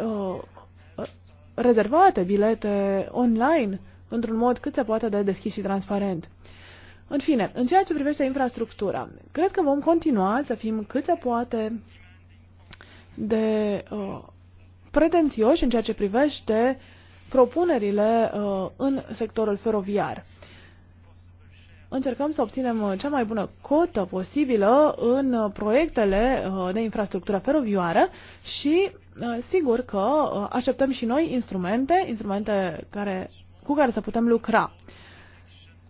rezervate bilete online într-un mod cât se poate de deschis și transparent. În fine, în ceea ce privește infrastructura, cred că vom continua să fim cât se poate de uh, pretențioși în ceea ce privește propunerile uh, în sectorul feroviar. Încercăm să obținem uh, cea mai bună cotă posibilă în uh, proiectele uh, de infrastructură feroviară și sigur că așteptăm și noi instrumente, instrumente care cu care să putem lucra.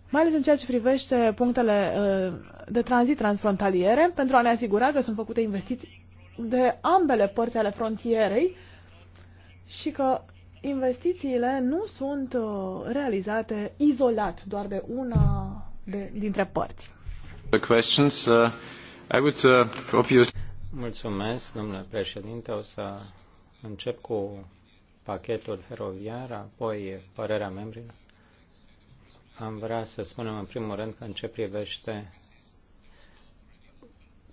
Mai ales în ceea ce privește punctele uh, de tranzit transfrontaliere, pentru a ne asigura că sunt făcute investiții de ambele părți ale frontierei și că investițiile nu sunt uh, realizate izolat, doar de una de, dintre părți. Uh, Mulțumesc, domnule președinte. O să încep cu pachetul feroviar, apoi părerea membrilor. Am vrea să spunem în primul rând că în ce privește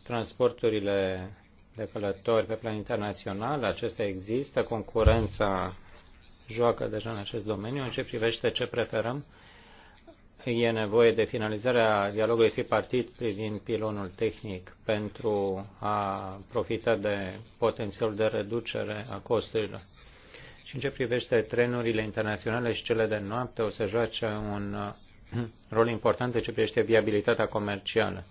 transporturile de călători pe plan internațional, acestea există, concurența joacă deja în acest domeniu. În ce privește ce preferăm, e nevoie de finalizarea dialogului tripartit privind pilonul tehnic pentru a profita de potențialul de reducere a costurilor. Și în ce privește trenurile internaționale și cele de noapte, o să joace un rol important în ce privește viabilitatea comercială.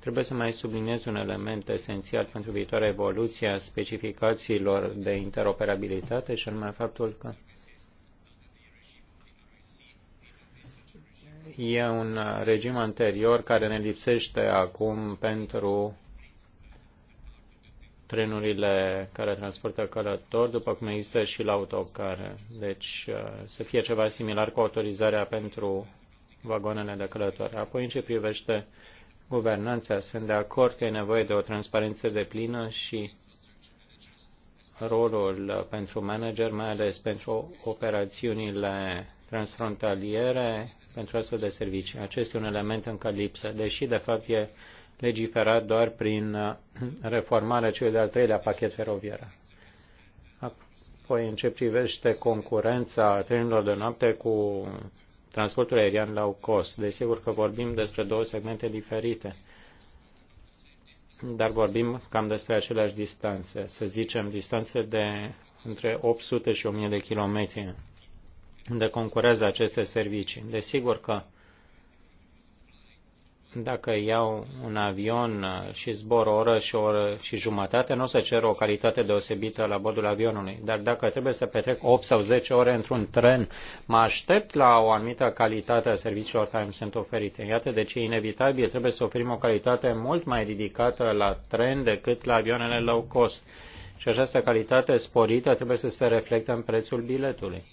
Trebuie să mai subliniez un element esențial pentru viitoarea evoluție a specificațiilor de interoperabilitate și anume faptul că e un regim anterior care ne lipsește acum pentru trenurile care transportă călători, după cum există și la autocare. Deci uh, să fie ceva similar cu autorizarea pentru vagoanele de călători. Apoi, în ce privește guvernanța, sunt de acord că e nevoie de o transparență de plină și rolul pentru manager, mai ales pentru operațiunile transfrontaliere, pentru astfel de servicii. Acest e un element încă lipsă, deși, de fapt, e legifera doar prin uh, reformarea celui de-al treilea pachet feroviar. Apoi, în ce privește concurența trenurilor de noapte cu transportul aerian la cost, desigur că vorbim despre două segmente diferite, dar vorbim cam despre aceleași distanțe, să zicem distanțe de între 800 și 1000 de kilometri unde concurează aceste servicii. Desigur că dacă iau un avion uh, și zbor o oră și o oră și jumătate, nu o să cer o calitate deosebită la bordul avionului. Dar dacă trebuie să petrec 8 sau 10 ore într-un tren, mă aștept la o anumită calitate a serviciilor care îmi sunt oferite. Iată de ce e inevitabil. Trebuie să oferim o calitate mult mai ridicată la tren decât la avioanele low cost. Și această calitate sporită trebuie să se reflecte în prețul biletului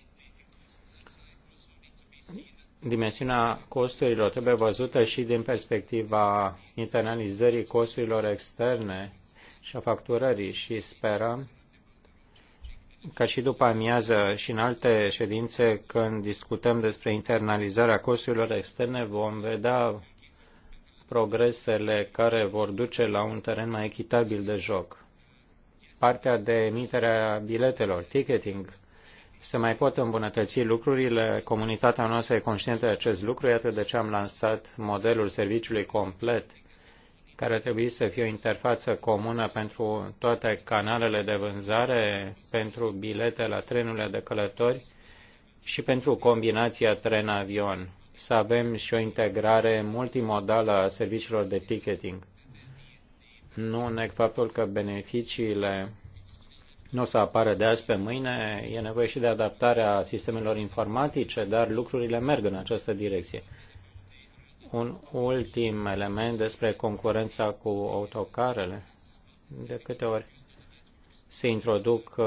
dimensiunea costurilor trebuie văzută și din perspectiva internalizării costurilor externe și a facturării și sperăm ca și după amiază și în alte ședințe când discutăm despre internalizarea costurilor externe vom vedea progresele care vor duce la un teren mai echitabil de joc. Partea de emitere a biletelor, ticketing, se mai pot îmbunătăți lucrurile. Comunitatea noastră e conștientă de acest lucru, iată de ce am lansat modelul serviciului complet, care trebuie să fie o interfață comună pentru toate canalele de vânzare, pentru bilete la trenurile de călători și pentru combinația tren-avion. Să avem și o integrare multimodală a serviciilor de ticketing. Nu neg faptul că beneficiile nu o să apară de azi pe mâine, e nevoie și de adaptarea sistemelor informatice, dar lucrurile merg în această direcție. Un ultim element despre concurența cu autocarele. De câte ori se introduc uh,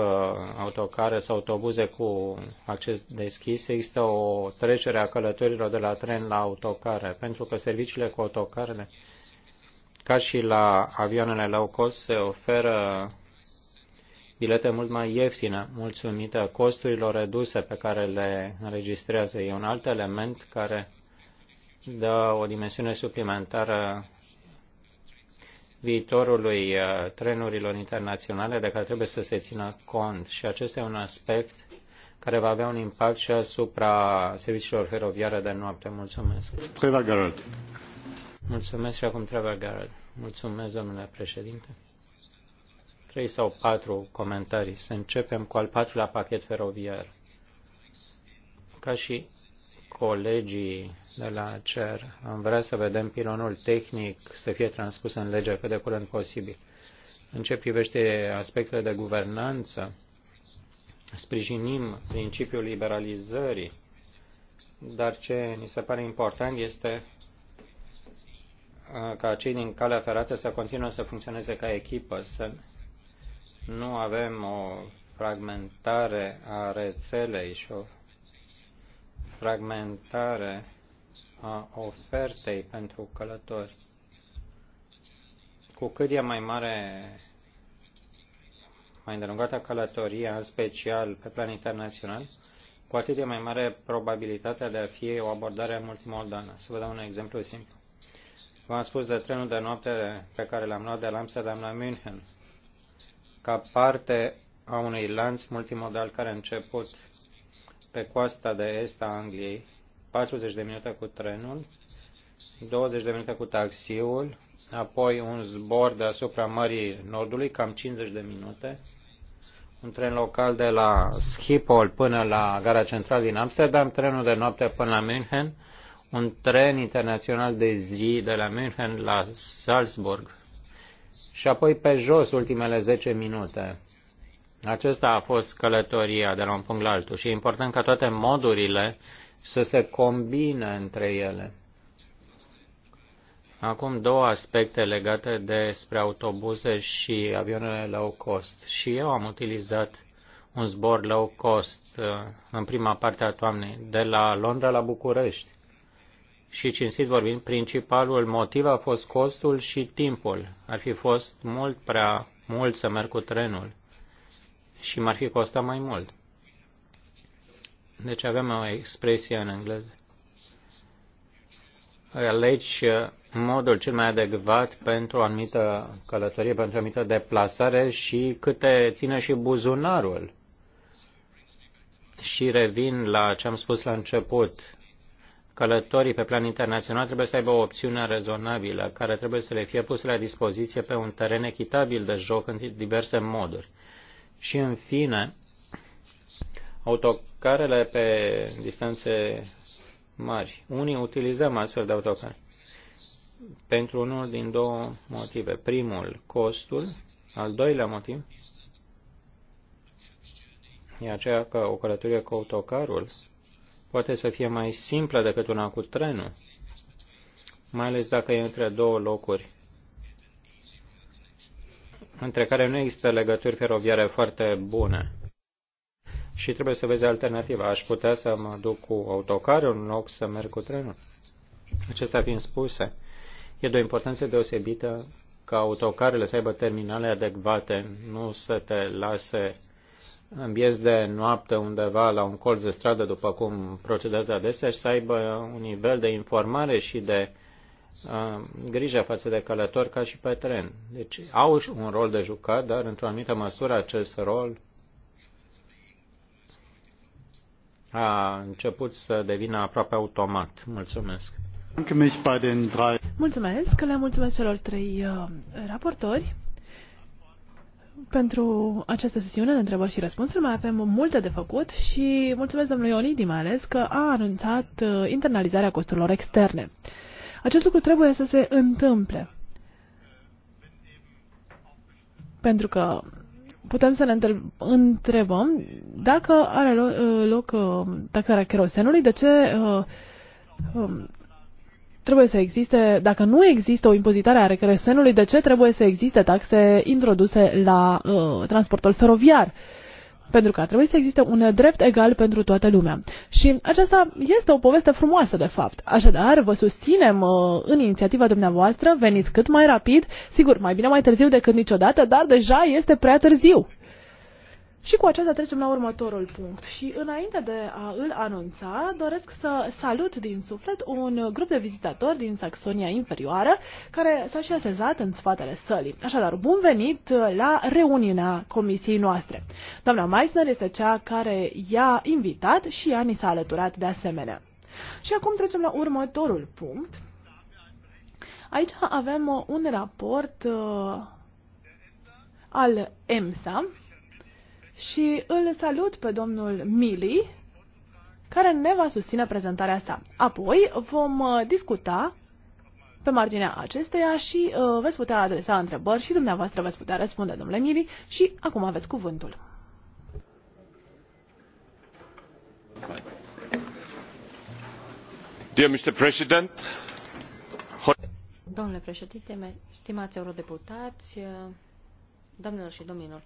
autocare sau autobuze cu acces deschis, există o trecere a călătorilor de la tren la autocare, pentru că serviciile cu autocarele, ca și la avioanele low cost, se oferă bilete mult mai ieftine, mulțumită costurilor reduse pe care le înregistrează. E un alt element care dă o dimensiune suplimentară viitorului uh, trenurilor internaționale de care trebuie să se țină cont și acesta e un aspect care va avea un impact și asupra serviciilor feroviare de noapte. Mulțumesc. Trevor Garrett. Mulțumesc și acum Trevor Garrett. Mulțumesc, domnule președinte trei sau patru comentarii. Să începem cu al patrulea pachet feroviar. Ca și colegii de la CER, am vrea să vedem pilonul tehnic să fie transpus în lege cât de curând posibil. În ce privește aspectele de guvernanță, sprijinim principiul liberalizării, dar ce ni se pare important este uh, ca cei din calea ferată să continuă să funcționeze ca echipă, să nu avem o fragmentare a rețelei și o fragmentare a ofertei pentru călători. Cu cât e mai mare, mai îndelungată călătoria, în special pe plan internațional, cu atât e mai mare probabilitatea de a fi o abordare multimodală. Să vă dau un exemplu simplu. V-am spus de trenul de noapte pe care l-am luat de la Amsterdam la München ca parte a unui lanț multimodal care a început pe coasta de est a Angliei, 40 de minute cu trenul, 20 de minute cu taxiul, apoi un zbor deasupra Mării Nordului, cam 50 de minute, un tren local de la Schiphol până la gara centrală din Amsterdam, trenul de noapte până la München, un tren internațional de zi de la München la Salzburg, și apoi pe jos ultimele 10 minute. Acesta a fost călătoria de la un punct la altul și e important ca toate modurile să se combine între ele. Acum două aspecte legate despre autobuze și avioanele low cost. Și eu am utilizat un zbor low cost uh, în prima parte a toamnei, de la Londra la București și cinstit vorbind, principalul motiv a fost costul și timpul. Ar fi fost mult prea mult să merg cu trenul și m-ar fi costat mai mult. Deci avem o expresie în engleză. Alegi uh, modul cel mai adecvat pentru o anumită călătorie, pentru o anumită deplasare și câte ține și buzunarul. Și revin la ce am spus la început călătorii pe plan internațional trebuie să aibă o opțiune rezonabilă, care trebuie să le fie pusă la dispoziție pe un teren echitabil de joc în diverse moduri. Și, în fine, autocarele pe distanțe mari. Unii utilizăm astfel de autocare pentru unul din două motive. Primul, costul. Al doilea motiv e aceea că o călătorie cu autocarul poate să fie mai simplă decât una cu trenul, mai ales dacă e între două locuri între care nu există legături feroviare foarte bune. Și trebuie să vezi alternativa. Aș putea să mă duc cu autocarul în loc să merg cu trenul. Acestea fiind spuse, e de o importanță deosebită ca autocarele să aibă terminale adecvate, nu să te lase în bies de noapte undeva la un colț de stradă, după cum procedează adesea, și să aibă un nivel de informare și de uh, grijă față de călători ca și pe tren. Deci au un rol de jucat, dar într-o anumită măsură acest rol a început să devină aproape automat. Mulțumesc! Mulțumesc, le mulțumesc celor trei uh, raportori pentru această sesiune de întrebări și răspunsuri. Mai avem multe de făcut și mulțumesc domnului Onidi mai ales că a anunțat uh, internalizarea costurilor externe. Acest lucru trebuie să se întâmple. Pentru că putem să ne întrebăm dacă are uh, loc uh, taxarea kerosenului, de ce um, trebuie să existe, dacă nu există o impozitare a recresenului, de ce trebuie să existe taxe introduse la uh, transportul feroviar? Pentru că trebuie să existe un drept egal pentru toată lumea. Și aceasta este o poveste frumoasă, de fapt. Așadar, vă susținem uh, în inițiativa dumneavoastră, veniți cât mai rapid, sigur, mai bine mai târziu decât niciodată, dar deja este prea târziu. Și cu aceasta trecem la următorul punct. Și înainte de a îl anunța, doresc să salut din suflet un grup de vizitatori din Saxonia Inferioară, care s-a și asezat în spatele sălii. Așadar, bun venit la reuniunea comisiei noastre. Doamna Meissner este cea care i-a invitat și ea ni s-a alăturat de asemenea. Și acum trecem la următorul punct. Aici avem un raport uh, al EMSA, și îl salut pe domnul Mili, care ne va susține prezentarea sa. Apoi vom uh, discuta pe marginea acesteia și uh, veți putea adresa întrebări și dumneavoastră veți putea răspunde, domnule Mili, și acum aveți cuvântul. Dear Mr. President, Domnule președinte, stimați eurodeputați, uh, doamnelor și domnilor,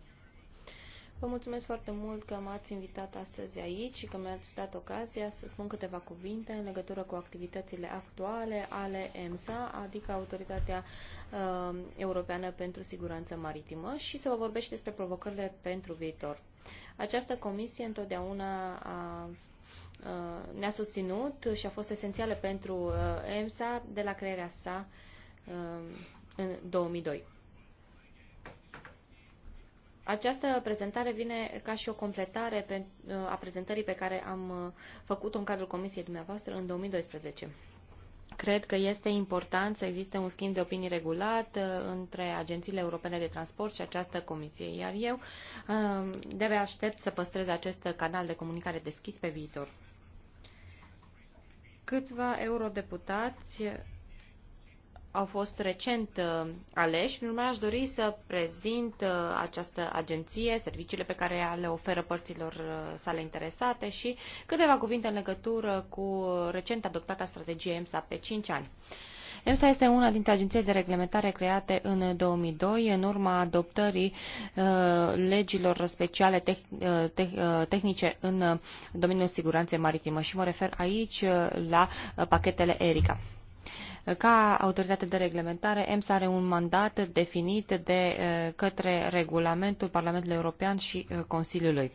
Vă mulțumesc foarte mult că m-ați invitat astăzi aici și că mi-ați dat ocazia să spun câteva cuvinte în legătură cu activitățile actuale ale EMSA, adică Autoritatea uh, Europeană pentru Siguranță Maritimă, și să vă vorbesc și despre provocările pentru viitor. Această comisie întotdeauna a uh, ne-a susținut și a fost esențială pentru uh, EMSA de la crearea sa uh, în 2002. Această prezentare vine ca și o completare pe, a prezentării pe care am uh, făcut-o în cadrul comisiei dumneavoastră în 2012. Cred că este important să existe un schimb de opinii regulat uh, între agențiile europene de transport și această comisie, iar eu uh, de aștept să păstrez acest canal de comunicare deschis pe viitor câțiva eurodeputați au fost recent uh, aleși. În urmă, aș dori să prezint uh, această agenție, serviciile pe care le oferă părților uh, sale interesate și câteva cuvinte în legătură cu uh, recent adoptata strategie EMSA pe 5 ani. EMSA este una dintre agențiile de reglementare create în 2002 în urma adoptării uh, legilor speciale te- uh, uh, tehnice în uh, domeniul siguranței maritime și mă refer aici uh, la pachetele ERICA. Ca autoritate de reglementare, EMSA are un mandat definit de eh, către regulamentul Parlamentului European și eh, Consiliului.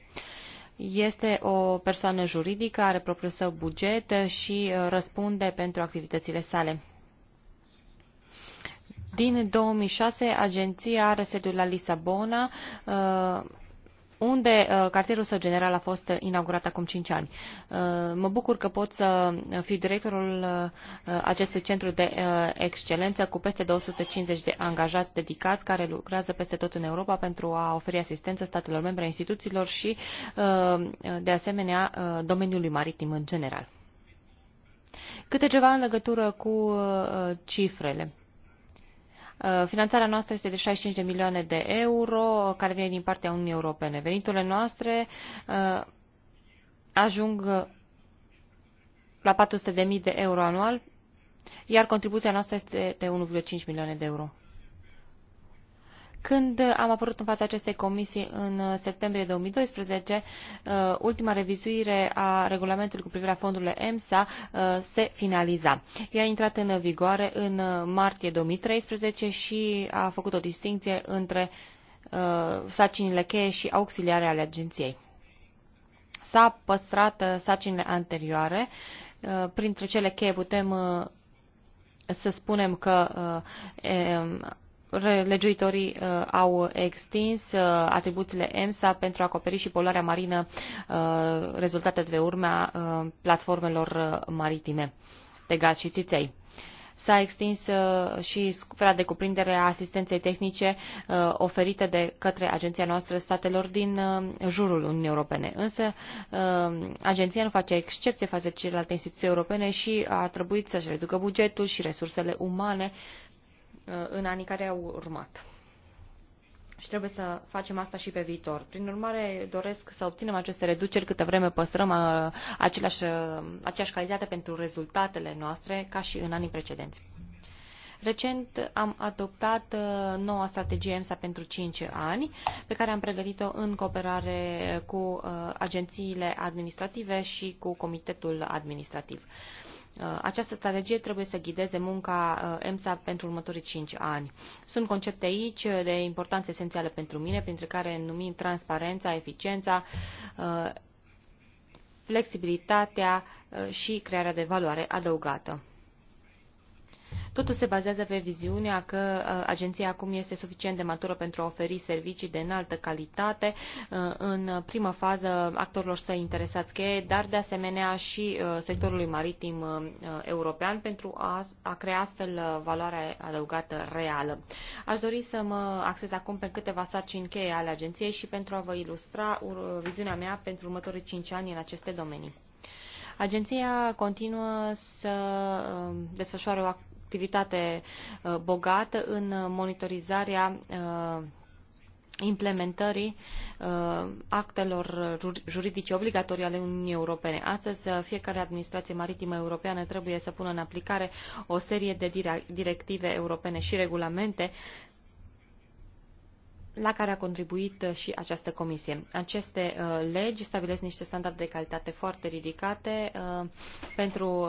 Este o persoană juridică, are propriul său buget și eh, răspunde pentru activitățile sale. Din 2006, agenția are sediul la Lisabona, unde uh, cartierul său general a fost inaugurat acum 5 ani. Uh, mă bucur că pot să fiu directorul uh, acestui centru de excelență cu peste 250 de angajați dedicați care lucrează peste tot în Europa pentru a oferi asistență statelor membre, instituțiilor și, de asemenea, domeniului maritim în general. Câte ceva în legătură cu cifrele. Uh, finanțarea noastră este de 65 de milioane de euro, care vine din partea Uniunii Europene. Veniturile noastre uh, ajung la 400.000 de euro anual, iar contribuția noastră este de 1,5 milioane de euro. Când am apărut în fața acestei comisii în septembrie 2012, uh, ultima revizuire a regulamentului cu privire la fondurile EMSA uh, se finaliza. Ea a intrat în vigoare în martie 2013 și a făcut o distinție între uh, sacinile cheie și auxiliare ale agenției. S-a păstrat sacinile anterioare. Printre cele cheie putem să spunem că legiuitorii uh, au extins uh, atribuțiile EMSA pentru a acoperi și poluarea marină uh, rezultate de urmea uh, platformelor uh, maritime de gaz și țiței. S-a extins uh, și sfera de cuprindere a asistenței tehnice uh, oferite de către agenția noastră statelor din uh, jurul Uniunii Europene. Însă, uh, agenția nu face excepție față de celelalte instituții europene și a trebuit să-și reducă bugetul și resursele umane uh, Uh, în anii care au urmat. Și trebuie să facem asta și pe viitor. Prin urmare, doresc să obținem aceste reduceri câtă vreme păstrăm uh, aceleași, uh, aceeași calitate pentru rezultatele noastre ca și în anii precedenți. Recent am adoptat noua strategie EMSA pentru 5 ani, pe care am pregătit-o în cooperare cu agențiile administrative și cu Comitetul Administrativ. Uh, această strategie trebuie să ghideze munca uh, EMSA pentru următorii 5 ani. Sunt concepte aici de importanță esențială pentru mine, printre care numim transparența, eficiența, uh, flexibilitatea și crearea de valoare adăugată. Totul se bazează pe viziunea că uh, agenția acum este suficient de matură pentru a oferi servicii de înaltă calitate uh, în primă fază actorilor săi interesați cheie, dar de asemenea și uh, sectorului maritim european pentru a, a crea astfel valoare adăugată reală. Aș dori să mă axez acum pe câteva sarcini cheie ale agenției și pentru a vă ilustra viziunea mea pentru următorii 5 ani în aceste domenii. Agenția continuă să desfășoare o activitate uh, bogată în monitorizarea uh, implementării uh, actelor juridice obligatorii ale Uniunii Europene. Astăzi, uh, fiecare administrație maritimă europeană trebuie să pună în aplicare o serie de directive europene și regulamente la care a contribuit uh, și această comisie. Aceste uh, legi stabilesc niște standarde de calitate foarte ridicate uh, pentru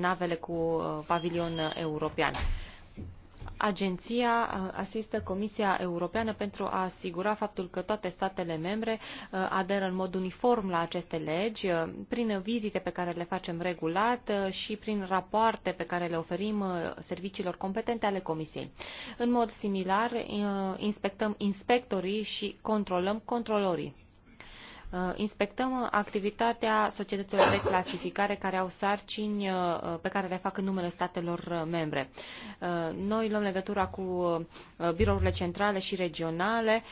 navele cu pavilion european agenția asistă Comisia Europeană pentru a asigura faptul că toate statele membre aderă în mod uniform la aceste legi, prin vizite pe care le facem regulat și prin rapoarte pe care le oferim serviciilor competente ale Comisiei. În mod similar, inspectăm inspectorii și controlăm controlorii. Uh, inspectăm activitatea societăților de clasificare care au sarcini uh, pe care le fac în numele statelor uh, membre. Noi luăm legătura cu birourile centrale și regionale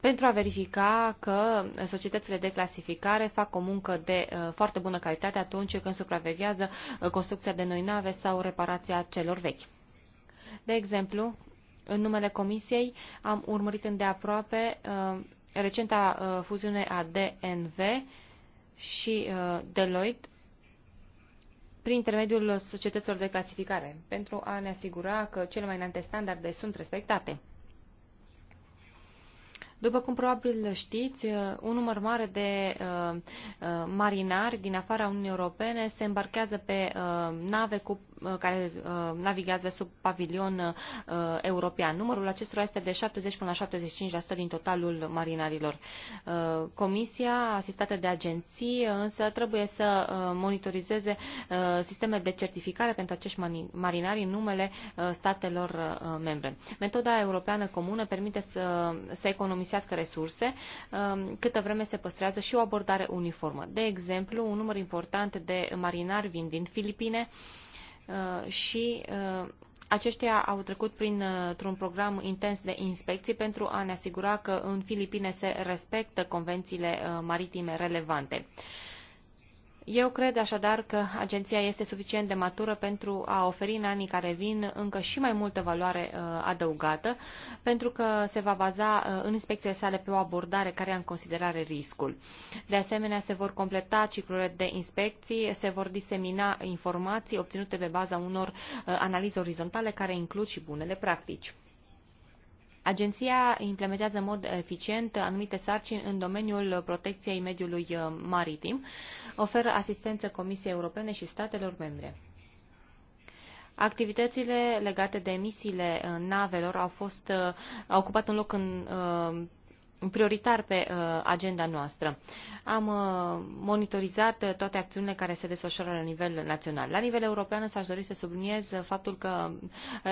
pentru a verifica că societățile de clasificare fac o muncă de foarte bună calitate atunci când supraveghează construcția de noi nave sau reparația celor vechi. De exemplu, în numele Comisiei am urmărit îndeaproape recenta uh, fuziune a DNV și uh, Deloitte prin intermediul societăților de clasificare, pentru a ne asigura că cele mai înalte standarde sunt respectate. După cum probabil știți, uh, un număr mare de marinari din afara Uniunii Europene se îmbarchează pe nave cu Uh, care uh, navighează sub pavilion uh, european. Numărul acestora este de 70 până la 75% din totalul marinarilor. Comisia, asistată de agenții, însă trebuie să monitorizeze sisteme de certificare pentru acești marinari în numele statelor membre. Metoda europeană comună permite să, să economisească resurse um, câtă vreme se păstrează și o abordare uniformă. De exemplu, un număr important de marinari vin din Filipine, Uh, și uh, aceștia au trecut printr-un uh, program intens de inspecții pentru a ne asigura că în Filipine se respectă convențiile maritime relevante. Eu cred așadar că agenția este suficient de matură pentru a oferi în anii care vin încă și mai multă valoare uh, adăugată, pentru că se va baza uh, în inspecțiile sale pe o abordare care ia în considerare riscul. De asemenea, se vor completa ciclurile de inspecții, se vor disemina informații obținute pe baza unor uh, analize orizontale care includ și bunele practici. Agenția implementează în mod eficient anumite sarcini în domeniul protecției mediului uh, maritim, oferă asistență Comisiei Europene și statelor membre. Activitățile legate de emisiile uh, navelor au fost uh, au ocupat un loc în prioritar pe uh, agenda noastră. Am uh, monitorizat uh, toate acțiunile care se desfășoară la nivel național. La nivel european s aș dori să subliniez faptul că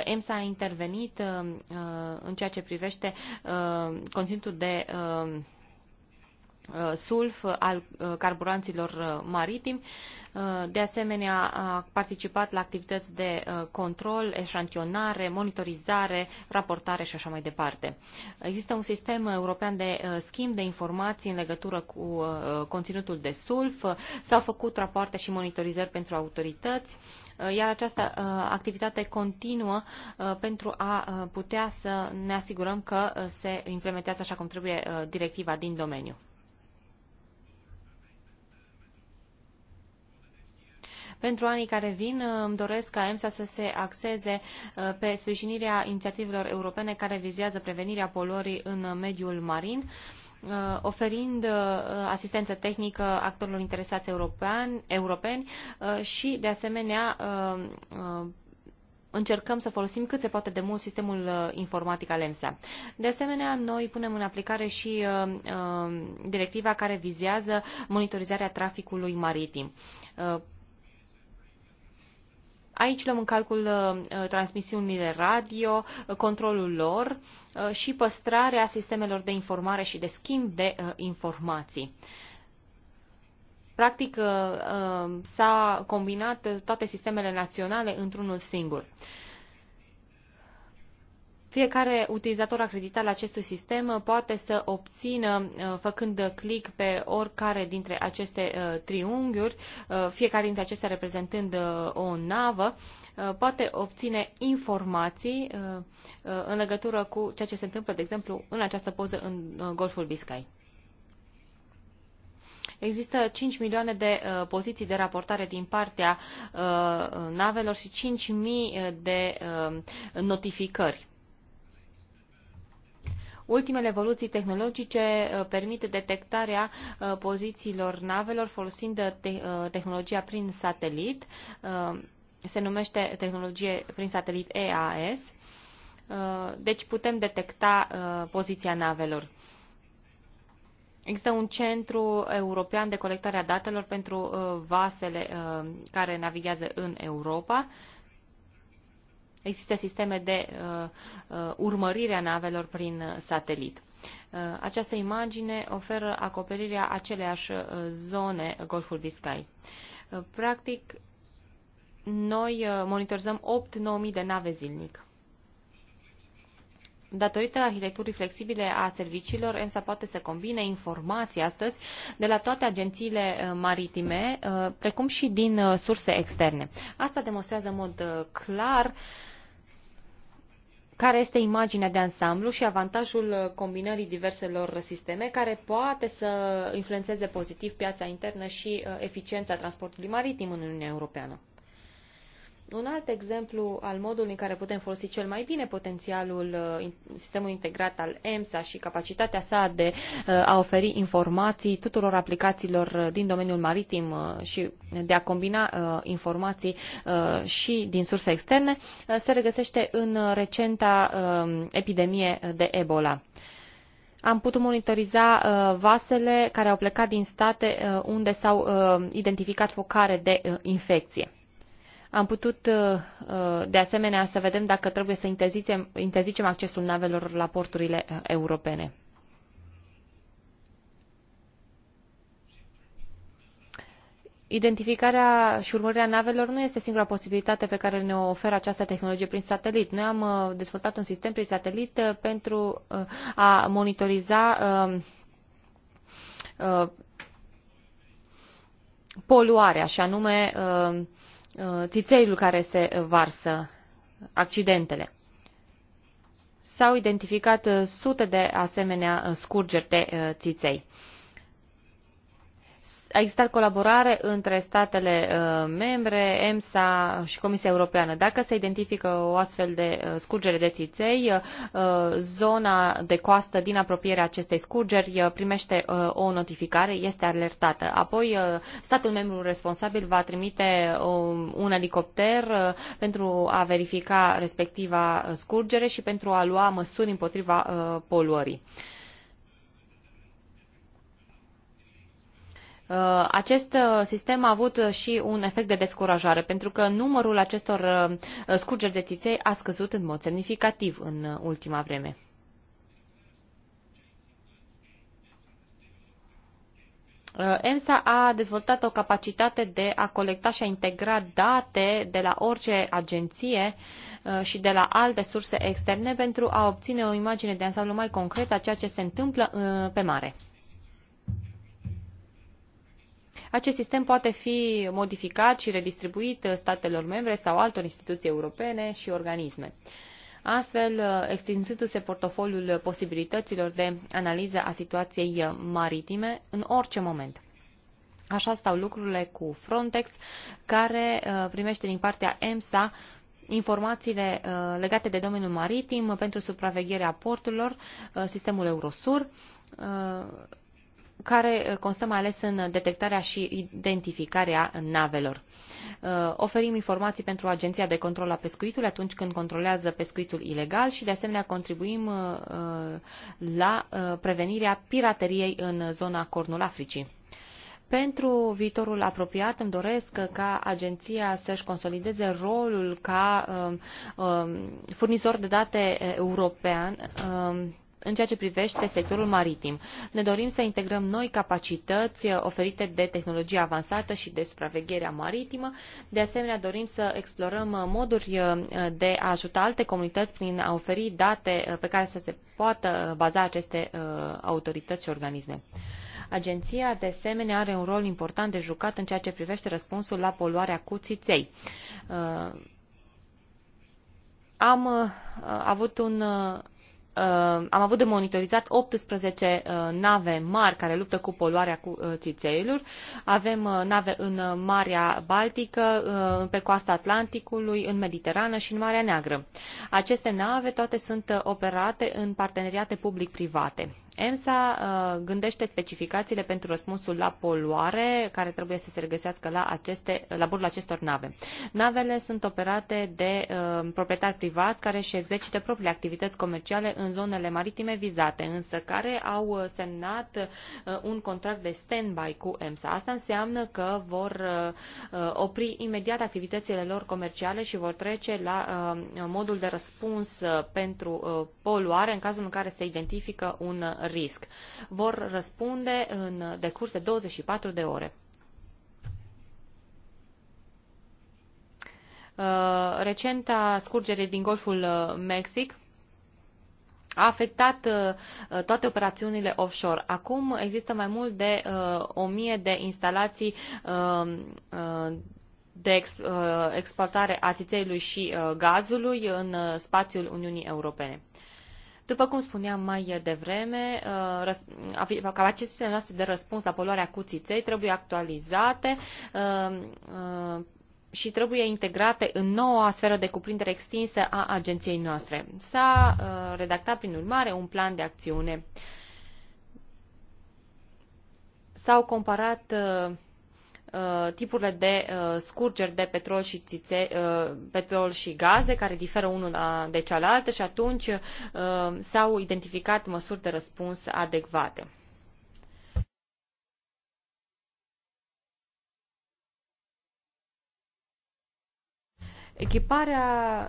EMSA a intervenit în ceea ce privește conținutul de Uh, sulf uh, al uh, carburanților maritimi. De asemenea, a participat la activități de control, eșantionare, monitorizare, raportare și așa mai departe. Există un sistem european de schimb de informații în legătură cu conținutul de sulf. S-au făcut rapoarte și monitorizări pentru autorități iar această activitate continuă pentru a putea să ne asigurăm că se implementează așa cum trebuie directiva din domeniu. Pentru anii care vin, uh, îmi doresc ca EMSA să se axeze uh, pe sprijinirea inițiativelor europene care vizează prevenirea poluării în mediul marin, uh, oferind asistență tehnică actorilor interesați europeni și, de asemenea, încercăm să folosim cât se poate de mult sistemul informatic al EMSA. De asemenea, noi punem în aplicare și directiva care vizează monitorizarea traficului maritim. Aici luăm în calcul uh, uh, transmisiunile radio, uh, controlul lor și păstrarea sistemelor de informare și de schimb de informații. Practic s-a combinat toate sistemele naționale într-unul singur. Fiecare utilizator acreditat la acestui sistem poate să obțină, uh, făcând click pe oricare dintre aceste uh, triunghiuri, uh, fiecare dintre acestea reprezentând o navă, poate obține informații în legătură cu ceea ce se întâmplă, de exemplu, în această poză în Golful Biscay. Există 5 milioane de uh, poziții de raportare din partea uh, navelor și 5.000 de uh, notificări. Ultimele evoluții tehnologice uh, permit detectarea uh, pozițiilor navelor folosind uh, tehnologia prin satelit. Se numește tehnologie prin satelit EAS. Deci putem detecta poziția navelor. Există un centru european de colectare a datelor pentru vasele care navighează în Europa. Există sisteme de uh, uh, urmărire a navelor prin uh, satelit. Această imagine oferă acoperirea aceleași zone Golful Biscay. Practic, noi monitorizăm 8-9.000 de nave zilnic. Datorită arhitecturii flexibile a serviciilor, EMSA poate să combine informații astăzi de la toate agențiile maritime, precum și din surse externe. Asta demonstrează în mod clar uh, care este imaginea de ansamblu și avantajul uh, combinării diverselor sisteme care poate să influențeze pozitiv piața internă și uh, eficiența transportului maritim în Uniunea Europeană. Un alt exemplu al modului în care putem folosi cel mai bine potențialul uh, sistemului integrat al EMSA și capacitatea sa de uh, a oferi informații tuturor aplicațiilor uh, din domeniul maritim și de a combina informații și din surse externe se regăsește în recenta um, epidemie de Ebola am putut monitoriza vasele care au plecat din state unde s-au identificat focare de infecție. Am putut, uh, uh, de asemenea, să vedem dacă trebuie să interzicem, interzicem accesul navelor la porturile uh, europene. Identificarea și urmărirea navelor nu este singura posibilitate pe care ne oferă această tehnologie prin satelit. Noi am dezvoltat un sistem prin satelit pentru a monitoriza poluarea, și anume Uh, țițeiul care se varsă, accidentele. S-au identificat uh, sute de asemenea uh, scurgeri de țiței a existat colaborare între statele uh, membre, EMSA și Comisia Europeană. Dacă se identifică o astfel de uh, scurgere de țiței, uh, zona de coastă din apropierea acestei scurgeri primește o notificare, este alertată. Apoi, statul membru responsabil va trimite um, un elicopter pentru a verifica respectiva scurgere și pentru a lua măsuri împotriva poluării. Uh, acest uh, sistem a avut uh, și un efect de descurajare, pentru că numărul acestor scurgeri de țiței a scăzut în mod semnificativ în ultima vreme. EMSA a dezvoltat o capacitate de a colecta și a integra date de la orice agenție și de la alte surse externe pentru a obține o imagine de ansamblu mai concretă a ceea ce se întâmplă pe mare. Acest sistem poate fi modificat și redistribuit statelor membre sau altor instituții europene și organisme. Astfel, extinzându-se portofoliul posibilităților de analiză a situației maritime în orice moment. Așa stau lucrurile cu Frontex, care uh, primește din partea EMSA informațiile uh, legate de domeniul maritim pentru supravegherea porturilor, uh, sistemul Eurosur, care uh, constă mai ales în detectarea și identificarea navelor. Uh, oferim informații pentru Agenția de Control a Pescuitului atunci când controlează pescuitul ilegal și de asemenea contribuim uh, la prevenirea pirateriei în zona Cornul Africii. Pentru viitorul apropiat îmi doresc ca agenția să-și consolideze rolul ca um, um, furnizor de date european um, în ceea ce privește sectorul maritim. Ne dorim să integrăm noi capacități uh, oferite de tehnologie avansată și de supravegherea maritimă. De asemenea, dorim să explorăm uh, moduri uh, de a ajuta alte comunități prin a oferi date pe care să se poată baza aceste autorități și organisme. Agenția, de asemenea, are un rol important de jucat în ceea ce privește răspunsul la poluarea cu țiței. Am avut un Uh, am avut de monitorizat 18 uh, nave mari care luptă cu poluarea cu uh, țițeilor. Avem nave în Marea Baltică, pe coasta Atlanticului, în Mediterană și în Marea Neagră. Aceste nave toate sunt operate în parteneriate public-private. EMSA uh, gândește specificațiile pentru răspunsul la poluare care trebuie să se regăsească la, aceste, la bordul acestor nave. Navele sunt operate de uh, proprietari privați care își exercită propriile activități comerciale în zonele maritime vizate, însă care au uh, semnat un contract de stand-by cu EMSA. Asta înseamnă că vor opri imediat activitățile lor comerciale și vor trece la modul de răspuns pentru poluare în cazul în care se identifică un risc. Vor răspunde în decurs de 24 de ore. Uh, recenta scurgere din Golful uh, Mexic a afectat uh, toate operațiunile offshore. Acum există mai mult de o mie de instalații um, de exploatare a țițeiului și gazului în spațiul Uniunii Europene. După cum spuneam mai devreme, uh, capacitățile noastre de răspuns la poluarea cu țiței trebuie actualizate uh, uh, și trebuie integrate în noua sferă de cuprindere extinsă a agenției noastre. S-a redactat, prin urmare, un plan de acțiune. S-au comparat uh, Uh, tipurile de uh, scurgeri de petrol și, țițe, uh, petrol și gaze care diferă unul de cealaltă și atunci s-au identificat măsuri de răspuns adecvate. Echiparea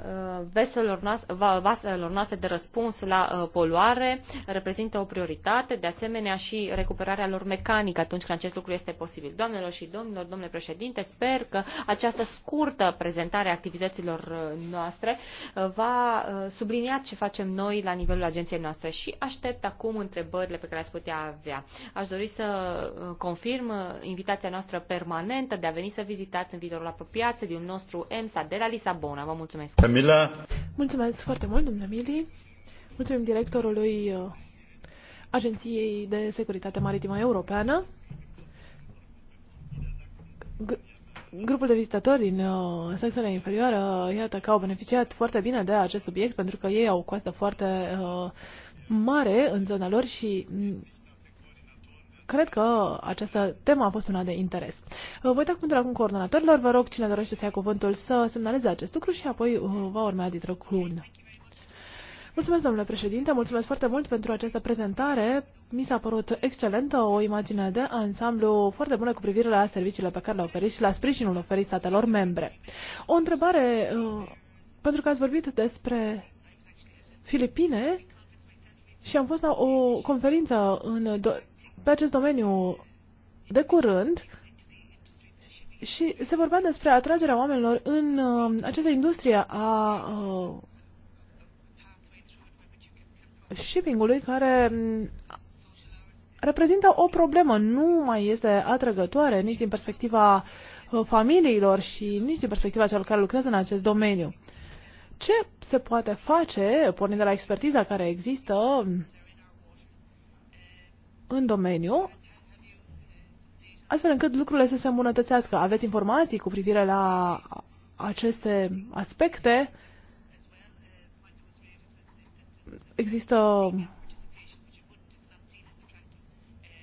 uh, veselor noastre, vaselor noastre de răspuns la uh, poluare reprezintă o prioritate, de asemenea și recuperarea lor mecanică atunci când acest lucru este posibil. Doamnelor și domnilor, domnule președinte, sper că această scurtă prezentare a activităților uh, noastre va sublinia ce facem noi la nivelul agenției noastre și aștept acum întrebările pe care le-ați putea avea. Aș dori să confirm invitația noastră permanentă de a veni să vizitați în viitorul apropiat sediul nostru EMSA de la Lisabona. Vă mulțumesc. Camila. Mulțumesc foarte mult, domnule Mili. Mulțumim directorului uh, Agenției de Securitate Maritimă Europeană. G grupul de vizitatori din uh, Saxonia Inferioară, uh, iată că au beneficiat foarte bine de acest subiect, pentru că ei au o coastă foarte uh, mare în zona lor și Cred că această temă a fost una de interes. Voi da cuvântul acum coordonatorilor. Vă rog, cine dorește să ia cuvântul, să semnaleze acest lucru și apoi uh, va urmea Dietră Clun. Mulțumesc, domnule președinte, mulțumesc foarte mult pentru această prezentare. Mi s-a părut excelentă o imagine de ansamblu foarte bună cu privire la serviciile pe care le oferiți și la sprijinul oferit statelor membre. O întrebare, uh, pentru că ați vorbit despre Filipine și am fost la o conferință în pe acest domeniu de curând și se vorbea despre atragerea oamenilor în uh, această industrie a uh, shippingului care mm, reprezintă o problemă. Nu mai este atrăgătoare nici din perspectiva uh, familiilor și nici din perspectiva celor care lucrează în acest domeniu. Ce se poate face, pornind de la expertiza care există, în domeniu, astfel încât lucrurile să se îmbunătățească. Aveți informații cu privire la aceste aspecte? Există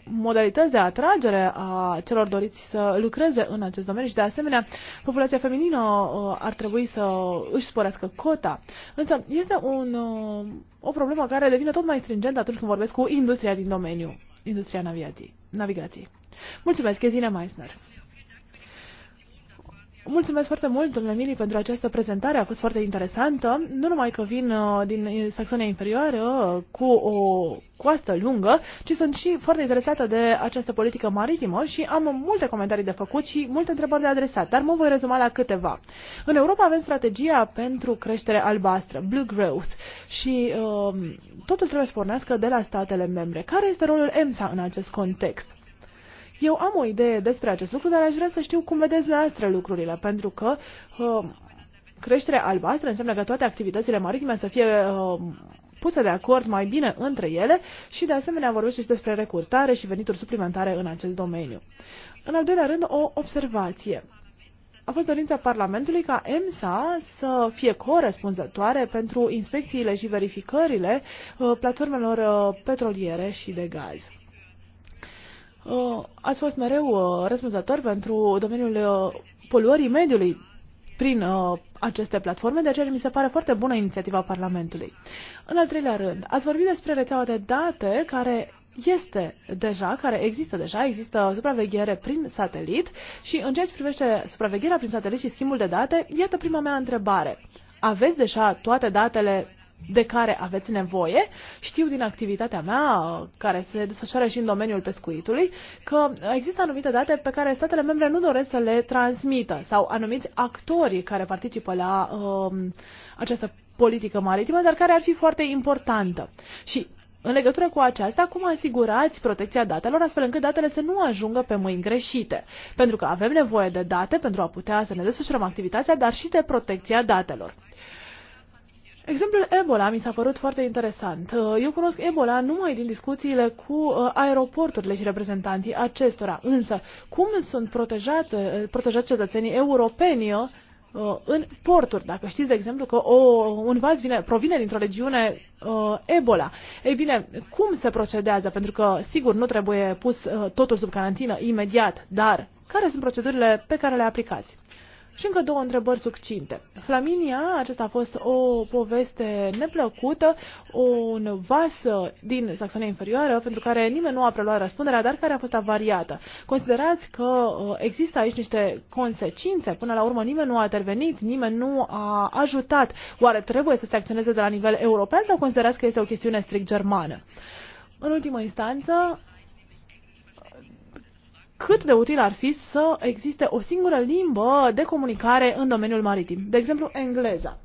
modalități de atragere a celor doriți să lucreze în acest domeniu și, de asemenea, populația feminină uh, ar trebui să își sporească cota. Însă este un, uh, o problemă care devine tot mai stringentă atunci când vorbesc cu industria din domeniu industria navigației. Mulțumesc, Ezina Meissner. Mulțumesc foarte mult, domnule Mili, pentru această prezentare. A fost foarte interesantă. Nu numai că vin uh, din Saxonia Inferioară uh, cu o coastă lungă, ci sunt și foarte interesată de această politică maritimă și am multe comentarii de făcut și multe întrebări de adresat, dar mă voi rezuma la câteva. În Europa avem strategia pentru creștere albastră, Blue Growth, și uh, totul trebuie să pornească de la statele membre. Care este rolul EMSA în acest context? Eu am o idee despre acest lucru, dar aș vrea să știu cum vedeți dumneavoastră lucrurile, pentru că uh, creșterea albastră înseamnă că toate activitățile maritime să fie uh, puse de acord mai bine între ele și de asemenea vorbește și despre recurtare și venituri suplimentare în acest domeniu. În al doilea rând, o observație. A fost dorința Parlamentului ca EMSA să fie corespunzătoare pentru inspecțiile și verificările uh, platformelor uh, petroliere și de gaz. Uh, ați fost mereu uh, răspunzător pentru domeniul uh, poluării mediului prin uh, aceste platforme, de aceea mi se pare foarte bună inițiativa Parlamentului. În al treilea rând, ați vorbit despre rețeaua de date care este deja, care există deja, există supraveghere prin satelit și în ceea ce privește supravegherea prin satelit și schimbul de date, iată prima mea întrebare. Aveți deja toate datele de care aveți nevoie. Știu din activitatea mea, care se desfășoară și în domeniul pescuitului, că există anumite date pe care statele membre nu doresc să le transmită sau anumiți actori care participă la um, această politică maritimă, dar care ar fi foarte importantă. Și în legătură cu aceasta, cum asigurați protecția datelor astfel încât datele să nu ajungă pe mâini greșite? Pentru că avem nevoie de date pentru a putea să ne desfășurăm activitatea, dar și de protecția datelor. Exemplul Ebola mi s-a părut foarte interesant. Uh, eu cunosc Ebola numai din discuțiile cu uh, aeroporturile și reprezentanții acestora. Însă, cum sunt protejate, uh, protejați cetățenii europeni în porturi. Dacă știți, de exemplu, că o, un vas vine, provine dintr-o regiune uh, Ebola. Ei bine, cum se procedează? Pentru că, sigur, nu trebuie pus totul sub carantină imediat, dar care sunt procedurile pe care le aplicați? Și încă două întrebări succinte. Flaminia, acesta a fost o poveste neplăcută, un vas din Saxonia inferioară, pentru care nimeni nu a preluat răspunderea, dar care a fost avariată. Considerați că uh, există aici niște consecințe? Până la urmă nimeni nu a intervenit, nimeni nu a ajutat. Oare trebuie să se acționeze de la nivel european sau considerați că este o chestiune strict germană? În ultimă instanță, cât de util ar fi să existe o singură limbă de comunicare în domeniul maritim, de exemplu engleza.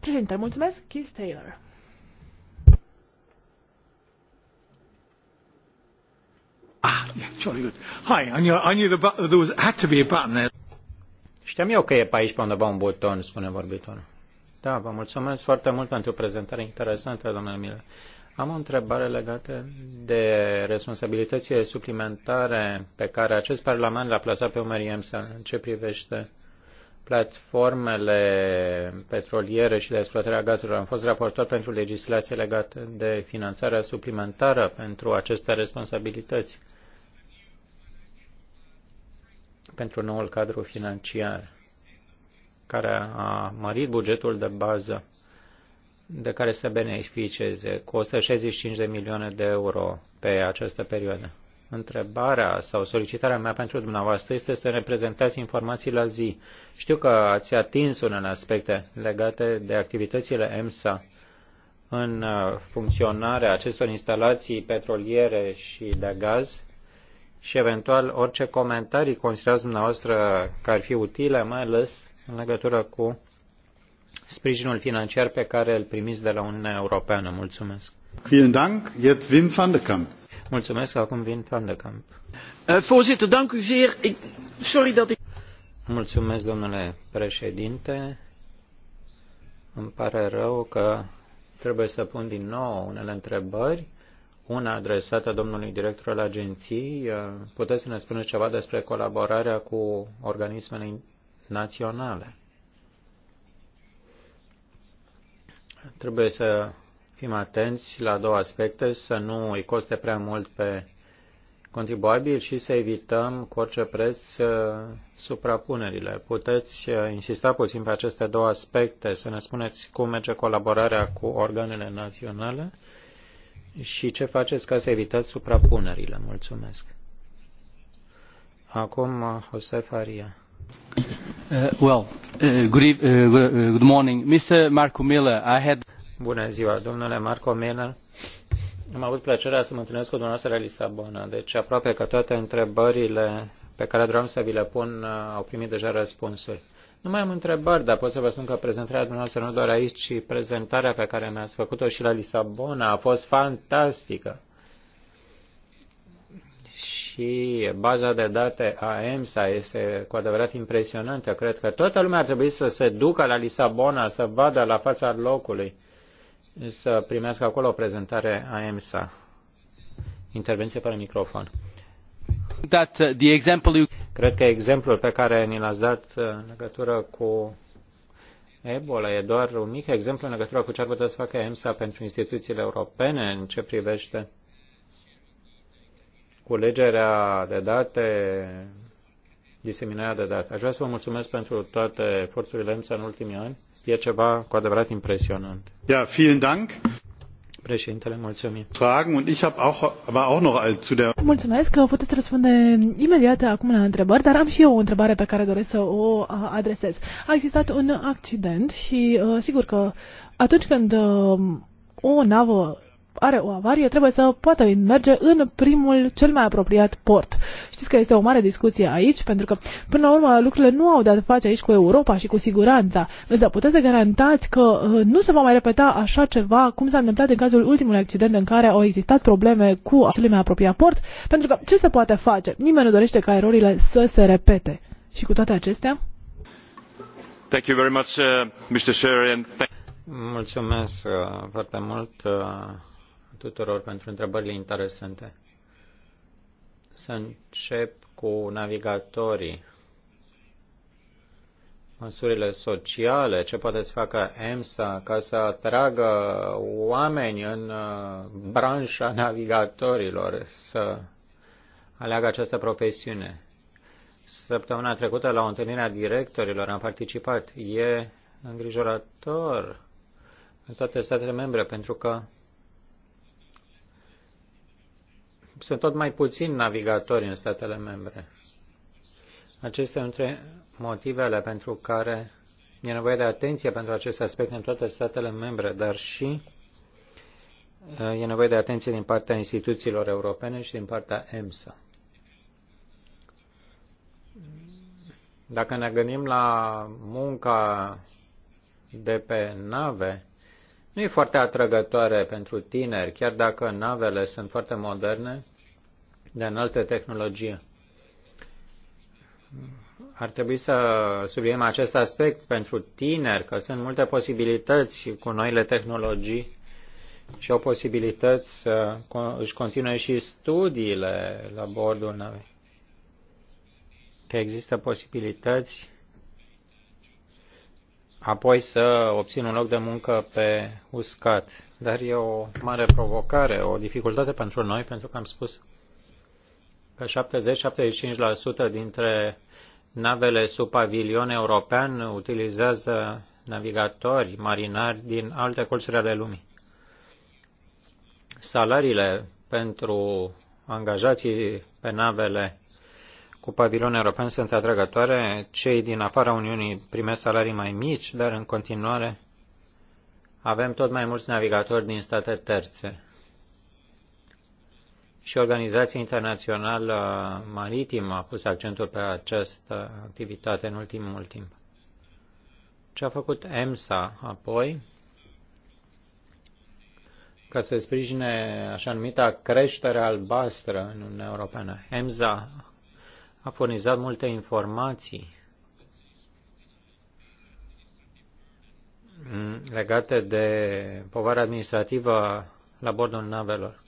Președinte, mulțumesc, Keith Taylor. Ah, yeah, jolly good. Hi, I knew, I knew the button, there was, had to be a button there. Știam eu că e pe aici pe undeva un buton, spune vorbitorul. Da, vă mulțumesc foarte mult pentru prezentare interesantă, domnule Miller. Am o întrebare legată de responsabilitățile suplimentare pe care acest Parlament l a plasat pe umerii EMSA în ce privește platformele petroliere și de exploatarea gazelor. Am fost raportor pentru legislație legată de finanțarea suplimentară pentru aceste responsabilități pentru noul cadru financiar care a mărit bugetul de bază de care să beneficieze cu 165 de milioane de euro pe această perioadă. Întrebarea sau solicitarea mea pentru dumneavoastră este să ne prezentați informații la zi. Știu că ați atins unele aspecte legate de activitățile EMSA în uh, funcționarea acestor instalații petroliere și de gaz și eventual orice comentarii considerați dumneavoastră că ar fi utile, mai ales în legătură cu sprijinul financiar pe care îl primiți de la Uniunea Europeană. Mulțumesc. Vielen Dank. Jetzt Wim van de Kamp. Mulțumesc. Acum Wim van de Kamp. Eh, voorzitter, dank u zeer. Sorry dat ik... Mulțumesc, domnule președinte. Îmi pare rău că trebuie să pun din nou unele întrebări. Una adresată domnului director al agenției. Eh, puteți să ne spuneți ceva despre colaborarea cu organismele naționale? Trebuie să fim atenți la două aspecte, să nu îi coste prea mult pe contribuabil și să evităm cu orice preț uh, suprapunerile. Puteți uh, insista puțin pe aceste două aspecte, să ne spuneți cum merge colaborarea cu organele naționale și ce faceți ca să evitați suprapunerile. Mulțumesc. Acum, uh, Josef Faria. Uh, well, Bună ziua, domnule Marco Miller. Am avut plăcerea să mă întâlnesc cu dumneavoastră la Lisabona, deci aproape că toate întrebările pe care vreau să vi le pun eh, au primit deja răspunsuri. Nu mai am întrebări, dar pot să vă spun că prezentarea dumneavoastră nu doar aici, ci prezentarea pe care mi-ați făcut-o și la Lisabona a fost fantastică și baza de date a EMSA este cu adevărat impresionantă. Cred că toată lumea ar trebui să se ducă la Lisabona, să vadă la fața locului, să primească acolo o prezentare a EMSA. Intervenție pe microfon. That, uh, the example you... Cred că exemplul pe care ni l-ați dat uh, în legătură cu Ebola e doar un mic exemplu în legătură cu ce ar putea să facă EMSA pentru instituțiile europene în ce privește culegerea de date, diseminarea de date. Aș vrea să vă mulțumesc pentru toate eforturile EMSA în ultimii ani. E ceva cu adevărat impresionant. Ja, vielen Dank. Președintele, mulțumim. Fragen und ich habe auch, aber auch noch zu der... Mulțumesc că puteți răspunde imediat acum la întrebări, dar am și eu o întrebare pe care doresc să o adresez. A existat un accident și uh, sigur că atunci când uh, o navă are o avarie, trebuie să poată merge în primul, cel mai apropiat port. Știți că este o mare discuție aici, pentru că, până la urmă, lucrurile nu au de-a face aici cu Europa și cu siguranța. Însă puteți să garantați că uh, nu se va mai repeta așa ceva cum s-a întâmplat în cazul ultimului accident în care au existat probleme cu cel mai apropiat port, pentru că ce se poate face? Nimeni nu dorește ca erorile să se repete. Și cu toate acestea? Thank you very much, uh, Mr. Sherry, and thank- Mulțumesc uh, foarte mult. Uh tuturor pentru întrebările interesante. Să încep cu navigatorii. Măsurile sociale, ce poate să facă EMSA ca să atragă oameni în uh, branșa navigatorilor să aleagă această profesiune. Săptămâna trecută, la o întâlnire a directorilor, am participat. E îngrijorător în toate statele membre, pentru că sunt tot mai puțini navigatori în statele membre. Acestea între motivele pentru care e nevoie de atenție pentru acest aspect în toate statele membre, dar și uh, e nevoie de atenție din partea instituțiilor europene și din partea EMSA. Dacă ne gândim la munca de pe nave, nu e foarte atrăgătoare pentru tineri, chiar dacă navele sunt foarte moderne, de înaltă tehnologie. Ar trebui să subliniem acest aspect pentru tineri, că sunt multe posibilități cu noile tehnologii și au posibilități să își continue și studiile la bordul navei. Că există posibilități apoi să obțin un loc de muncă pe uscat. Dar e o mare provocare, o dificultate pentru noi, pentru că am spus că 70-75% dintre navele sub pavilion european utilizează navigatori, marinari din alte colțuri ale lumii. Salariile pentru angajații pe navele cu pavilion european sunt atrăgătoare. Cei din afara Uniunii primesc salarii mai mici, dar în continuare avem tot mai mulți navigatori din state terțe și Organizația Internațională Maritimă a pus accentul pe această activitate în ultimul timp. Ce a făcut EMSA apoi, ca să sprijine așa numita creștere albastră în Uniunea Europeană. EMSA a furnizat multe informații legate de povara administrativă la bordul navelor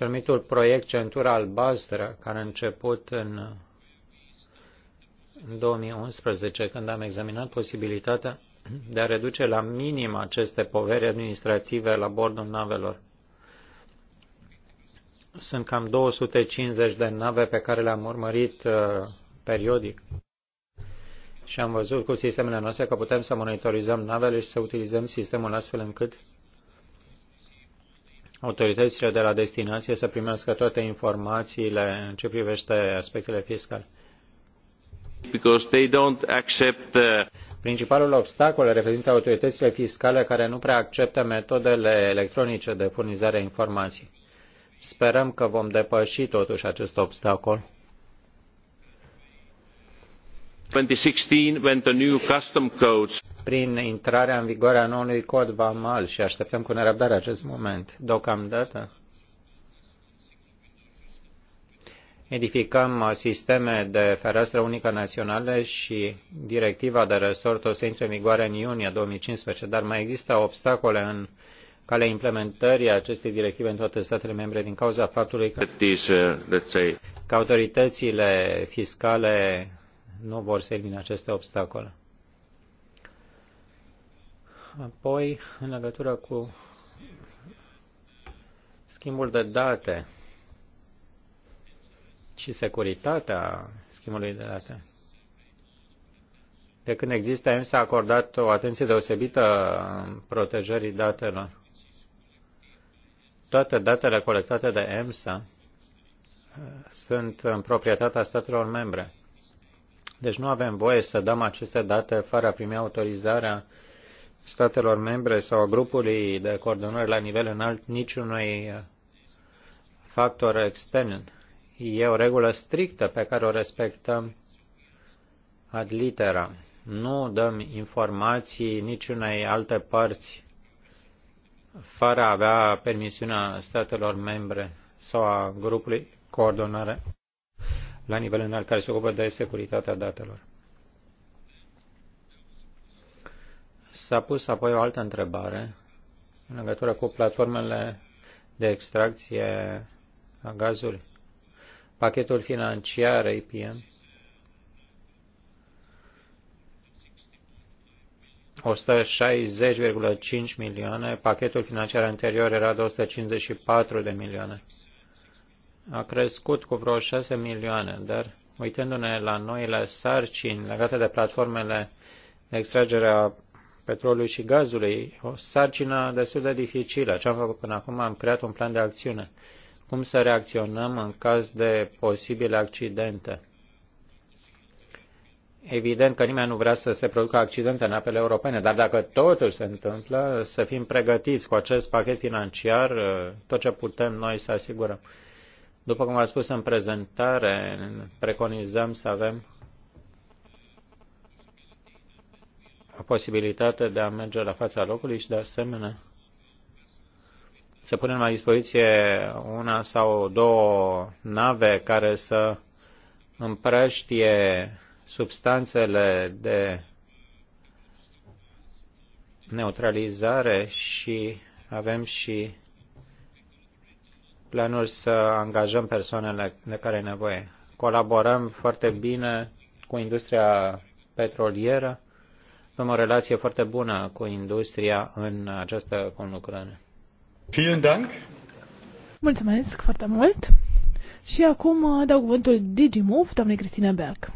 cel mitul proiect Centura Albastră, care a început în 2011, când am examinat posibilitatea de a reduce la minim aceste poveri administrative la bordul navelor. Sunt cam 250 de nave pe care le-am urmărit uh, periodic și am văzut cu sistemele noastre că putem să monitorizăm navele și să utilizăm sistemul astfel încât autoritățile de la destinație să primească toate informațiile în ce privește aspectele fiscale. Because they don't accept, uh... Principalul obstacol reprezintă autoritățile fiscale care nu prea acceptă metodele electronice de furnizare a informației. Sperăm că vom depăși totuși acest obstacol. 2016, when the new custom codes prin intrarea în vigoare a noului cod VAMAL și așteptăm cu nerăbdare acest moment. Deocamdată edificăm sisteme de fereastră unică naționale și directiva de resort o să intre în vigoare în iunie 2015, dar mai există obstacole în calea implementării acestei directive în toate statele membre din cauza faptului că, că autoritățile fiscale nu vor să elimine aceste obstacole. Apoi, în legătură cu schimbul de date și securitatea schimbului de date. De când există, EMS a acordat o atenție deosebită protejării datelor. Toate datele colectate de EMSA uh, sunt în proprietatea statelor membre. Deci nu avem voie să dăm aceste date fără a primi autorizarea uh, statelor membre sau a grupului de coordonare la nivel înalt niciunui uh, factor extern. E o regulă strictă pe care o respectăm ad litera. Nu dăm informații niciunei alte părți fără a avea permisiunea statelor membre sau a grupului coordonare la nivel înalt care se ocupă de securitatea datelor. S-a pus apoi o altă întrebare în legătură cu platformele de extracție a gazului, pachetul financiar APM, 160,5 milioane, pachetul financiar anterior era de 154 de milioane. A crescut cu vreo 6 milioane, dar uitându-ne la noile sarcini legate de platformele de extragere a petrolului și gazului, o sarcină destul de dificilă. Ce am făcut până acum? Am creat un plan de acțiune. Cum să reacționăm în caz de posibile accidente? Evident că nimeni nu vrea să se producă accidente în apele europene, dar dacă totul se întâmplă, să fim pregătiți cu acest pachet financiar, tot ce putem noi să asigurăm. După cum v-am spus în prezentare, preconizăm să avem posibilitatea de a merge la fața locului și, de asemenea, să punem la dispoziție una sau două nave care să împrăștie substanțele de neutralizare și avem și planul să angajăm persoanele de care e nevoie. Colaborăm foarte bine cu industria petrolieră avem o relație foarte bună cu industria în această conlucrare. Vielen Dank! Mulțumesc foarte mult! Și acum uh, dau cuvântul DigiMove, doamne Cristina Berg.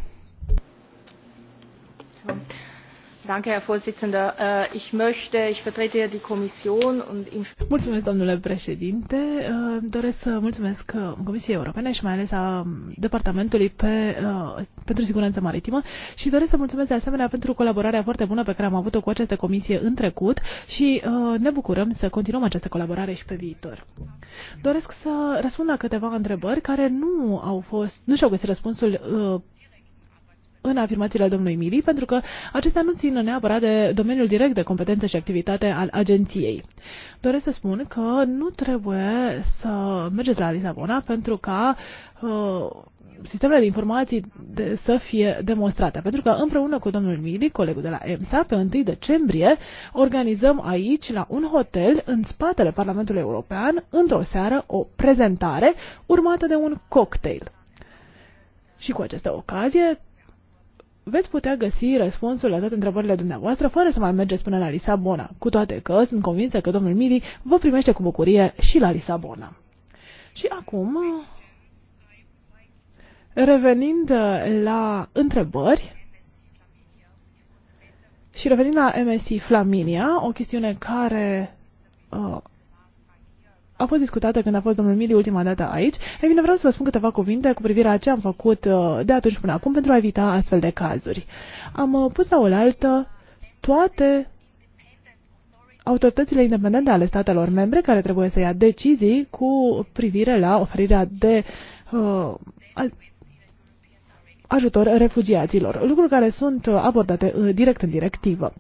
Herr äh, Ich möchte, ich vertrete die Kommission und Mulțumesc, domnule președinte. Äh, doresc să mulțumesc uh, Comisiei Europene și mai ales um, Departamentului uh, pentru Siguranță Maritimă și doresc să mulțumesc de asemenea pentru colaborarea foarte bună pe care am avut-o cu această comisie în trecut și uh, ne bucurăm să continuăm această colaborare și pe viitor. Doresc să răspund la câteva întrebări care nu au fost, nu și-au găsit răspunsul în afirmațiile domnului Mili, pentru că acestea nu țin neapărat de domeniul direct de competențe și activitate al agenției. Doresc să spun că nu trebuie să mergeți la Lisabona pentru ca uh, sistemele de informații de, să fie demonstrate. Pentru că împreună cu domnul Mili, colegul de la EMSA, pe 1 decembrie organizăm aici, la un hotel, în spatele Parlamentului European, într-o seară, o prezentare urmată de un cocktail. Și cu această ocazie veți putea găsi răspunsul la toate întrebările dumneavoastră fără să mai mergeți până la Lisabona, cu toate că sunt convinsă că domnul Mili vă primește cu bucurie și la Lisabona. Și acum, revenind la întrebări și revenind la MSI Flaminia, o chestiune care uh, a fost discutată când a fost domnul Mili ultima dată aici. Ei bine, vreau să vă spun câteva cuvinte cu privire la ce am făcut uh, de atunci până acum pentru a evita astfel de cazuri. Am uh, pus la oaltă toate autoritățile independente ale statelor membre care trebuie să ia decizii cu privire la oferirea de uh, ajutor refugiaților, lucruri care sunt uh, abordate direct în directivă.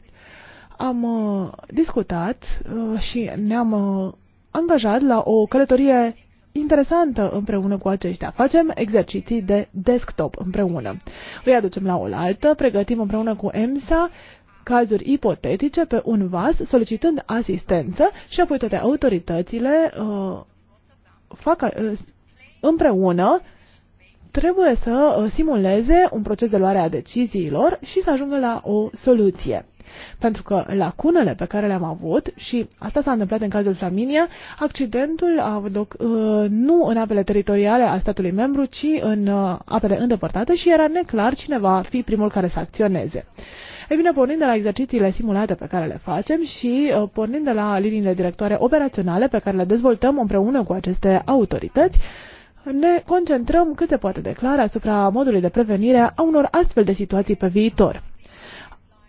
Am uh, discutat uh, și ne-am uh, angajat la o călătorie interesantă împreună cu aceștia. Facem exerciții de desktop împreună. Îi aducem la oaltă, pregătim împreună cu EMSA cazuri ipotetice pe un vas, solicitând asistență și apoi toate autoritățile uh, fac, uh, împreună trebuie să uh, simuleze un proces de luare a deciziilor și să ajungă la o soluție. Pentru că lacunele pe care le-am avut, și asta s-a întâmplat în cazul Flaminia, accidentul a avut loc uh, nu în apele teritoriale a statului membru, ci în uh, apele îndepărtate și era neclar cine va fi primul care să acționeze. Ei bine, pornind de la exercițiile simulate pe care le facem și uh, pornind de la liniile directoare operaționale pe care le dezvoltăm împreună cu aceste autorități, ne concentrăm cât se poate declara asupra modului de prevenire a unor astfel de situații pe viitor.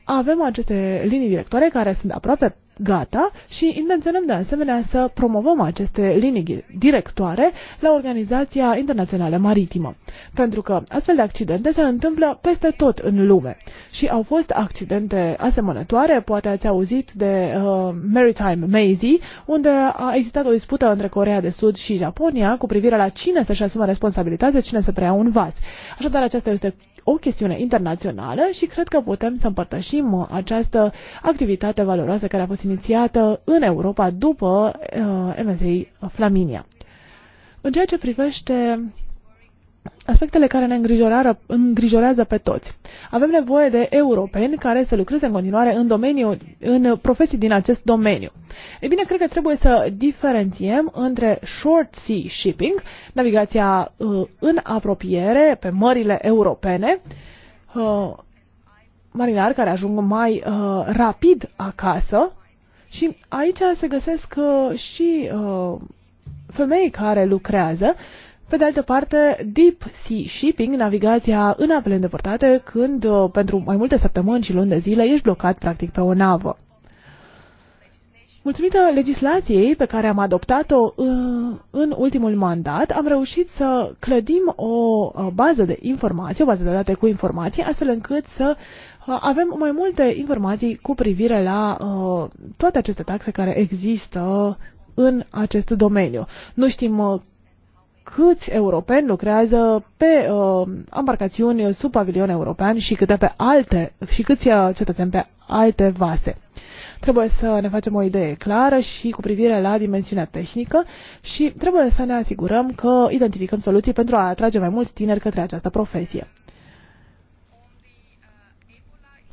Avem aceste linii directoare care sunt aproape gata și intenționăm de asemenea să promovăm aceste linii directoare la Organizația Internațională Maritimă. Pentru că astfel de accidente se întâmplă peste tot în lume și au fost accidente asemănătoare, poate ați auzit de uh, Maritime Maisie, unde a existat o dispută între Corea de Sud și Japonia cu privire la cine să-și asume responsabilitatea, cine să preia un vas. Așadar, aceasta este o chestiune internațională și cred că putem să împărtășim această activitate valoroasă care a fost inițiată în Europa după uh, MSI Flaminia. În ceea ce privește aspectele care ne îngrijorează pe toți. Avem nevoie de europeni care să lucreze în continuare în domeniu, în profesii din acest domeniu. Ei bine, cred că trebuie să diferențiem între short sea shipping, navigația uh, în apropiere pe mările europene, uh, marinari care ajung mai uh, rapid acasă și aici se găsesc uh, și uh, femei care lucrează pe de altă parte, Deep Sea Shipping, navigația în apele îndepărtate, când uh, pentru mai multe săptămâni și luni de zile ești blocat practic pe o navă. Mulțumită legislației pe care am adoptat-o uh, în ultimul mandat, am reușit să clădim o uh, bază de informații, o bază de date cu informații, astfel încât să avem mai multe informații cu privire la toate aceste taxe care există în acest domeniu. Nu știm câți europeni lucrează pe uh, embarcațiuni sub pavilion european și câte pe alte și câți uh, cetățeni pe alte vase. Trebuie să ne facem o idee clară și cu privire la dimensiunea tehnică și trebuie să ne asigurăm că identificăm soluții pentru a atrage mai mulți tineri către această profesie.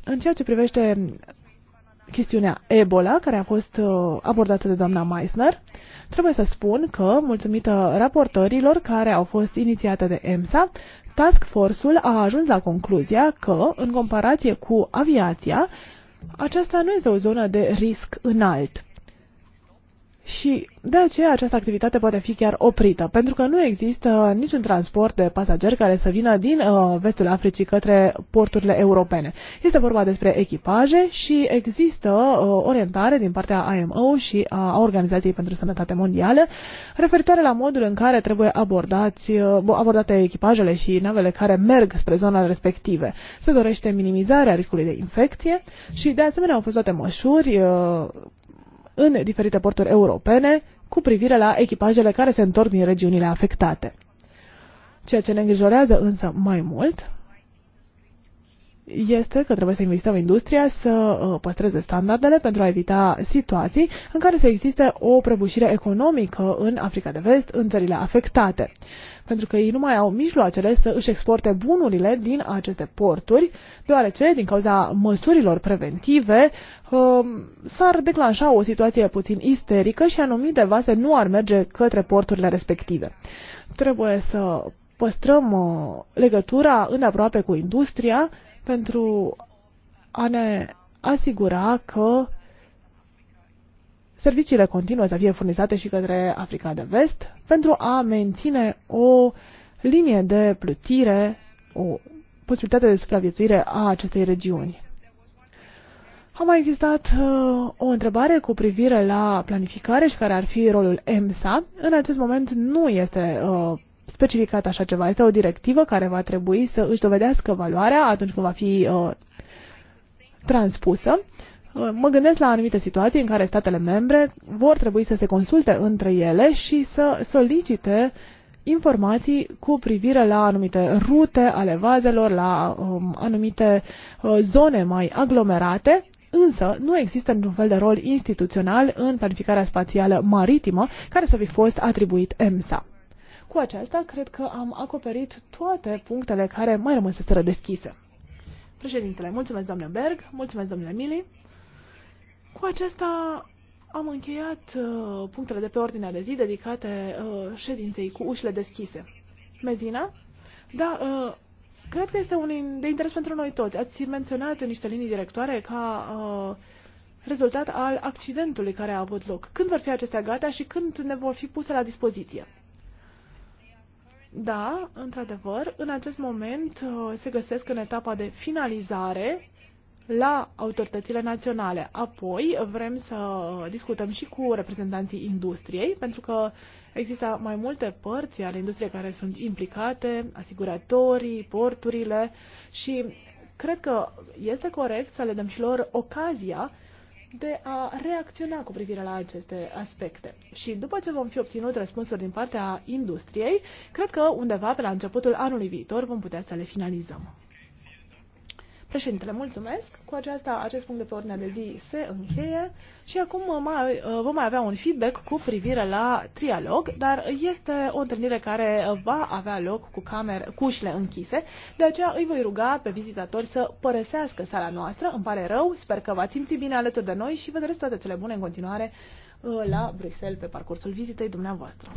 În ceea ce privește chestiunea Ebola, care a fost uh, abordată de doamna Meissner, trebuie să spun că, mulțumită raportărilor care au fost inițiate de EMSA, Task Force-ul a ajuns la concluzia că, în comparație cu aviația, aceasta nu este o zonă de risc înalt. Și de aceea această activitate poate fi chiar oprită, pentru că nu există niciun transport de pasageri care să vină din uh, vestul Africii către porturile europene. Este vorba despre echipaje și există uh, orientare din partea IMO și a Organizației pentru Sănătate Mondială referitoare la modul în care trebuie abordați, uh, abordate echipajele și navele care merg spre zona respective. Se dorește minimizarea riscului de infecție și de asemenea au fost toate măsuri uh, în diferite porturi europene cu privire la echipajele care se întorc din regiunile afectate. Ceea ce ne îngrijorează însă mai mult este că trebuie să investim industria să uh, păstreze standardele pentru a evita situații în care să existe o prăbușire economică în Africa de Vest, în țările afectate pentru că ei nu mai au mijloacele să își exporte bunurile din aceste porturi, deoarece, din cauza măsurilor preventive, um, s-ar declanșa o situație puțin isterică și anumite vase nu ar merge către porturile respective. Trebuie să păstrăm uh, legătura îndeaproape cu industria pentru a ne asigura că serviciile continuă să fie furnizate și către Africa de Vest pentru a menține o linie de plutire, o posibilitate de supraviețuire a acestei regiuni. A mai existat uh, o întrebare cu privire la planificare și care ar fi rolul EMSA. În acest moment nu este uh, specificat așa ceva. Este o directivă care va trebui să își dovedească valoarea atunci când va fi uh, transpusă. Uh, Uh, mă gândesc la anumite situații în care statele membre vor trebui să se consulte între ele și să solicite informații cu privire la anumite rute ale vazelor, la um, anumite uh, zone mai aglomerate, însă nu există niciun fel de rol instituțional în planificarea spațială maritimă care să fi fost atribuit EMSA. Cu aceasta, cred că am acoperit toate punctele care mai rămăseseră deschise. Președintele, mulțumesc, domnule Berg, mulțumesc, domnule Mili. Cu aceasta am încheiat uh, punctele de pe ordinea de zi dedicate uh, ședinței cu ușile deschise. Mezina? Da, uh, cred că este un de interes pentru noi toți. Ați menționat niște linii directoare ca uh, rezultat al accidentului care a avut loc. Când vor fi acestea gata și când ne vor fi puse la dispoziție? Da, într-adevăr, în acest moment uh, se găsesc în etapa de finalizare la autoritățile naționale. Apoi vrem să discutăm și cu reprezentanții industriei, pentru că există mai multe părți ale industriei care sunt implicate, asiguratorii, porturile și cred că este corect să le dăm și lor ocazia de a reacționa cu privire la aceste aspecte. Și după ce vom fi obținut răspunsuri din partea industriei, cred că undeva pe la începutul anului viitor vom putea să le finalizăm. Președintele, mulțumesc. Cu aceasta, acest punct de pe ordinea de zi se încheie și acum uh, mai, uh, vom mai avea un feedback cu privire la trialog, dar este o întâlnire care va avea loc cu, camere, cu ușile închise, de aceea îi voi ruga pe vizitatori să părăsească sala noastră. Îmi pare rău, sper că v-ați simțit bine alături de noi și vă doresc toate cele bune în continuare uh, la Bruxelles pe parcursul vizitei dumneavoastră.